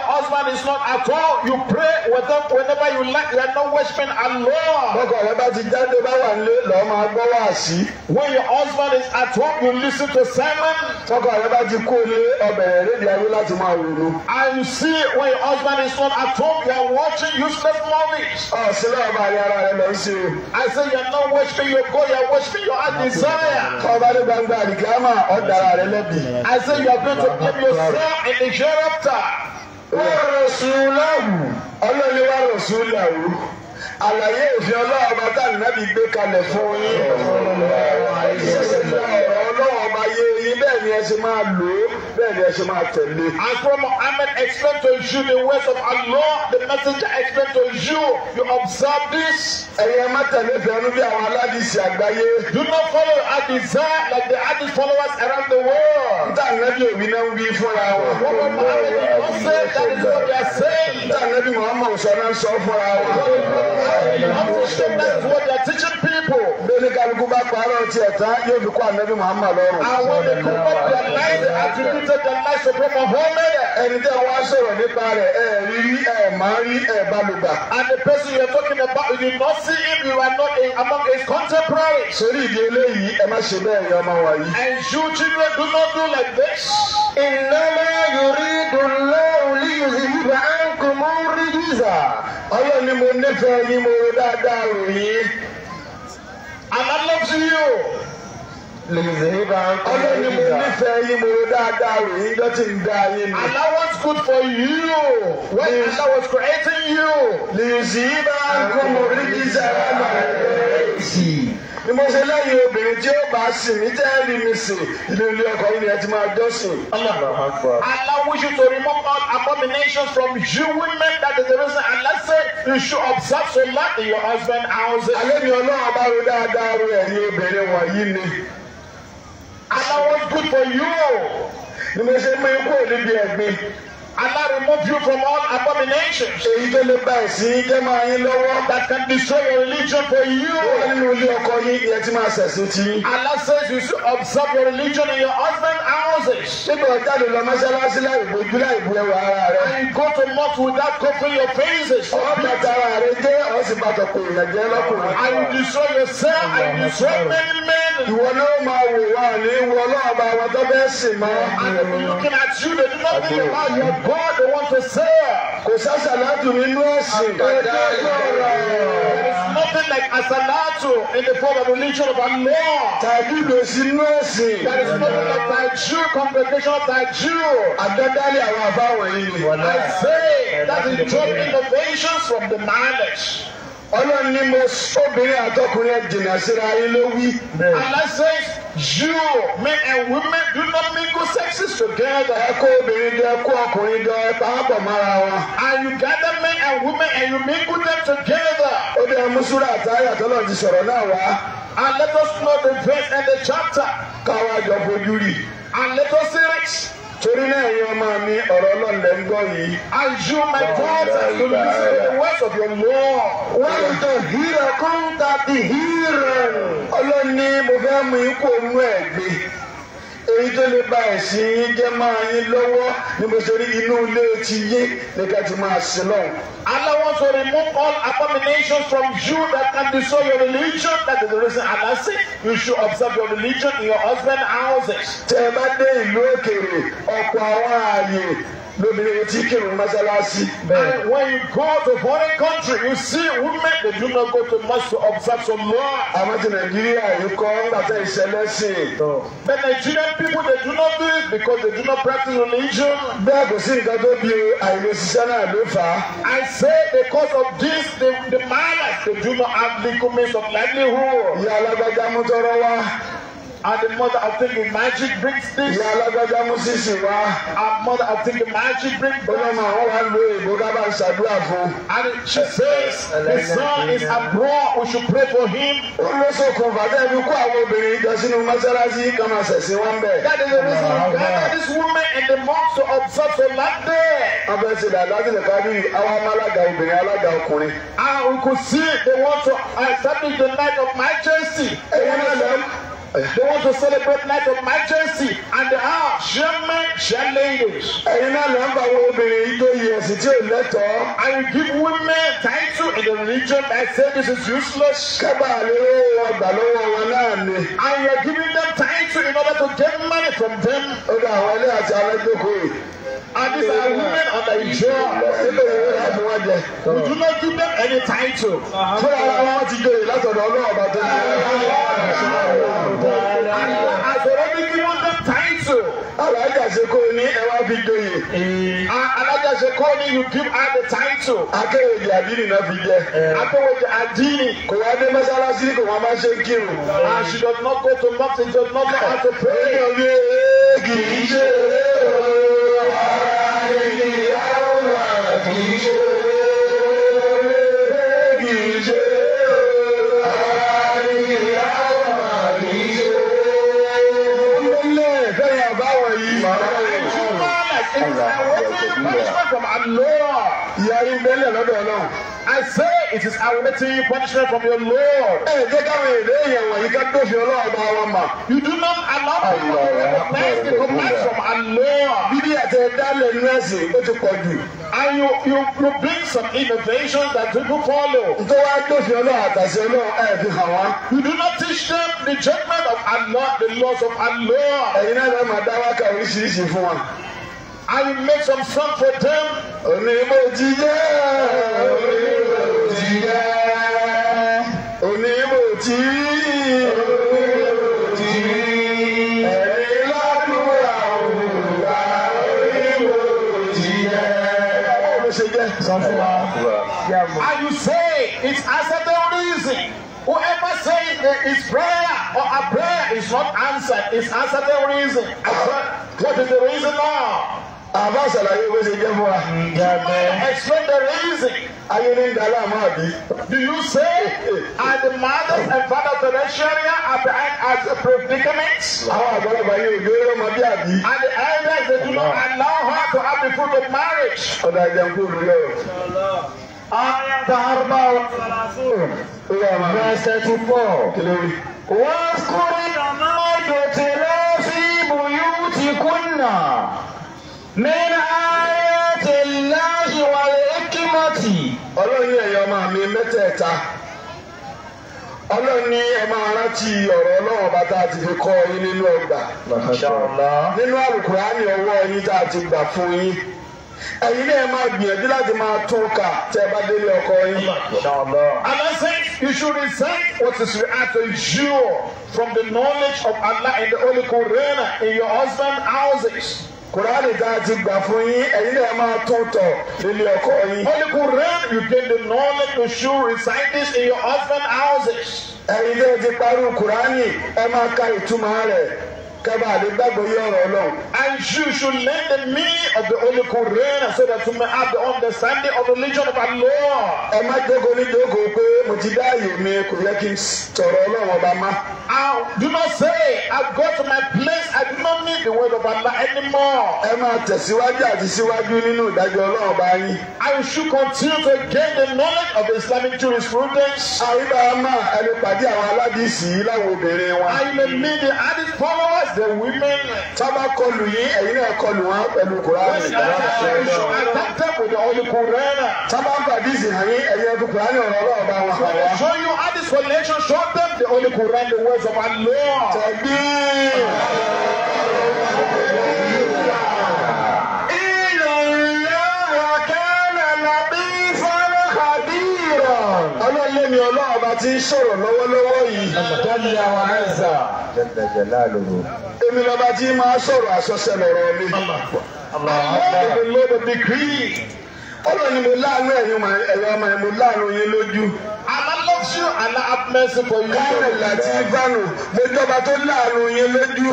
husband is not at home, you pray pray whether whenever you like you are not worshiping Allah. Bọ́kọ̀ rẹ bá ti jáde bá wà nílé lọ́ọ́ máa gbọ́ wá sí. When your husband is at home you listen to sermon. Bọ́kọ̀ rẹ bá ti kó lé ọbẹ̀rẹ̀ rédíò láti máa ronú. And you see when your husband is not at home you are watching useless movies. Ọ̀sìnlẹ̀ ọba àyà ara rẹ lọ sí I say you are not worshiping your God you are worshiping your heart desire. Ọba ní gbangba àdìgámà ọ̀dàrà rẹ lẹ́bi. I say you are going to give yourself in the hereafter wọ́n rẹ̀ sùn láwù ọlọ́ni wà rẹ̀ sùn láwù àlàyé ìfẹ́ ọlọ́ọ̀bá tá nàbí gbé kalẹ̀ fún yín bẹ́ẹ̀ ni ẹ ṣe máa lò ó bẹ́ẹ̀ ni ẹ ṣe máa tẹ̀lé. And so Muhammad to you the words of Allah the messenger explained to you you observe this. Ẹ̀yẹ má tẹ̀lé fẹ́ẹ́nu bí àwọn aládìsí àgbáyé. Do not follow desire like the Adis followers around the world. Níta nàbí òbí náà ń bí fúnra wọn. Wọ́n wọ́n máa ń lè wọ́n ṣe that is what they are saying. Níta nàbí Muhammad sọ náà sọ fúnra wọn. Wọ́n wọ́n máa ń lè wọ́n ṣe that is what they are teaching people kálukú bá parọ́ ti ẹ̀ yóò fi kó ànábì Muhammad lọ́rùn. àwọn olùkọ́ ọ̀dọ̀ láì àti títẹ̀ tẹ̀ láì sọ̀rọ̀ mọ̀ họ́mẹ́rẹ̀. ẹni tẹ́ wọ́n sọ̀rọ̀ nípa rẹ̀ ẹ̀ rírí ẹ̀ máa rí ẹ̀ bá lò gbà. and the person you are talking about you not see if you are not in among a contemporaries. sori ìdí eléyìí ẹ má ṣe bẹ́ẹ̀ yọ ọmọ wa yìí. and you children do not do like this. ìnáwó yorì dùnlé òlì ìhìbà ànkùnmó rí jíjà. ọlọ́ni Àná lọ sí yóò ọlọ́ni mo nífẹ̀ẹ́ yín mo ro dáadáa rò yín jọ́ ti ń da yín ni. Allah was good for you when Allah was creating you. lè sí bá kó mo rí kí sara máa rẹ̀ sí. ni mo ṣe lẹ́yìn obìnrin tí ó bá sìn ní tẹ́ẹ̀lì mi sìn inú ilé ọkọ yìí ni ẹ ti máa jọ́sìn. Allah wish you to remove all fornication from you women that is the reason Allah said you should observe much in your husband house. àlejò ọlọ́run bá dáadáa ro ẹ̀yin obìnrin wọ̀nyí ni. Allah was good for you. ni mo ṣe mú ikú òní bí ẹ̀gbin. Allah remove you from all abominations. Èyí tó lè bá ẹ̀sìn jẹ́ máa yín lọ́wọ́. That can destroy your religion for you. Wọ́n nínú ilé ọkọ yín ilé tí máa ṣẹ̀sìn tí. Allah says you should observe your religion in your husband houses. Nígbà ọjà lè lọ mọ́ṣáláṣí láì bojú láì bu ẹwà ara rẹ̀. And go to mosque without covering your faces. Ọ̀rọ̀ bàtà rẹ̀ jẹ́ ọ̀sìn bàtà kò ìrìnà lọ́kùnrin. And you destroy yourself and you destroy many men. Ìwọ ni ó máa wò wá ní ìwọ àwọn tó bẹ́ẹ̀ sì máa. And looking at you, they do not think about your God wants to say. kò sàṣàlátù nínú ẹ̀sìn. àgbàdo ìgbàlódé. there is nothing like asalatu in the form of religion of Allah. tàbí lòsì nínú ẹ̀sìn. there is nothing like thy Jew congregation of thy Jew. àdádálẹ̀ àwọn àbáwọ̀ yìí ni. I say that is just innovations from the knowledge. ọlọ́run ni mo obìnrin àtọkùnrin jìnnà síra yín ló wí. Allah says you men and women do not mingle sexes together. obìnrin jọ ẹ ọkùnrin and you gather men and women and you mingle them together. ó dẹ̀ musúra àtọ́lọ́ ti sọ̀rọ̀ náà wá. and let us know the verse and the chapter. káwá jọ fojú rí. and let us see torí náà ẹ̀yin ọmọ ní ọ̀rọ̀ náà ń gbọ́ yìí. as my to to the words of your Lord. when the hero come ọlọ́ni mo fẹ́ mú ikú òun èyí tó lè ba ẹ̀sìn yín jẹ́ máa yín lọ́wọ́ ni inú ilé ti yín ní ká ti máa sin lọ. Allah wants to remove all abominations from you that can destroy your religion. That is the reason Allah said you should observe your religion in your husband's houses. Tẹ́ ẹ bá dé ìlú òkèèrè ọ̀pọ̀ àwọn ààyè lóbìnrin tí kírun mọ́ṣáláṣí. and when you go to foreign country you see women they do not go to mosque to observe some law. àwọn ti nàìjíríà yìí kọ́ nígbàtà ìṣẹ̀lẹ̀ sí i. the Nigerian people they do not do it because they do not practice religion. bẹ́ẹ̀ kò sí nǹkan tó bí àìlèṣiṣẹ́ náà ló fà á. I say because of this the the malice they do not have legal means of livelihood. ìyá alágbájá mú tọrọ wá. And the mother, I think the magic brings this. Ìyá alágbájá mú sísì wa. And mother, I think the magic brings this. Bọ́lá máa wọ́n wá lo èbó e, dábàá ń ṣàdúrà fún. And she says, his son is abroad, we should pray for him. Ó ló sọkùn fàtẹ́ fi kó àwọn obìnrin jọ sínú mọ́ṣáláṣí kan máa ṣẹ̀sìn wọn bẹ̀. That is the reason why this woman and the mosque to observe the land there. Abẹ́ ṣe dàgbà ti lè kárí àwọn ọmọ alága obìnrin alága ọkùnrin. Ah, we could see they want to establish the night of majesty. Èyí náà lọ. They want to celebrate night of majesty and they are German chair ladies. Ẹ̀yin náà lọ ń bá àwọn obìnrin yìí tó yẹ ẹ̀sìn tí ò lẹ́tọ̀ọ́. I give women title in the religion that say this is useless. Kẹ́bà lè wọ ọgbà lọ́wọ́ wọn náà ni. I am giving them title in order to get money from them. Ó dà àwọn àti alẹ́ gbókòó yìí. And these are women of the Israel. We do not give them any title. Ṣé ara wọn ti gbèrè látọ̀dọ̀ ọlọ́run bá tó ń them Àgbẹ̀rẹ̀ bí kí wọ́n dán title. Alájàseko ni ẹ wá fi gbèrè. Alájàseko ni you give her the title. Akéwèjì àdínì náà fi jẹ. Akéwèjì àdínì kò wá dé mọ́sálásí kò wá máa ṣe kírun. And she does not go to mosque, she does not know how to kì í ṣe é from Allah. Ìyá rí ń bẹ́lẹ̀ lọ́dọ̀ náà. I say it is awaiting punishment from your Lord. Ẹ jẹ́ káwọn èdè yẹn wọ̀nyí ká tó fi ọlọ́run bá wọn mà. You do not allow people to recognize the command from Lord. Bíbí àti ẹ̀dálẹ̀ nọ́ọ̀sì ó ti pọ̀ jù. And you you you bring some innovation that people follow. Ntọ́wá tó fi ọlọ́run àtàṣe ọlọ́run ẹ̀ fi hàn wá. You do not teach them the judgment of Allah, the laws of Allah. Ẹ̀yin náà lọ́ọ́ máa dá wákà oríṣiríṣi fún wa. I will make some song for them. Onímọ̀ òjìyẹ. Onímọ̀ òjìyẹ. Onímọ̀ òjìyẹ. And you say it's acceptable reason. Whoever says that his prayer or a prayer is not answered, it's acceptable reason. What is the reason now? àbá ṣàlàyé bó ṣe jẹ́ fún wa. Jàgbẹ́. Explain the reason. Ayé ní ìdálé àmọ́ àbí. Do you say are the mothers and fathers of Nigeria are the end as a predicament? Àwọn àgbàlagbà yóò gbé ọmọ bí àbí. And the elders they do not allow her to have the fruit of marriage. Ọ̀dà ìjà ń kú òbí lọ. Ayat Arba verse thirty-four. Wọ́n kúrin náà yóò tẹ̀lé sí ibùyú ti kúnnà min ayati Allahi wal hikmati. ọlọ́run yẹn yọ ọmọ mi mẹ́tẹ̀ẹ̀ta ọlọ́run ní ẹ máa rántí ọ̀rọ̀ ọlọ́run ọba tá a ti fi kọ́ yín nínú ọgbà nínú àlùkùránì ọwọ́ yín tá a ti gbà fún yín ẹ̀yin náà máa gbìyànjú láti máa tún kà tẹ́ ẹ bá délé ọkọ yín. Allah said you should recite what is reacted you from the knowledge of Allah in the Holy Quran in your husband houses kùránì tá a ti gbà fún yín ẹ̀yin náà máa tún tọ̀ nílé ọkọ yín. Holy Quran you get the knowledge to show recite this in your husband houses. ẹ̀yin náà ti parí kùránì ẹ máa ka ìtumọ̀ rẹ̀ kaba ale gbàgbọ́ yé ọ̀rọ̀ Ọlọ́run. and you should learn the meaning of the Holy Quran so that you may have the understanding of the religion of Allah. ẹ má jókòó ní jókòó pé mo ti dá ayò mi kò yẹ kí n sọ̀rọ̀ Ọlọ́run ọba má. I do not say I go to my place I do not need the word of Allah anymore. ẹ máa tẹ̀síwájú àti síwájú nínú ìdájọ́ Ọlọ́run ọba yín. I should continue to gain the knowledge of Islamic jurisprudence. àríbá máa ẹni pàdé àwọn aládìsí láwọn obìnrin wọn. I may meet the hadith followers the women. Tọ́ba kọlù yín ẹ̀yin náà kọlù wọn pẹ̀lú Kùránì. Tọ́ba kọlù ọ̀hún Kùránì. Tọ́ba gbàdí ìsìnkà yín ẹ̀yin ẹ̀dùn Kùránì ọ̀rọ̀ ọlọ́run bá wọn kàwá. Show you how this correlation show them the Holy Quran the words of our Lord. Tẹ̀lé. lẹ́mi ọlọ́run ọba tí ń sọ̀rọ̀ lọ́wọ́lọ́wọ́ yìí. ọ̀gbọ́n ya wa ẹ̀sà. èmi lọ́ba tí máa sọ̀rọ̀ àsọsẹ lọ́rọ̀ mi. ọlọ́run ló ló bí kiri. ọlọ́run ni mo láàánú ẹ̀yin ẹ̀yọ́ ọmọ ẹ̀ mo láàánú yín lójú. alámọ́sí aláàpẹ́sì kò yí. káyọ̀ láti ìbánu mo jọba tó láàánú yín lójú.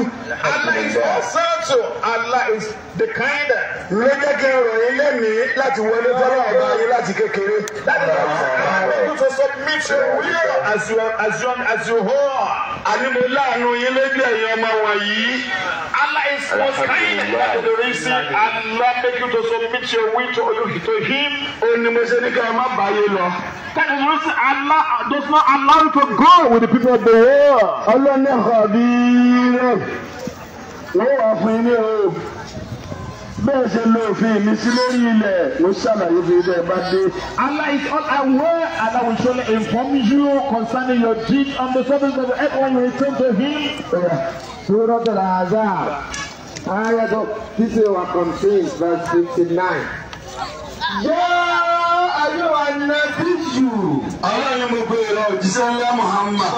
aláìsọ̀ọ́sọ̀tò aláìsọ̀ọ́sọ̀tò the kind ló jẹ́ kí n ròyìn lẹ́mìí láti wọlé fọlọ́ ọba ayé láti kékeré. that is why I want to submit your will as you as you as you hold. àní láàánú yín lójú ẹ̀yin ọmọ wọ̀nyí. Allah is most kind to the reason Allah make you to submit your will to, to him. ó ní mo ṣe ní kí ọmọ lọ. that is the reason Allah does not allow you to go with the people of the world. ọlọ́ni ọ̀hún bí wọ́n wà fún yín bẹ́ẹ̀ ṣe lo òfin mi sí lórí ilẹ̀ mo ṣàlàyé bí bẹ́ẹ̀ bá dé. Allah is all aware and I will surely inform you concerning your deed on the surface of everyone earth you return to him. Suratul Ahzab, ayat fifty one from six verse fifty nine. Yá ayéwà nàbí jù. Àwọn yẹn mo gbé lọ jíṣẹ́ ńlá Muhammad.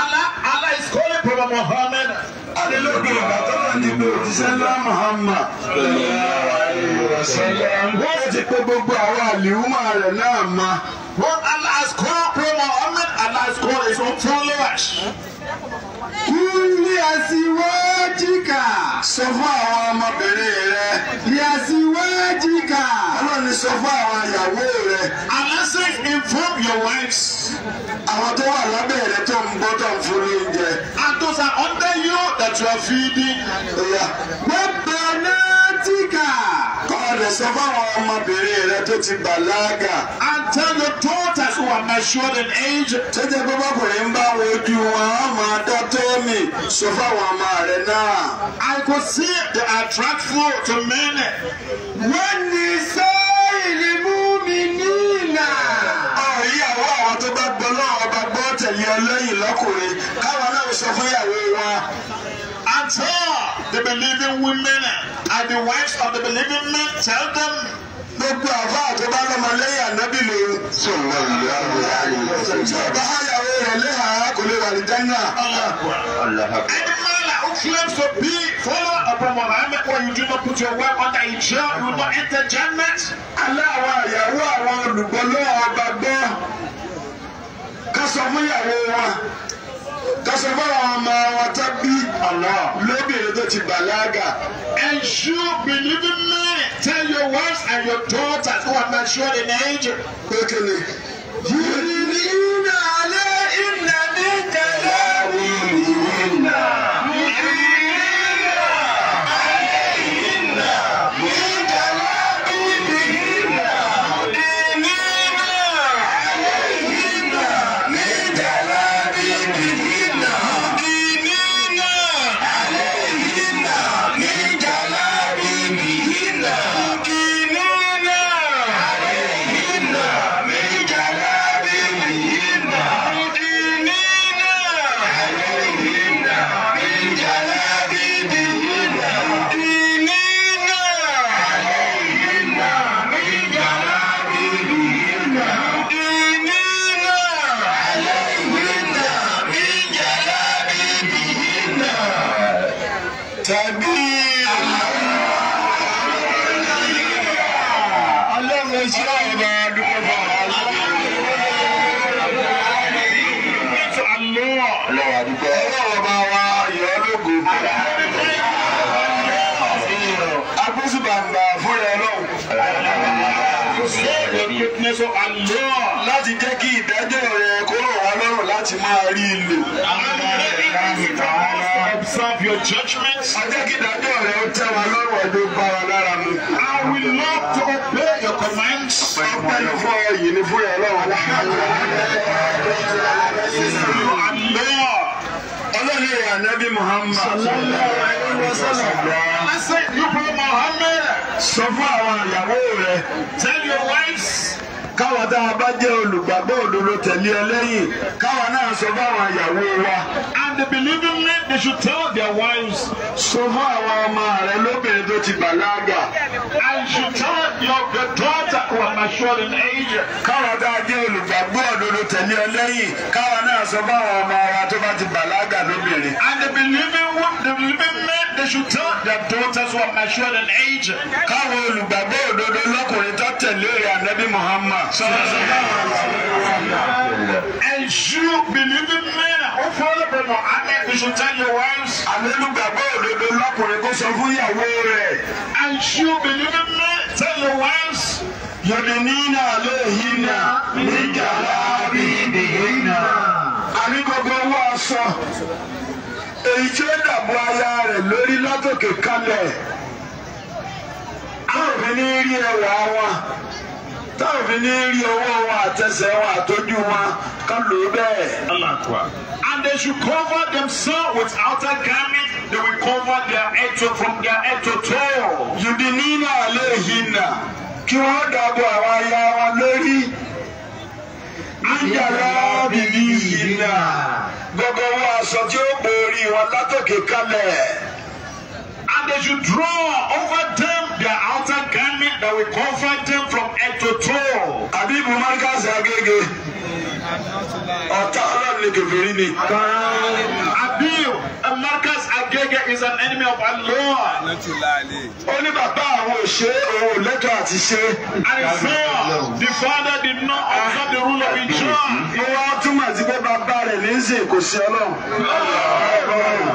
Allah Allah is calling Prophet Muhammad jáde lóde ìgbà tó wà níbi òjíṣẹ́ ńlá Muhammad. wọ́n ti pe gbogbo àwọn àlìhùmọ̀ rẹ̀ náà ma. What Allah has called Muhammad, Allah has called kúlí àsìwájìkà. sọ fún àwọn ọmọbìnrin rẹ. yàsìwájìkà. ọlọ́ni sọ fún àwọn ìyàwó rẹ. aláṣẹ inform your wives. àwọn tó wà lábẹ́ rẹ tó ń gbọ́ tó ń fún oúnjẹ. and those are under you that you are feeding. gbogbo náà tí kọ́ọ̀dù sọ fún àwọn ọmọbìnrin rẹ tó ti bàlágà. and tell your daughters who are matured in age. ṣé pé bọ́kùnrin ń bá wọn ojú wọn á máa dọ́tọ̀ tell me, so far I'm now. I could see they attractful to men. When they say the mu'minina. Oh yeah, àwọn tó bá gbọ́ náà ọba gbọ́ tẹ̀lé ọlẹ́yìn lọ́kùnrin káwọn náà sọ fún ìyàwó wa. At all, the believing women and the wives of the believing men tell them gbogbo àbá àti bá lọ́mọ lẹ́yìn ànábì lòun. sọ̀rọ̀ ìyá rẹ̀ ayé ìfẹ́. tí o bá yàwó rẹ̀ léha kò lè wà ní jẹ́nà. Anyone who claims to be follower of Muhammad when you do not put your wife under hijab, you will not enter Jannah. Aláwọ̀ àyàwó àwọn olùgbọ́ lọ́wọ́ ọba gbọ́. Ká sọ fún ìyàwó wa kásìrì bá àwọn ọmọ wọn tá bí lóbìnrin tó ti bàlágà. ensure believing men tell your wives and your daughters who are mature in age. pékélé. yìí ní ìnáwó ilẹ̀ ní tẹ̀lé mi. máa rí lò. Observe your judgments. Ọjọ́ kídájọ́ rẹ̀ ó tẹ́ wa I will love to obey your commands. Ọpẹ́ ni fún ọ yìí ni fún ẹ Nabi Muhammad. Sallallahu alayhi wa sallam. Ẹsẹ̀ ìlú Muhammad. Sọ fún àwọn ìyàwó rẹ̀. Tell your wives káwa tá a bá jẹ́ olùgbàgbọ́ òdodo tẹ̀lé ẹ lẹ́yìn káwa náà sọ fáwọn ìyàwó wa. and the believing men they should tell their wives. sọ fún àwọn ọmọ rẹ lóbìnrin tó ti bàlágà. and should tell your daughter who are mature in age. káwa tá a jẹ́ olùgbàgbọ́ òdodo tẹ̀lé ẹ lẹ́yìn káwa náà sọ fáwọn ọmọ wa tó bá ti bàlágà lóbìnrin. and the believing women the believing men they should tell their daughters who are matured in age. káwọn olùgbàgbọ́ òdodo lọ́kùnrin tó tẹ̀lé rẹ̀ ànábì Muhammad. and you believing men who follow the Muhammad you should tell your wives. àwọn òdodo lọ́kùnrin kó sọ fún ìyàwó rẹ̀. and you believing men tell your wives. yọ̀dẹ̀nínà lóhìnà nígbà láàbí ìdèhìnà. àní gbogbo owó aṣọ èyí tí ó dàbò aya rẹ̀ lórí látòkè kalẹ̀ táwọn ní rí ẹwà wọn táwọn ní rí ọwọ́ wọn àtẹsẹ̀ wọn àtọ́jú wọn ká lò ó And they should cover themselves with outer garment they will cover their head to from their head to toe. Yudinina alehinna kí wọ́n dàbò àwọn aya wọn lórí níyàrá bìbí yìí náà gbogbo wọn aṣọ tí ó borí wọn látòkè kalẹ̀. And they should draw over them their outer garment that will cover them from head to toe. Àbí Bùmáríkà ṣe agége. Ọ̀tá ọlọ́run ni kèfèrí ni. Àbí. Markaz Agege is an enemy of Allah. Only ní bàbá àwọn òṣè òun lẹ́tọ̀ àti ṣe. and so the father did not observe the rule of Islam. ó wá túmọ̀ sí pé bàbá rẹ̀ ní í sè kò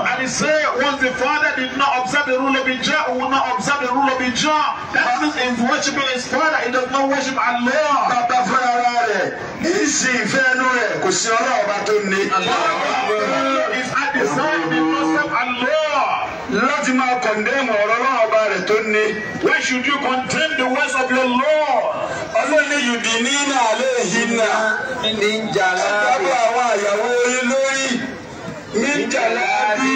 and he said, once the father did not observe the rule of Islam he will not observe the rule of Islam. that means he worshiping his father he does not worship Allah. bàbá fúnra rẹ̀ ní í sè ìfẹ́ inú rẹ̀ Allah is at the side. láti máa kọnde ọ̀rọ̀ náà ọba rẹ̀ tó ní. Why should you condemn the words of your law Ọlọ́ni yìí ní àlẹ́ yìí nà. Ní jàlá bí. Àtàbí àwọn àyàwó yín lórí. Ní jàlá bí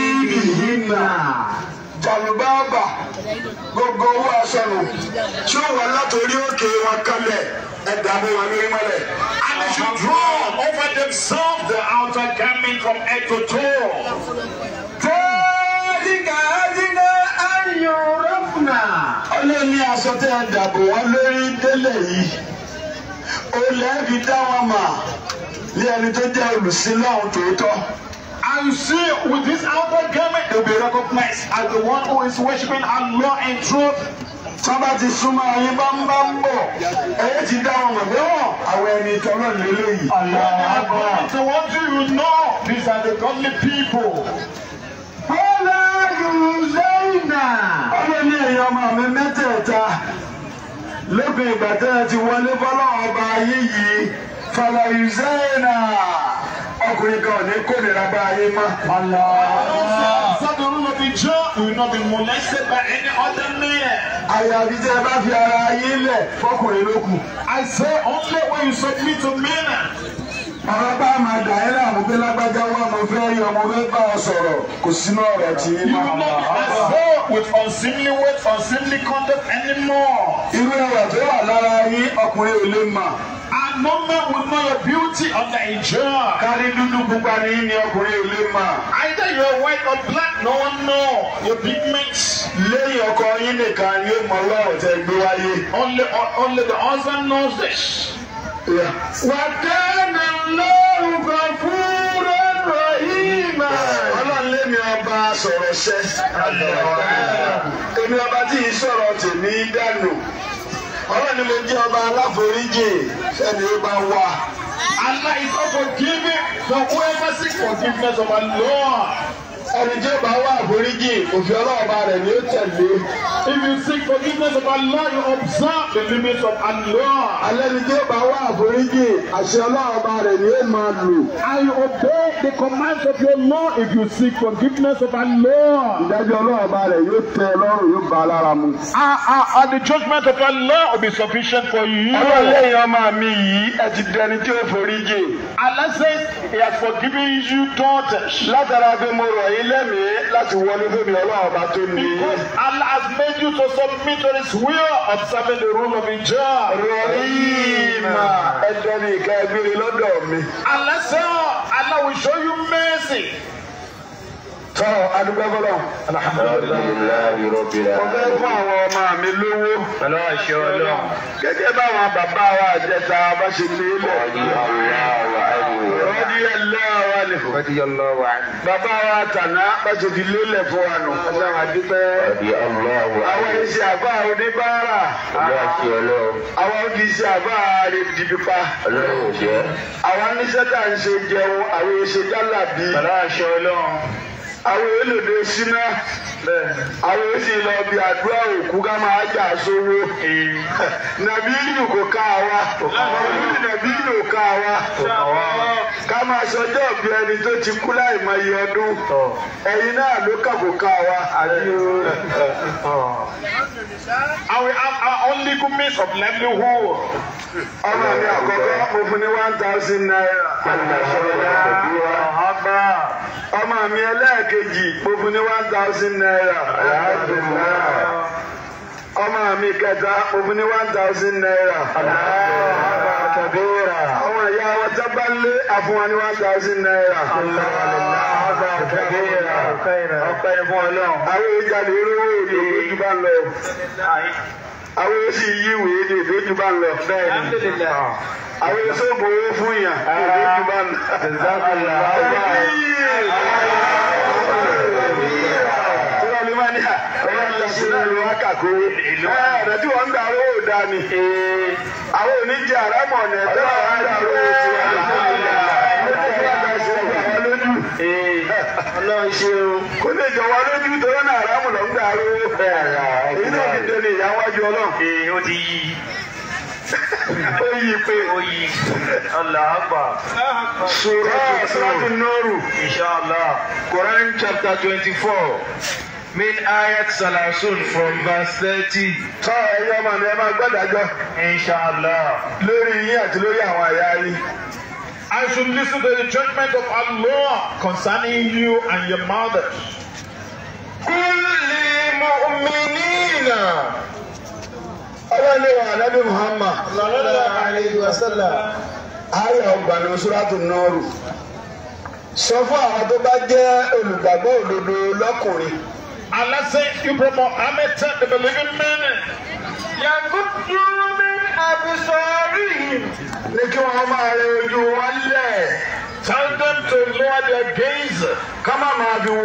ẹ̀dààmú wọn lórí And they should draw over themselves the outer garment from head to toe. Tẹ́lifíkà Ẹ́dínlá Ayọ̀ Rọ́fùnà. Ọlọ́ni aṣọ tẹ́ ẹ dàbò wọn lórí délé yìí. Olè fi dá wọn mà ní ẹni tó jẹ́ olùsílọ́hún tòótọ́. And you see, with this outer garment, they will be recognized as the one who is worshiping our Allah in truth sábà ti súnmọ́ ayé bá ń bá ń bọ̀ èyí ti dá wọn mọ̀ níwọ̀n àwọn ẹni tọ́lọ̀ lélẹ́yìí. So what do you know? These are the godly people. Bọ́lá Yuzaina. Ọlọ́ ní èèyàn ọmọ mi mẹ́tẹ̀ẹ̀ta lópin ìgbà tẹ́ ẹ ti wọlé bọ́lá ọba ayé yìí Fọlá Yuzaina ọkùnrin kan ní kó nira bá ayé mọ́. Ọlọ́ be drawn, we will not be molested by any other man. tí ẹ bá fi ara yín lẹ̀ fọkùnrin ló I say only when you submit to men. Ọ̀rọ̀ bá a máa dà ẹ́ láàmú pé lágbájá wá mo fẹ́ yọ mo fẹ́ bá ọ sọ̀rọ̀ kò sínú ọ̀rọ̀ tí máa máa bá ọ With unseemly words, unseemly conduct anymore. Irú ẹwà tó wà lára yín ọkùnrin ò lè mà and no man will know your beauty of Nigeria. kárí dúdú pupa ní ní ọkùnrin ò lè either you are white or black no one know your pigment. lẹ́yìn ọkọ yín nìkan yóò mọ ọlọ́run tẹ gbé wáyé. only only the husband knows this. wà á dáná lọ́rùn kan fún ọ̀rọ̀ ọlọ́run lé mi ọba sọ̀rọ̀ ṣẹ́. èmi ọba tí ì sọ̀rọ̀ tèmi dànù ọlọ́run ni mo jẹ́ ọba aláforíjì sẹ́ni ó bá wà. Allah is all forgiving for whoever seek forgiveness of Allah ẹni tí ó bá wá àforíjì òfin ọlọ́ọ̀bá rẹ̀ ni ó tẹ̀lé. if you seek forgiveness of Allah you observe the limits of Allah. alẹ́ ni tí ó bá wá àforíjì àṣẹ ọlọ́ọ̀bá rẹ̀ ni ó máa lò. and you obey the commands of your Lord if you seek forgiveness of Allah. ìdájọ́ ọlọ́ọ̀bá rẹ̀ yóò tẹ́ ẹ lọ́rùn yóò bá lára mu. ah ah and ah, the judgment of Allah will be sufficient for you. ọlọ́lẹ́yìn ọmọ mi yìí ẹ ti dẹni tí ó foríjì. Allah says he has forgiven you taught. látara bí mo rọ̀ yín lẹ́mìí láti wọlé fún ọlọ́run ọba tó ní. because Allah has made you to submit to his will observing the rule of his job. rọ̀rìmà ẹ̀dọ́ni ìka ẹgbẹ́rẹ́ lọ́dọ̀ mi. Allah sọ Allah will show you mercy sọ́rọ̀ adúgbẹ́gbọ́dọ̀. alhamdulilayi rabbil alamin. ọbẹ̀ fún àwọn ọmọ mi lówó. pẹ̀lú àṣẹ ọlọ́run. gẹ́gẹ́ báwọn bàbá wa àjẹta bá ṣe ní ilẹ̀. rọ́dí aláwọ̀ alẹ́. rọ́dí aláwọ̀ alẹ́. bàbá wa tànà bá ṣe ti lélẹ̀ àwọn èlòdè síná àwọn èsì lọ bí àdúrà òkú ká máa jà sówó nàbí yìí kò ká wa òkú nàbí yìí kò wa ká máa sọjọ́ bí tó ti kú láì mọ iye ọdún ẹ̀yin náà ló kà ko ká wa àdúrà. only of Ọmọ mi àkọ́kọ́ mo fún one thousand naira. Ọmọ mi ẹlẹ́ẹ̀kẹ́. kejì gbogbo ní one thousand naira alhamdulilayi ọmọ mi kẹta gbogbo ní one thousand naira alhamdulilayi àwọn ìyá wọn tábà lé àfúnwa ní one thousand naira alhamdulilayi ọpẹ́ ẹfún Ọlọ́run àwọn ìjà lè rówó èdè ojú bá lọ àwọn èsì yíwèé èdè ojú bá lọ bẹ́ẹ̀ni àwọn èso bò ó fún yàn èdè ojú bá lọ. kà kó ẹ̀ẹ́dẹ̀ ń darú ò dá ni. àwọn oníjẹ àrámọ̀ ọ̀nà ẹ̀dá wà ń darú ò tí wọ́n ń darú ṣe o. kó lè jọ wá lójú torí náà àrámù lọ ń darú. èyí náà ti dẹni ìyáwájú ọlọ́run. ee ó ti yí ó yí pé ó yí aláàbà sura sura nuru inshallah Quran chapter twenty four. min ayat salasun from verse 30 sọ ẹyọ ọmọ inshallah. lórí yín àti lórí I should listen to the judgment of Allah concerning you and your mother. Kulli mu'minina. Ọlọ́ni wa Nabi Muhammad. Sallallahu alayhi wa sallam. Ayọ̀ ọgbà ní Suratu Nọ́ọ̀rù. Sọ fún àwọn Alase Ibrahim Ahmed the believing men. Yakutu min abisarihim. Ní kí wọ́n máa rẹ ojú wọn lẹ̀ tell them to lower their gaze. ká má máa wo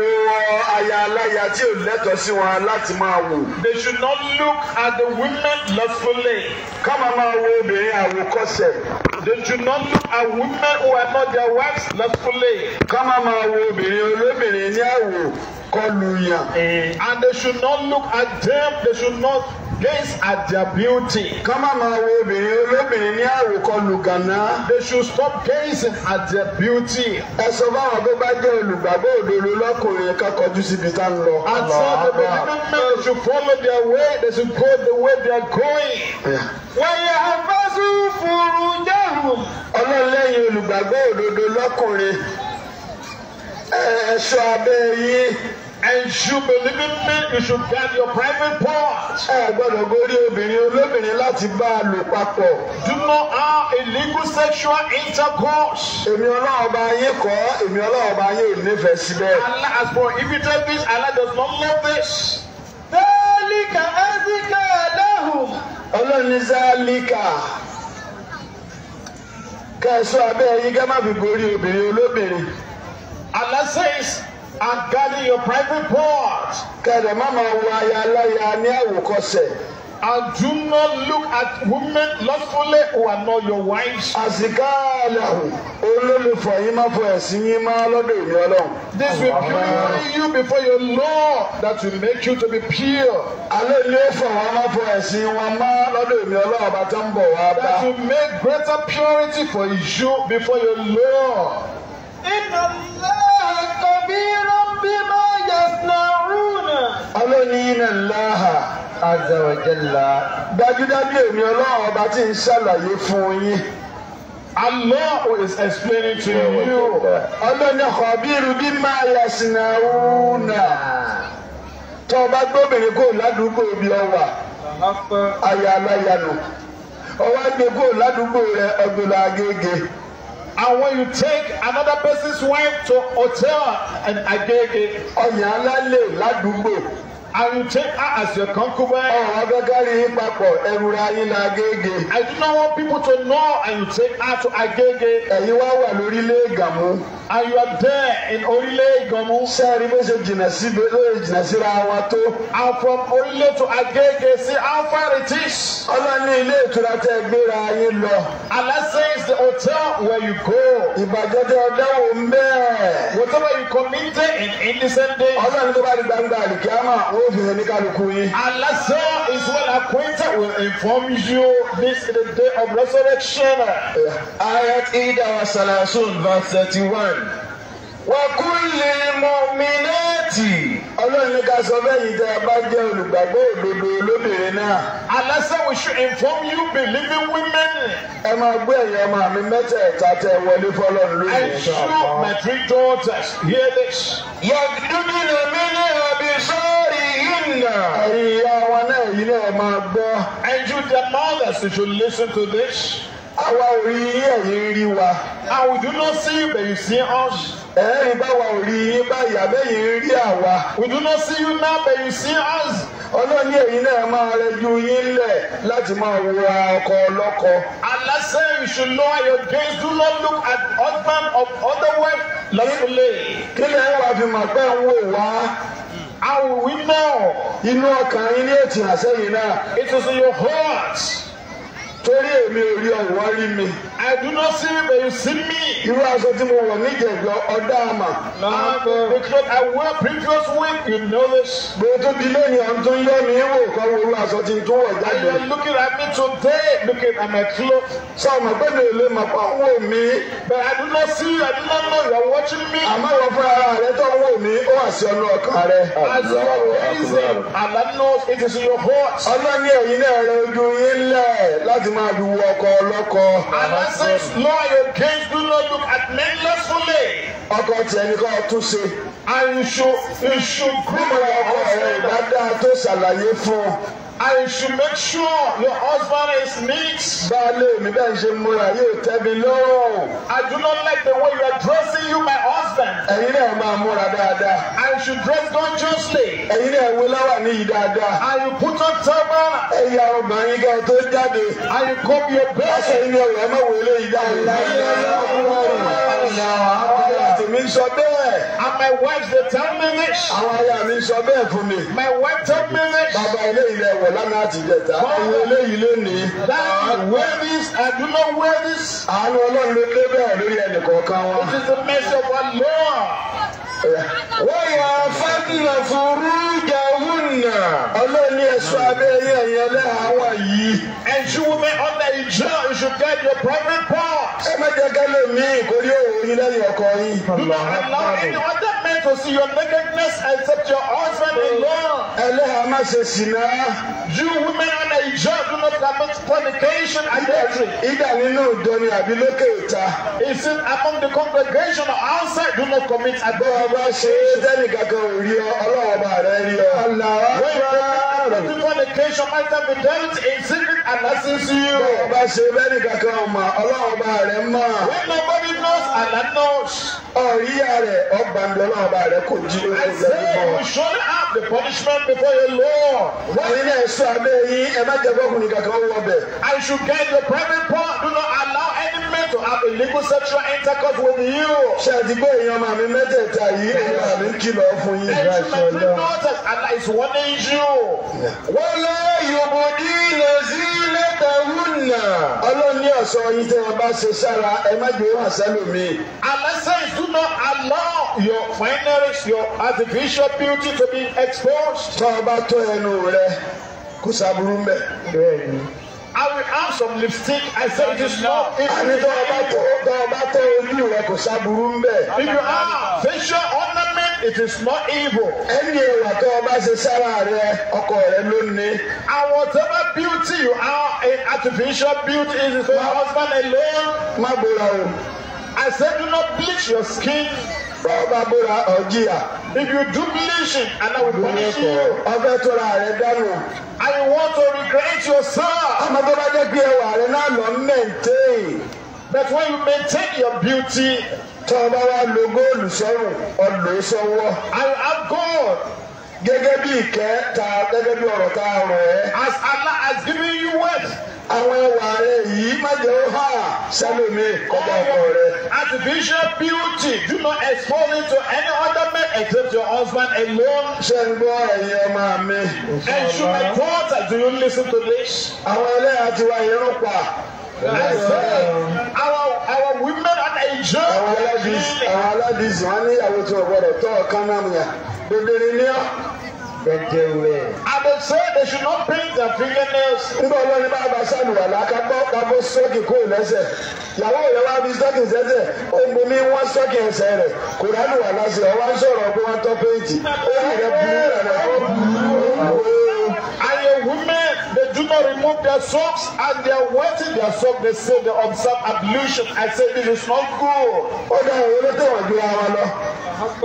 aya aláya tí ò lẹ́tọ̀ọ́ sí wọn láti máa wò. they should not look at the women lustfully. ká má máa wo obìnrin àwòkọ́ṣe. they should not look at women who are not their wives lustfully. ká má máa wo obìnrin olóbìnrin ní àwò kọlù yàn. and they should not look at them they should not gaze at their beauty. kán má máa wo obìnrin olóbìnrin ní àwòkọlù gànà. they should stop gazing at their beauty. ẹ sọ fáwọn tó bá jẹ́ olùgbàgbọ́ òdodo lọ́kùnrin ká kọjú síbi tá ń lọ. and so the believing men should follow their way they should go the way they are going. wẹ̀yẹ̀ àfẹ́sù fúru jẹ́rù. ọlọ́lẹ́yìn olùgbàgbọ́ òdodo lọ́kùnrin ẹ̀ẹ́sọ abẹ́ yín. And you believe in me, you should guard your private part. Ẹ gbọ́dọ̀ gorí obìnrin olóbìnrin láti bá a lò papọ̀. Do not have illegal sexual intercourse. Èmi Ọlọ́run bá kọ́, èmi Ọlọ́run bá ò nífẹ̀ẹ́ síbẹ̀. Allah has prohibited this, Allah does not love this. Dálíkà Ẹ́síkà Adáhùn. Ọlọ́ni Zálíkà kẹ́sọ́ abẹ́ yín ká má fi gorí obìnrin olóbìnrin. Allah says and guarding your private parts. Kẹ̀dẹ̀ má máa wo aya aláya ní àwòkọ́sẹ̀. And do not look at women lustfully who are not your wives. Àsìkáàlàhù olólùfọ̀ yín máa fọ ẹ̀sìn yín máa lọ́dọ̀ èmi Ọlọ́run. This will purify you before your Lord that will make you to be pure. Alẹ́ ilé fọ̀ wá máa fọ ẹ̀sìn wọn máa lọ́dọ̀ èmi Ọlọ́run ọba tó ń bọ̀ wá bá. That will make greater purity for you before your Lord. Inna Allah khabiran بما yasna'una. ọlọ́ni iná láhà azawajalla dájúdájú èmi ọlọ́run ọba tí ń ṣàlàyé fún yín. Allah is explaining to you. ọlọ́ni khabiru bima yasna'una. tọ́ ọba gbóbìnrin kò ládùúgbò ibi ọwà ayáláyánu ọwọ́ gbé kò ládùúgbò rẹ ọdún làgége. And when you take another person's wife to hotel and agege. Ọ̀yàn alálè ládùúgbò. I a take her as your concubine. Ọ̀rọ̀ agágárí papọ̀ ẹrura yín la Agége. I do not want people to know I will take her to Agége. Ẹ̀yin wà lórílẹ̀ Gàmú. are you there in orílẹ̀ Gàmú. Sẹ́ẹ̀rì bó ṣe jìnnà síbi lóye jìnnà síra tó. And from orílẹ̀ to Agége see how far it is. ilé ìtura tẹ gbéra lọ. the hotel where you go. ọdẹ Whatever you committed in innocent day. tó bá di gbangba ó fi ní kálukú yín. Allah is well acquainted will inform you this is the day of resurrection. ayat idawa salasun verse thirty-one wàkúlì mọ̀mínẹ́ẹ̀tì. ọlọ́run ní ká sọ bẹ́ẹ̀ yìí tẹ́ ẹ bá jẹ́ olùgbàgbọ́ òdodo lóbìnrin náà. alasa we should inform you believing women. ẹ máa gbé ẹ̀yẹ ọmọ mi mẹ́tẹ̀ẹ̀ta tẹ wọlé fọlọ́run lónìí. I show my three daughters hear this. yàgùdùmínà mi ní àbí sọ́ọ̀rì ìnà. ẹ̀yà náà yìí náà máa gbọ́. and you the mothers you should listen to this. àwa ò rí ẹ̀yìn rí wa. I will do not see you but you see us. ẹ̀rí báwa ò rí yín báyà bẹ́yìn rí àwa. We do not see you now but you see us. ọlọ́ni èyí náà máa rẹjú yín lẹ̀ láti máa wo ọkọ ọlọ́kọ. Allah say you should do not look at husband of other wife kí ni fi mà pé ń wò wá. How will we Inú ọkàn yín ní àṣẹ yìí náà. It is your heart. Torí èmi ò rí ọ̀wọ́ rí I do not see you, but you see me. Irú aṣọ tí mo wọ̀ níjẹ̀jọ́ ọ̀dá àmà. Lọ́wọ́ because I wear previous week, you know this. Gbé tó di lẹ́yìn ọ̀hún tó ń yọ mí wò kọ́ wo irú aṣọ tó wọ̀ jáde. You are looking at me today, looking at my clothes. Sọ ma pé mi ò lè mà pa wò mí. But I do not see you, I do not know you are watching me. Àmọ́ ìwọ fún ara rẹ tó ń wò mí, ó wà sí ọ̀nà ọkàn rẹ. As you are praising, Allah knows it is in your heart. Ọlọ́ni ẹ̀yin náà rẹ ojú yín lẹ̀ láti máa fi wo ọkọ ọlọ́kọ blessings nor your gains. Do not look at men lustfully. Ọkọ tiẹ̀ ní kọ́ ọ tún ṣe. And you should you should grow your ọkọ rẹ̀ ìbá dáa tó ṣàlàyé fún ọ. I should make sure your husband is neat. Baálé mi bẹ́ẹ̀ ṣe múra yóò tẹ́ mi lọ́wọ́. I do not like the way you are dressing you my husband. Ẹ̀yin náà máa múra dáadáa. I should dress consciously. Ẹ̀yin náà wé láwà ní dáadáa. And put on turban. Ẹ̀yà obìnrin kan tó jáde. And you comb your beard. Aṣọ ilé ọ̀rẹ́ mọ̀ wọlé yìí dáadáa. Ìlànà ọ̀rọ̀ ọ̀rọ̀ ọ̀rọ̀ ọ̀rọ̀ ọ̀rọ̀ mi sọ bẹ́ẹ̀. and my wife dey tell me this. àwọn aya mi sọ bẹ́ẹ̀ fún mi. my wife tell me this. bàbá eléyìí lẹ wọ̀ lánàá ti jẹta. àwọn eléyìí lé ní. that wear this I do not wear this. àánú ọlọ́run ló dé bẹ́ẹ̀ lórí ẹnì kọ̀ọ̀kan wọn. it is the mercy of our Lord. wọ́n yà fẹ́ẹ́ kìlọ̀ fún rújà hunna. Ọlọ́run ní ẹ̀ṣọ́ abẹ́ ẹ̀yẹ lẹ́hàáwá yìí. And you women under hijab, you should get your private parts. Ẹ má jẹ́ kẹ́lẹ́ mi ìkórè òun yín lẹ́yìn ọkọ yín. to see your nakedness except your husband in law. Ẹlẹ́hàá má ṣe ṣìnà. You women under hijab do not commit fornication and adultery. Ìgbà nínú ìjọ àbí lókè ìta. Is among the congregation or outside do not commit adultery? Bọ́lá bá ṣe é dẹ́nìkan ò rí ọ, ọlọ́wọ́ bá rẹ̀ rí ọ. ولا ọ̀rọ̀. before the creation dealt in secret and nothing to you. bọ́ọ̀ bá ṣe bẹ́ẹ̀ kankan ọmọ ọlọ́run bá rẹ̀ mọ̀. when nobody knows and I know. ọ̀ríyá rẹ̀ ọgbà ń lọ ọlọ́run bá rẹ̀ kò jí lóko lẹ́yìn bọ̀. I say you should have the punishment before your Lord. wọ́n ní ẹ̀sọ́ abẹ́ yìí ẹ má jẹ́ bọ́ọ̀kùnrin kankan ó wọ I should get the private part do not allow any man to have a legal sexual intercourse with you. ṣe àdìgbò èèyàn màmí mẹ́tẹ̀ẹ̀ta yìí èèyàn màmí kìlọ̀ fún yín. ẹ ṣùgbọ́n tí nọ́ọ̀tẹ̀ àlàyé wọ́n ní yíyó wala yubdina zinatahunna. ọlọ́run ní ọ̀sán yín tí wọ́n bá ṣe sára ẹ má jẹ́ wà sẹ́lómi. àlẹ́sẹ̀ ìdúná allow your finery your artificial beauty to be exposed. tọ́ ọ bá tó ẹnu rẹ kó sábúrú mẹ́. bẹ́ẹ̀ ni. I will have some lipstick. I said "This is not. If you have facial ornament, it is not evil. And whatever beauty you are, an artificial beauty it is your husband alone. I said do not bleach your skin. babura ọjìyà. if you do bleaching and I will punish you. ọbẹ̀ tó ra rẹ̀ dànù. want to regret your àmọ́ tó bá jẹ́ pé ẹwà na náà lọ maintain. but when you maintain your beauty. tọ́ ọ bá wá lo góòlù sọ́rùn ọ̀lọ́ sọ́wọ́. I am God. gẹ́gẹ́ bí ìkẹ́ ta gẹ́gẹ́ bí ọ̀rọ̀ tá rọ̀ ẹ́. as Allah has given you wealth. àwọn ẹwà rẹ yìí má jẹ́ ó hà sẹ́lómi kọ́ba ọkọ rẹ. artificial beauty do not expose it to any other man except your husband alone. ṣé ń gbọ́ ẹ̀yin ọmọ mi. and you my daughter do you listen to this. àwọn ẹlẹ́yà ti wá irun pa. our women are enjoying. àwọn aládìsí wọn ní ìyàwó tí wọn gbọ́dọ̀ tọ́ ọ̀kan náà nìyà. bèbèrè ni ọ. Bẹ̀jẹ̀wẹ̀. And they say they should not bring their fingernails. Nígbà wo ni bá a bá ṣàlùwàlá ká bọ́ ká bọ́ sọ́ọ̀kì kó lẹ́sẹ̀? Ìyàwó rẹ̀ wá bí sọ́ọ̀kì sẹ́sẹ̀, ó ń bomi wọ́n sọ́ọ̀kì ẹsẹ̀ rẹ̀. Kò rálù wà lásìkò, ọwọ́ ń sọ̀rọ̀ pé wọ́n tọ́ péjì. Ó yà they do not remove their socks and they are wetting their socks. They say they observe ablution. I say this is not good. Ó dáhùn olóòtú ìwọ̀n ju ara lọ.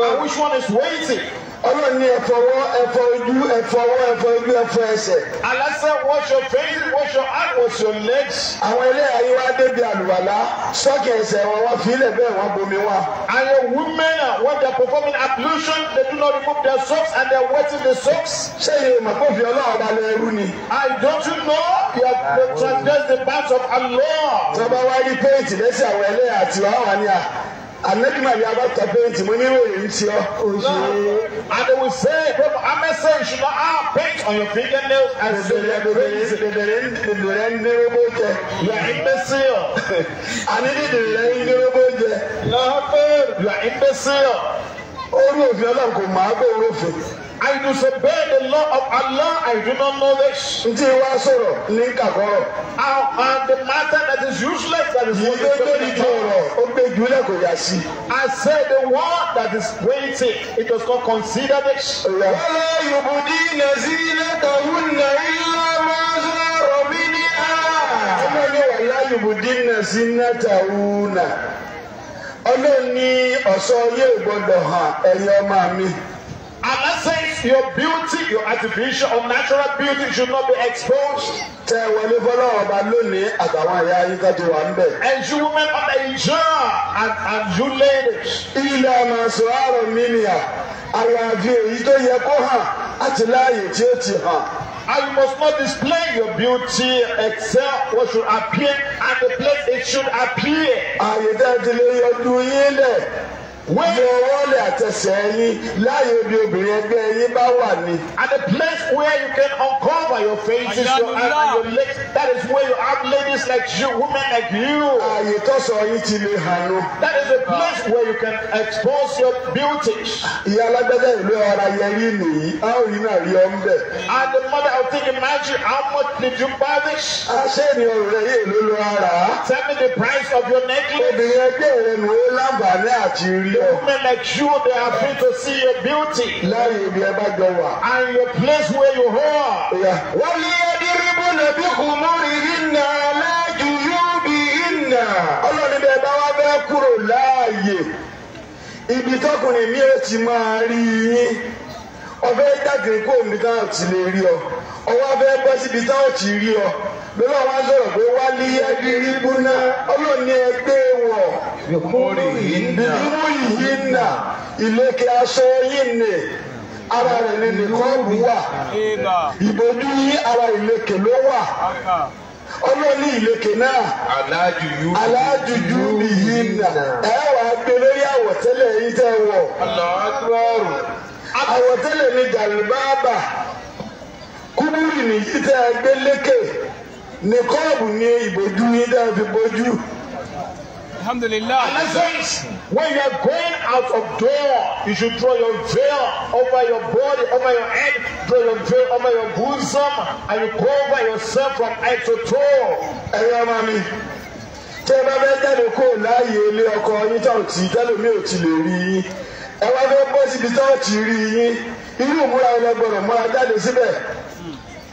And which one is waiting? Ọlọ́run ní ẹ̀fọ́ ọwọ́ ẹ̀fọ́ ojú ẹ̀fọ́ ọwọ́ ẹ̀fọ́ ojú ẹ̀fọ́ ẹsẹ̀. Allah said wash your face wash your hand wash your legs. Àwọn ilé ayé wa débi àlùwàlá sọ́ọ̀kì ẹsẹ̀ wọn wọ́n fi ilẹ̀ bẹ́ẹ̀ wọ́n bomi wá. And your women when they are performing ablution they do not remove their socks and they are wetting the socks. Ṣé iye màkófin Ọlọ́run bá lọ ẹrú ni? I don't you know you have transgressed the bounds of Allah. Tọ́ba wá rí péètì lẹ́sẹ̀ àwọn ẹlẹ́yà àti wàhálà ni à anadumadi abata paint mu ni oye ntiɔ. and they will say from amese you should not have paint on your finger nail and say you are crazy. bebere bebere nnerebo jɛ. you are imbecile. ani ni bebere nnerebo jɛ. you are imbecile. olú òfin ọlọ́run kò máa gbé oró fún. I disobey the law of Allah. I do not know this. Ntí wá sọ̀rọ̀ ní How are the matter that is useless that is what is so important. Ó gbé jùlẹ̀ kò yá sí. I say the word that is waiting. It was not consider this. Wala yubudi nazina tahun na illa ma zara miniha. Ọmọ ní wala yubudi nazina tahun na. Ọlọ́run ní ọ̀ṣọ́ yóò gbọ́dọ̀ hàn ẹ̀yin ọmọ mi. Allah says your beauty, your artificial or natural beauty should not be exposed. Tẹ wọlé bọ́lá ọba lónìí àtàwọn ẹ̀yà yín ká ti wà níbẹ̀. And you women of the and and you ladies. Ilé àmàṣọ àrùn mi nìyà, àyàfi èyí tó yẹ kó hàn àti láàyè tí ó ti hàn. And you must not display your beauty except what should appear at the place it should appear. Àyè dáadé lè yọjú yín lẹ̀. Where ọwọ́ lè àtẹsẹ̀ yín láàyè bí At the place where you can uncover your faces, your hands and your legs, that is where you have ladies like you, women like you. Ààyè tọ́sọ̀ That is the place where you can expose your beauty. And the mother of think, imagine how much did you buy this? Aṣé ni Tell me the price of your necklace. The women like you, they are free to see your beauty. Láyé ibi ẹ bá jọ wà. And your place where you are. Wọ́n lé ẹdínrígbó lẹ́bí kùmúrì iná lájú yóò bí iná. Ọlọ́run bẹ́ẹ̀ bá wá bẹ́ẹ̀ kúrò láàyè. Ibi tọkùnrin mi ò ti máa rí yín. ọfẹ́ dàgìrì omi táwọn ti lè rí ọ ọwọ́ abẹ́ síbi táwọn rí ọ lọ́wọ́ àwọn sọrọ pé wá lé ẹbí rí yìí nà aṣọ yìí ara ní wà ìbòjú yìí ara ló wà náà nà gbé lórí àwọ̀tẹ́lẹ̀ yìí tẹ́ àwọ̀tẹ́lẹ̀ ni jàlùbáàbà kúbúrì nìyí tẹ́ ẹ ní kọ́ọ̀bù ní ìbòjú yín tẹ́ fi bójú. Alhamdulillah. when you are going out of door, you should draw your veil over your body, over your head, draw your veil over your bosom, and you cover yourself from head to toe. Ẹ̀rọ ọmọ mi tẹ́ bá fẹ́ jáde kó láàyè ilé ọkọ yín tá ò tí tẹ́lómi ò ti lè rí yín ẹ wá fẹ́ bọ́ síbi tí rí yín irú ìmúra ilẹ̀ gbọ́dọ̀ múra jáde síbẹ̀.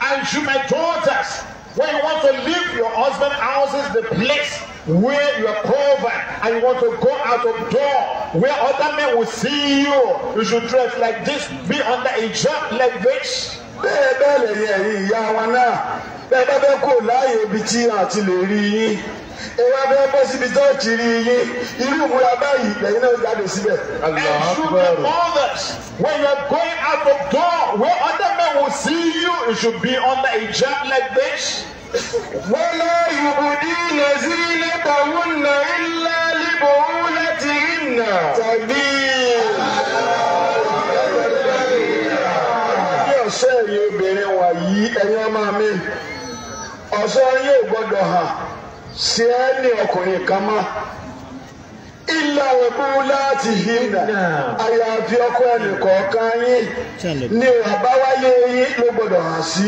And you my daughters when you want to leave your husband houses the place where you are covered and you want to go out of door where other men will see you you should dress like this be under a job like this. bẹ́ẹ̀ bẹ́ẹ̀ lè yẹ ìyá wa náà bẹ́ẹ̀ bá fẹ́ kó láàyè ibi tí a ti lè rí yín. ìwà bí wọn bọ́ síbi tó kiri yín irú ìwúra báyìí lẹ́yìn náà jáde when you going out of door where other men will see you you should be hijab like this. tàbí. obìnrin wà yí ẹ̀yin ọmọ mi gbọ́dọ̀ hàn. ṣe é ní ọkùnrin kan mọ́ ilà òkú láti hinna àyàfi ọkọ ẹnìkọ̀ọ̀kan yín ni àbáwáyé yín ló gbọdọ̀ hàn sí.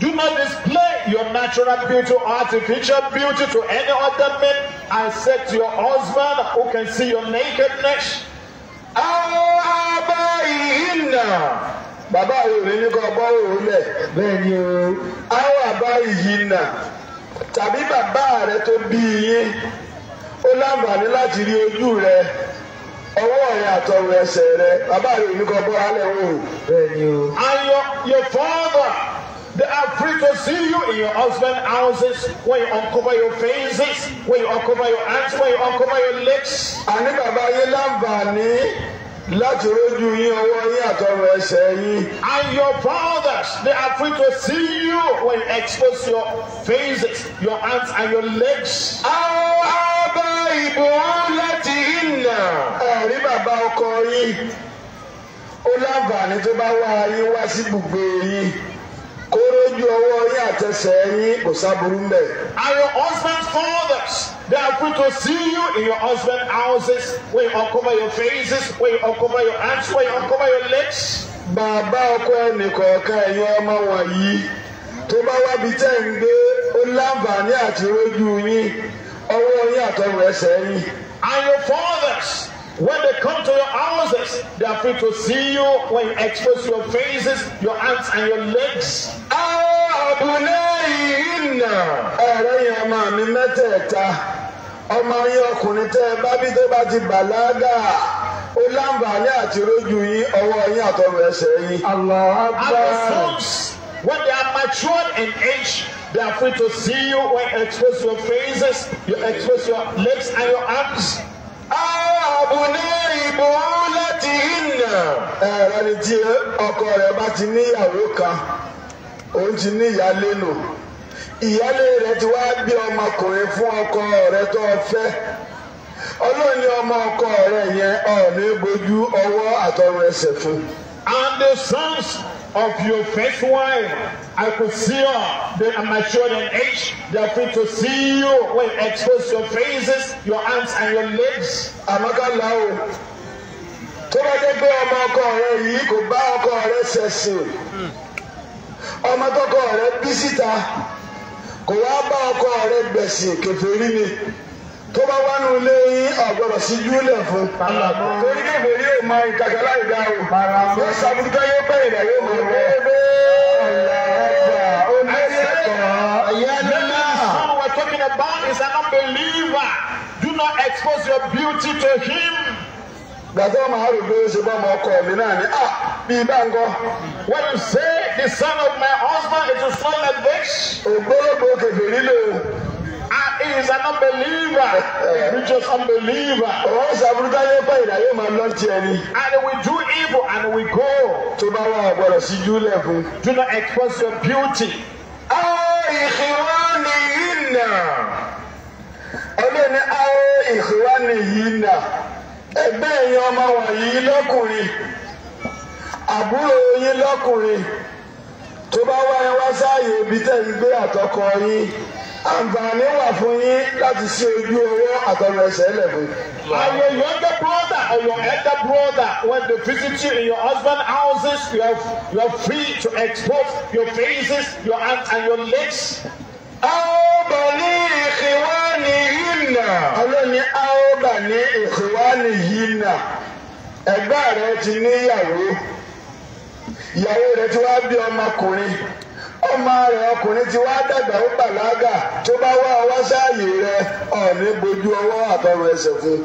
do not display your natural beauty or artificial beauty to any other man and say to your husband who can see your nakedness. àwọn bàbá àwọn òní ní kọ́ bọ́wọ́ òlẹ̀ bẹ́ẹ̀ ni o àwọn àbá yìí nà tàbí bàbá rẹ tó bí yín ó láǹfààní láti rí ojú rẹ ọwọ́ rẹ àtọwọ́ ẹsẹ̀ rẹ bàbá rẹ alẹ́ bẹ́ẹ̀ ni o. and your father They free to see you in your husband houses, when you uncover your faces, when you uncover your hands, when you uncover your legs. Àní bàbá yín láǹfààní. láti rójú yín ọwọ́ yín àtọrọ ẹsẹ̀ yín. and your fathers they are free to see you when you expose your face, your hands and your legs. ọba ìbò láti ìnà. ẹ̀rí bàbá ọkọ yín ó láǹfààní tó bá wá yín wá sí gbùgbé yín. kórójú ọwọ́ onye àtẹsẹ̀ yín kò sábúrú mbẹ̀. are your husband's fathers they are quick to see you in your husband's houses when you uncover your faces when you uncover your hands when you uncover your legs. bàbá ọkọ ẹnìkọ̀ọ̀kan ẹ̀yin ọmọ wọ̀nyí tó bá wábi tẹ́ ń gbé ó láǹfààní àti rójú yín ọwọ́ yín àtọwọ́ ẹsẹ̀ yín. Are your fathers. When they come to your houses, they are free to see you when you expose your faces, your hands, and your legs. Àbúléyìnà ẹ̀rẹ́ ọmọ mi ọkùnrin tẹ́ ẹ bá bí tó bá ti bàlágà ó láǹfààní àti rójú yín ọwọ́ yín àtọrọ ẹsẹ̀ yín. Allahu when they are matured in age, They are free to see you when you expose your faces, you expose your legs and your arms. ààbùnárìbò láti hìnà. ẹ̀rọ ni tí ọkọ rẹ̀ bá ti níyàwó kan òun ti níyàlé lò ìyálé rẹ̀ ti wá bí ọmọkùnrin fún ọkọ rẹ̀ tó fẹ́ ni ọmọ ọkọ rẹ̀ yẹn ọ̀ọ́nì bojú ọwọ́ àtọrun ẹsẹ̀ fún. and the sons of your first wife. I could see her. Uh, they are mature in age. They are free to see you when well, expose your faces, your arms, and your legs. Amaga Lao. Tó bá dé pé ọmọ ọkọ rẹ yìí kò bá ọkọ rẹ ṣẹ̀sìn. Ọmọ tọkọ rẹ bí síta. Kò wá bá ọkọ rẹ gbẹ̀sìn kèfèrí ni tó bá wá nù lé yín ọ̀gbọ́dọ̀ sí júlẹ̀ fún. torí kébè yóò mọ ìkàkẹ́ láì dá o. yóò sàbùdúkẹ́ yóò pẹ́ ìdá yóò mọ bébé. Is an unbeliever. Do not expose your beauty to him. Gbàtọ́ ọmọ àrùn ló ṣe bá ọmọ ọkọ mi náà ni à bí ibà ń gọ. When you say the son of my husband is a son of bitch. Ògbólógbòó kèfèrí lè And he is an unbeliever. Religious unbeliever. Wọ́n ṣàbùrúkà yẹ pé ìdáyé máa lọ tiẹ̀ ni. And we do evil and we go. Tó bá wà gbọ́dọ̀ sí Júlẹ̀ fún. Do not expose your beauty. Àwọn ìṣòro ni yìí nà. Ọlọ́ni àwọn ìṣòro ni yìí nà. Ẹgbẹ́ ẹ̀yin ọmọ wọ̀nyí lọ́kùnrin. Àbúrò yín lọ́kùnrin. Tó bá wá ẹ wá sáàyè ibi tẹ̀ ń gbé àtọkọ yín àǹfààní wà fún yín láti ṣe ojú owó àtọ̀rọ̀ ẹsẹ̀ lẹ̀ fún yín. And your younger brother or your elder brother, when they visit you in your husband houses, you are, you are free to expose your faces, your hands and your legs. Àwọ̀bà ní ìkìwá ni yìí nà. Ọlọ́ni àwọ̀bà ní ìkìwá ni yìí nà. Ẹ̀gbọ́n rẹ̀ ti níyàwó. Ìyàwó rẹ̀ ti wá bí ọmọkùnrin ọmọ rẹ̀ ọkùnrin ti wá dàgbà ó bàlágà tó bá wá ọwọ́ sáàyè rẹ̀ ọ̀ọ́nì gbojú ọwọ́ àtọrọ ẹsẹ̀ fún.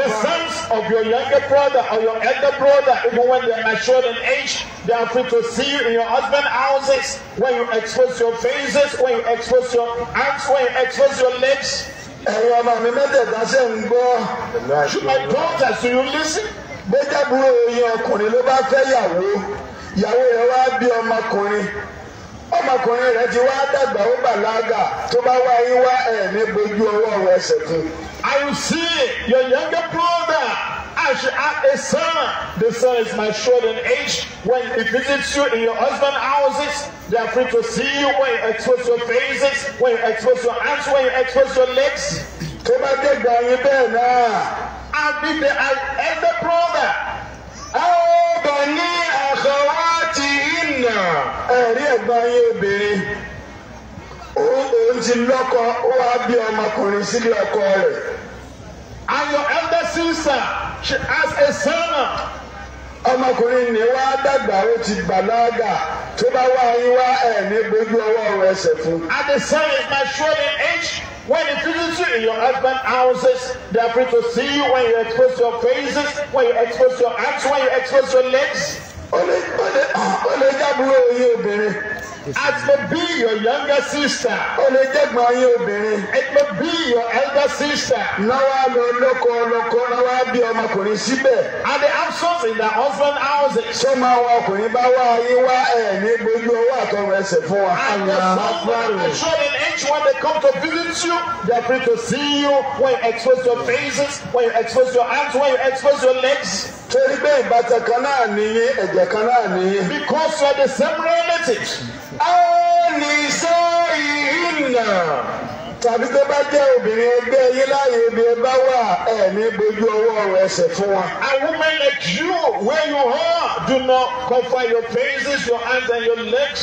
The sons of your younger brother or your elder brother even when they are matured in age they are free to see you in your husband houses when you expose your faces when you expose your arms when you expose your legs. ẹ̀yin ọmọ mi mẹ́tẹ̀ẹ̀ta ṣe ń gbọ́. My daughter so you listen. bẹ́ẹ̀ dàbúrò oyin ọkùnrin ló bá fẹ́ yàwó yàwó rẹ̀ wá bí ọmọkùnrin ọmọkùnrin rẹ̀ ti wá dàgbà ó bàlágà tó bá wá yín wá ẹ̀ ní bojú ọwọ́ rẹ̀ ṣẹ̀kùn. I will see your younger brother as a son. The son is matured in age. When he visits you in your husband' houses, they are free to see you when you expose your faces, when you expose your hands, when you expose your legs. Tó bá dé gbà yín bẹ́ẹ̀ náà. And if they are elder brother. Àwọn obìnrin àkàwá ti zina ẹ̀rí ẹ̀gbọ́n yín obìnrin òun ti lọ́kọ wá bí ọmọkùnrin sílé ọkọ rẹ̀. and your elder sister she has a son. ọmọkùnrin ni wá dàgbà ó ti bàlágà tó bá wá yín wá ẹ̀ ní gbogbo ọwọ́ ẹsẹ̀ fún. and the son is my in age. When he visits you in your husband houses, they are free to see you when you expose your faces, when you expose your arms, when you expose your legs. Saltab Не As may be your younger sister. O lè jẹ́ gbọ́n yín obìnrin. It may be your elder sister. Lọ́wọ́ lọ lóko lóko lọ́wọ́ bí ọmọkùnrin síbẹ̀. And the absence in the husband house. Ṣé o máa wọ ọkùnrin bá wá ayé wá ẹ̀ ní gbogbo owó àtọ̀rọ̀ ẹsẹ̀ fún wa? And the husband is sure in each one they come to visit you. They are free to see you when you expose your faces, when you expose your hands, when you expose your legs. Torí bẹ́ẹ̀ ìbátan kan náà nìyí, ẹ̀jẹ̀ kan náà nìyí. Because you are the same relatives àníṣe ìhìnà tàbí tó bá jẹ́ obìnrin ẹgbẹ́ yín láàyè ibi ẹ bá wà ẹ ní bojú ọwọ́ rẹ ẹsẹ̀ fún wa. and women like you where you are do not cover your faces your hands and your legs.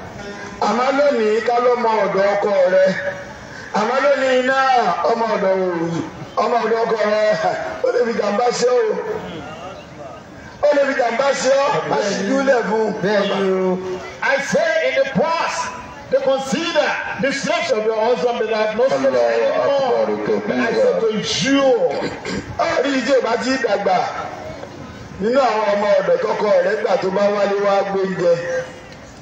àmọ́ lónìí ká ló mọ ọ̀dọ̀ ọkọ rẹ àmọ́ lónìí náà ọmọ ọ̀dọ̀ òòrùn ọmọ ọ̀dọ̀ ọkọ rẹ ó lè fi jàǹbá sí ọ ó lè fi jàǹbá sí ọ má sì dúlẹ̀ fún. I say in the past. They consider the sex of your husband that have no sex anymore. But I say to you, ọ̀rí ìjẹ́ ìbá ti dàgbà nínú àwọn ọmọ ọ̀dọ̀ tọkọ rẹ̀ gbà tó bá wálé wá gbé jẹ.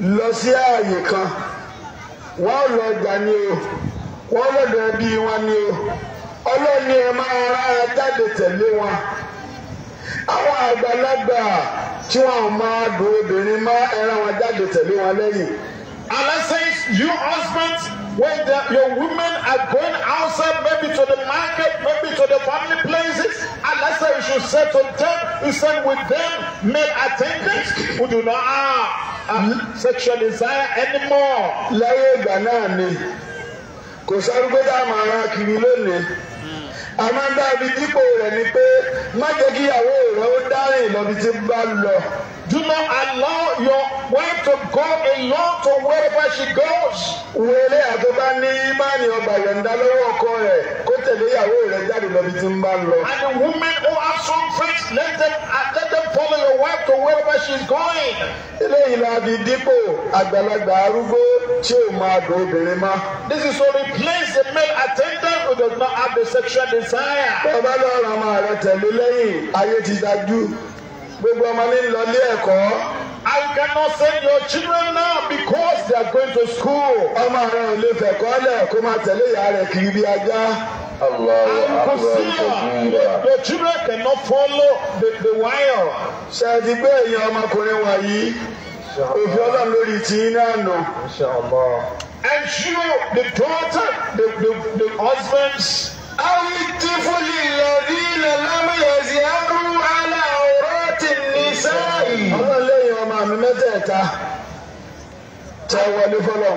lọ sí ààyè kan wọ́n lọ gbà ní o wọ́n lọ́dọ̀ ẹbí wọn ní o ọlọ́ni ẹ máa rárá jáde tẹ̀lé wọn àwọn àgbàlagbà tí wọn ò máa dùn obìnrin máa ẹ rán wọn jáde tẹ̀lé wọn lẹ́yìn. Allah says you husbands when the, your women are going outside, maybe to the market, maybe to the family places, and Allah said you should say to them, you said with them, male attendants who do not have uh, mm-hmm. sexual desire anymore. kò sárúgbó tá a máa kiri lónìí. Àmọ́ mm. dábìí dípò rẹ̀ ni pé má jẹ́ kí ìyàwó rẹ̀ ó dárìn lọ́bi tí ń bá lọ. Do not allow your wife to go alone to wherever she goes. Wẹ́lẹ́ àti ní ìmánì ọgbà yọ̀ǹda lọ́wọ́ ọkọ rẹ̀ kó tẹ̀lé ìyàwó rẹ̀ jáde lọ bí ń bá lọ. And the women who have some faith let them uh, let them follow your wife to wherever she is going. Ilé ìlànà ìdípò àgbàlagbà arúgbó tí ò máa dùn obìnrin mọ́. This is to replace the male attendant who does not have the sexual desire. Bàbá lọ́ọ́ ra rẹ̀ tẹ̀lé lẹ́yìn ayé ti dájú gbogbo ọmọ ní lọ ilé ẹ̀kọ́. I cannot send your children now because they are going to school. Ọmọ rẹ̀ ò lè kó máa tẹ̀lé ìyá rẹ̀ kiri bí ajá. Alkosia, the children cannot follow the, the wire. Ṣé ẹ ti gbé èèyàn ọmọkùnrin wọ̀nyí? Òfin ọlọ́run lórí ti iná nù. Ensure the daughter, the, the, the husbands. Àwọn ìtìfúlì lọ́dí ìlànà mẹ́yẹ̀sì á rú àlà ọ̀rọ̀ ìsáyì. ọlọ́run lẹ́yìn ọmọ mi mẹ́tẹ̀ẹ̀ta tẹ wọlé fọlọ.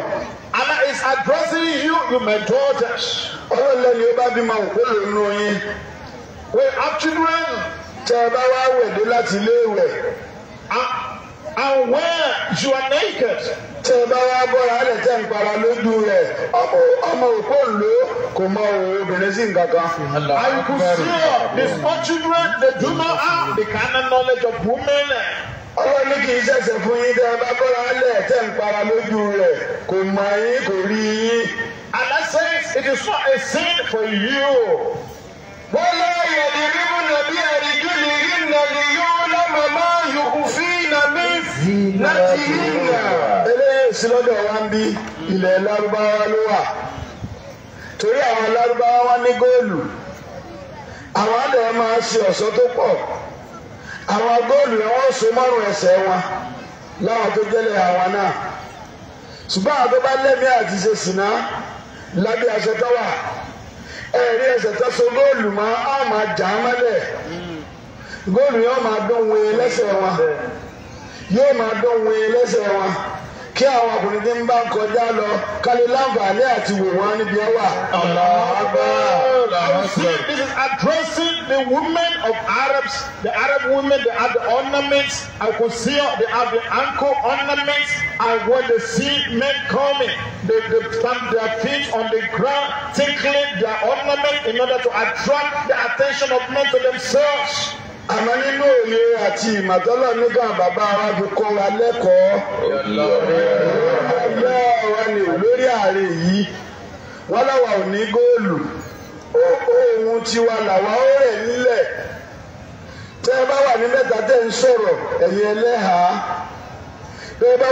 Allah is addressing you you my daughters. ọlọ́run lẹ́yìn ó bá bímọ òkú lónú yín. we have children. tẹ ẹ bá wá wẹ̀dé láti ilé ìwẹ̀. Ah, and where you are naked. tẹ ẹ bá wá bọ́ra ẹ̀ lẹ́tẹ̀ ń para lójú rẹ̀ ọmọ òkú lòó kò mọ obìnrin sí nǹkan kan. I could see these four children they do not ah, the kind of knowledge of women. Ọlọ́run ní kì í ṣẹ̀ṣẹ̀ fún yín tẹ́ ẹ bá lẹ̀ tẹ́ ń para lójú rẹ̀ kò mọ yín kò rí yín. And I says it is not a sin for you. Bọ́lá ìyàdí mímú nàbí àríjú ni rí nàbí yóò lọ́mọ máa yòókù fí nàbí láti yín nà. Eléyìí sí wa ń bí ilẹ̀ Lárúbáwá ló wà. torí àwọn alárúbáwá wá ní góòlù àwọn àdè máa ń ṣe ọ̀ṣọ́ tó pọ̀ àwọn góòlù yẹn wọ́n so márùn ẹsẹ̀ wa láwọn tó jẹ́lẹ̀ àwa náà ṣùgbọ́n àwọn bá àti ṣe sìnà lábẹ́ tó so góòlù máa á máa jà á mọ́lẹ̀ góòlù yẹn máa dún wẹ́ẹ́ lẹ́sẹ̀ wa yóò máa wa. kí àwọn ọkùnrin tí ń bá kọjá lọ kálí láǹfààní àti wò níbi ẹ wà. This is addressing the women of Arabs, the Arab women, they have the ornaments, I could see they have the ankle ornaments, and when they see men coming, they, they stamp their feet on the ground, tinkling their ornament in order to attract the attention of men to themselves. àmọ́ nínú òye àti ìmọ̀tọ́lọ̀ nígbà bàbá wa kọ́ wa lẹ́kọ̀ọ́ ẹgbẹ́ wa ni olórí ààrẹ yìí wọ́n láwa ò ní góòlù ohun tiwa làwa ó rẹ̀ nílẹ̀ tẹ́ ẹ bá wà ní mẹ́ta tẹ́ ń sọ̀rọ̀ ẹ̀yin ẹlẹ́hàá tẹ́ ẹ bá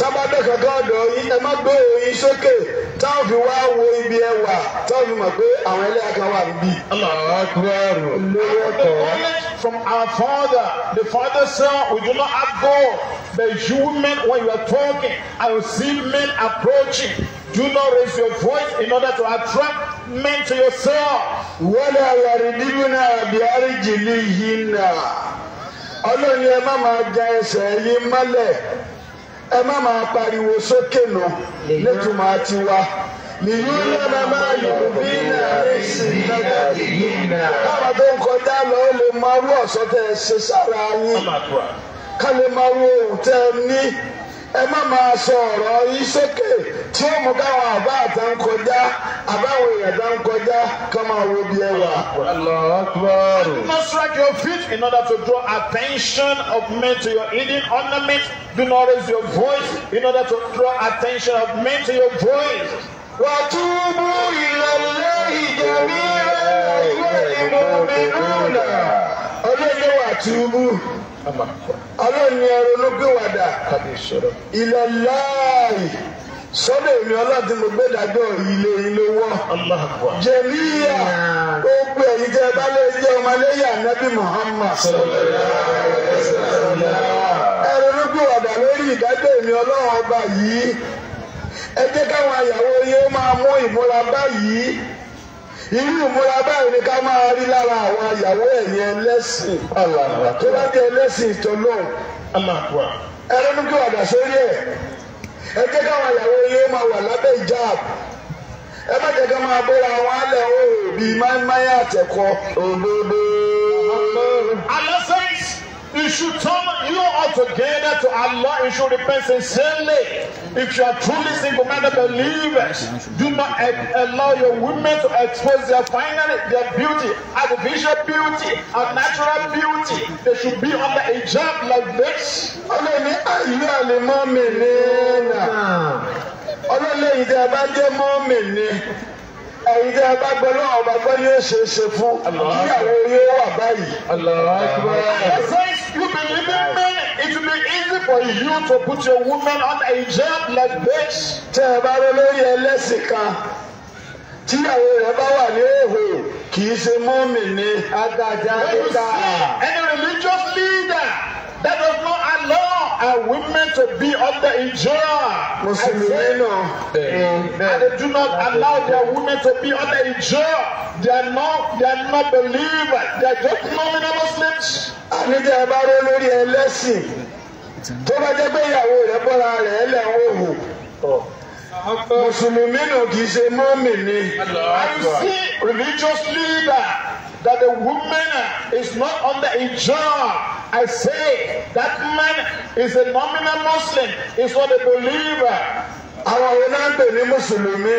sábàdé kankan ọ̀dọ̀ yín ẹ má gbé oyin sókè táwọn fi wá wo ibi ẹ wà táwọn fi mọ̀ pé àwọn ẹlẹ́yà kan wà níbí. aláàgbẹ̀rù lówó tọ̀. From our father, the father said, We do not have God, but you men, when you are talking, I will see men approaching. Do not raise your voice in order to attract men to yourself. Wọ́lá yàrìndínlá bíárìjì ní yìí nà. Ọlọ́run ẹ má máa ja ẹsẹ̀ yín mọ́lẹ̀. ẹ má máa pariwo sókè nù nítumọ̀ àti wa. Nìyúlọ́lá máa yọ̀ bí nàárẹ̀ sí nàárẹ̀. Káwọn tó ń kọjá lọ ó lè máa rú ọ̀sọ́ tẹ̀ ṣe sára yín. Ká lè máa ohun tẹ̀ ní. ẹ má máa sọ ọ̀rọ̀ yín sókè tí ó mú káwọn àbá àtàn àbáwọn èèyàn tán kọjá máa wo bí ẹ wà. Allahu Akbar. Do not strike your feet in order to draw attention of men to your hidden ornament. Do not raise your voice in order to draw attention of men to your voice. Wa tubu ila Allahi jami'an ayyuhal mu'minuna. Ọlọ́yẹ̀wà túbú. ọlọ́ni ẹrọ̀nù gbéwàdà ilẹ̀ láàyè sọ́dọ̀ èmi ọlọ́dún mo gbé dájọ́ ilé ilé jẹ̀líyà ó gbé ẹ̀yin jẹ́ ọmọléyà nẹ́bí Muhammad lórí ìdájọ́ èmi yìí káwọn àyàwó máa mú ìmúra báyìí. irú ìmúra báyìí ni ká máa rí lára àwọn àyàwó ẹ̀yìn ẹlẹ́sìn tó bá jẹ́ ẹlẹ́sìn ìtọ́lọ́ ẹ̀rọ ní kí wàdà sórí ẹ̀ ẹ jẹ́ káwọn àyàwó yóò máa wà lábẹ́ ìjáàbù ẹ má jẹ́ ká máa bóra àwọn alẹ́ òòbí máa ń máyà àtẹ̀kọ́ òdodo. Allah says. You should turn you altogether to Allah. You should repent sincerely. If you are truly single-minded believers, do not allow your women to expose their final, their beauty, artificial beauty, and natural beauty. They should be under a hijab like this. Ọlọ́ni àìlú àlè mọ́ mi ní nà. Ọlọ́lẹ́yìn tí a bá jẹ́ mọ́ mi ẹ̀yin tí a bá gbọ́ náà ọmọ gbọ́ yóò ṣe é ṣe fún ìyàwó yóò wà báyìí. He says you believe in me it will be easy for you to put your woman on a job like this. Tẹ́ ẹ bá rẹ lórí ẹlẹ́sìn kan tíyàwó rẹ bá wà ní èhò kì í ṣe mọ́mì ni. Adájá kíkà. When you see any religious leader that was. not and women to be under injury. Mùsùlùmí náà. And they do not allow their women to be under a injury. They are not they are not believers. They are just nominal Muslims. Àní tí a bá rọ lórí ẹlẹ́sìn tó bá jẹ́ pé ìyàwó rẹ̀ bọ́ra rẹ̀ ẹlẹ́wọ̀n wò. Mùsùlùmí náà kì í ṣe mọ́mì ni. I see religious leader that the woman is not under a injury. I say that man is a nominal Muslim, is not a believer. Àwọn wo náà ń pè ní Mùsùlùmí?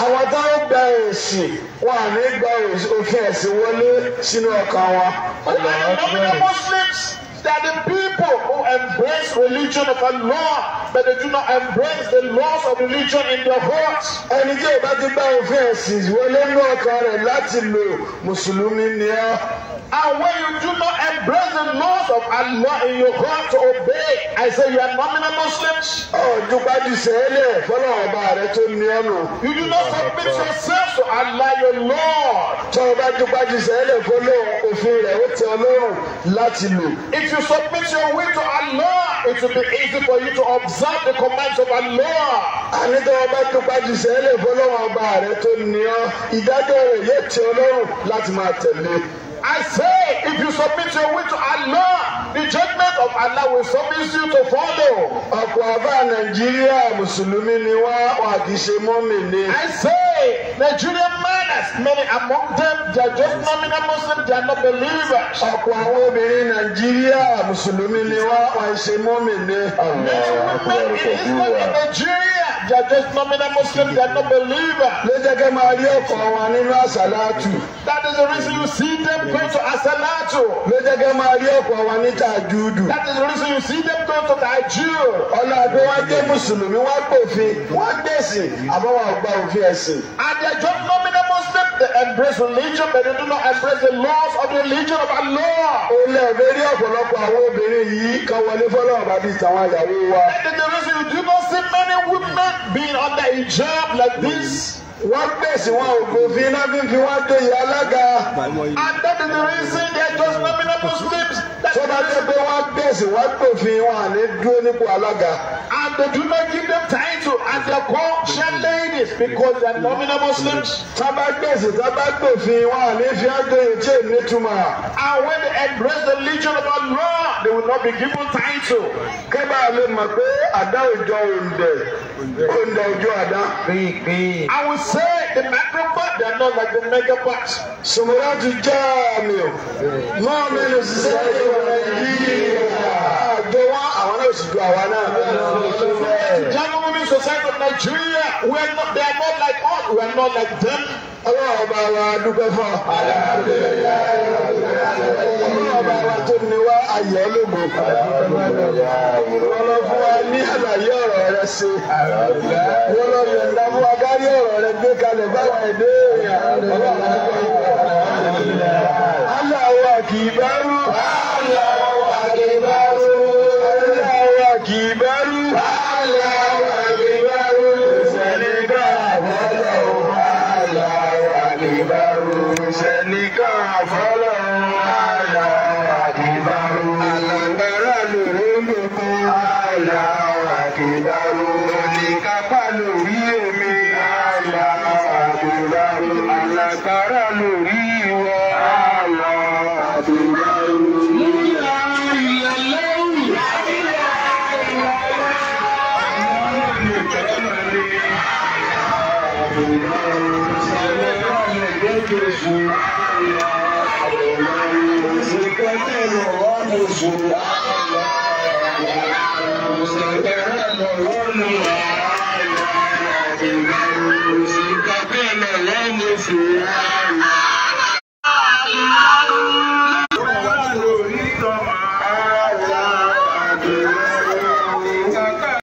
Àwọn tó ń gba èsì wà ní gba òfin ẹ̀sìn wọlé sínú ọkàn wa. Wọ́n ní nominal Muslims that the people who embrace religion of Allah but they do not embrace the laws of religion in their hearts. ẹni tí o bá ti bá òfin wọlé ní ọkàn rẹ̀ láti lo mùsùlùmí ni ọ́. And when you do not embrace the laws of Allah in your heart to obey, I say you are nominal Muslims. Ọ̀dùpàdì sẹ́lẹ̀ fọlọ́ ọba rẹ tó ní ọ̀nà. You do not submit yourself to Allah your Lord. Tọ́ ọba dùpàdì sẹ́lẹ̀ fọlọ́ òfin rẹ̀ ó tẹ ọlọ́run láti lò. It If you submit your will to Allah, it will be easy for you to observe the commands of Allah. Àní tó o bá kípa jù sẹ́lẹ̀ fọlọ́wọ́n ọba rẹ tó ní ọ, ìdájọ́ rẹ̀ yẹ ti Ọlọ́run láti máa tẹ̀lé. I say, if you submit your will to Allah, the judgment of Allah will submit you to follow. Ọ̀pọ̀ àbá Nàìjíríà Mùsùlùmí ni wá wà kì í ṣe I say, Nigerian manners, many among them, they are just nominal Muslims, they are not believers. Ọ̀pọ̀ àwọn obìnrin Nàìjíríà Mùsùlùmí ni wá wà ṣe mọ́mìnì. Many women in Islam in Nigeria. They are just nominal Muslims, they are not believers. Ló jẹ́ kẹ́ máa rí ọkọ̀ wọn nínú àṣàlátù. That is the reason you see them go to Asalatu. Ló jẹ́ kẹ́ máa rí ọkọ̀ wọn ní tàjúdù. That is the reason you see them go to tàjúdù. Ọlọ́ àgbẹ̀ wá jẹ́ Mùsùlùmí, wọ́n gbòfin, wọ́n gbèsìn, àmọ́ wọn gba òfin ẹ̀sìn. And they are just nominal Muslims, they embrace religion but they do not embrace the laws of the religion of Allah. Ó lẹ̀ bẹ́ẹ̀rẹ̀ ọ̀pọ̀lọpọ̀ àwọn obìnrin yìí kan wọlé fọlọ́ọ̀bá bíi tàwọn àyàwó wa. And the reason you do not see many women being under a job like this wọ́n gbèsè wọn ògùnfin náà fi fi wọ́n dòye alága. and that is the reason they are just nominal muslims. tó bá jẹ́ pé wọ́n gbèsè wọ́n gbòfin wọn àní dúró nípò alága. and they do not give them title and they call them ladies because they are nominal muslims. tábà gbèsè tábà gbòfin wọn àní fi àdóye tí èyí and when they embrace the religion of Allah they will not be given title. kébà lè mọ̀ pé àdá òjò òǹdè òǹdè òjò àdá. I say the microphone, they're not like the megabucks. Sumuraju Jamiu, more men is society of Nigeria. They want àwọn náà sì ju àwa náà. Jammu women society of Nigeria, we are not, they are not like us, we are not like them ọlọ́run bá wa dúpẹ́ fún ọ. ọlọ́run bá wa tó ní wá ayọ̀ lógo. wọ́n lọ fún wa ní àlàyé ọ̀rọ̀ rẹ ṣe. wọ́n lọ yọ̀ ǹda fún wa kárí ọ̀rọ̀ rẹ gbé kalẹ̀ báwa ẹ̀dẹ́ èèyàn. aláwọ̀ àkìbárù. aláwọ̀ àkìbárù. aláwọ̀ àkìbárù. Você derramou no ar.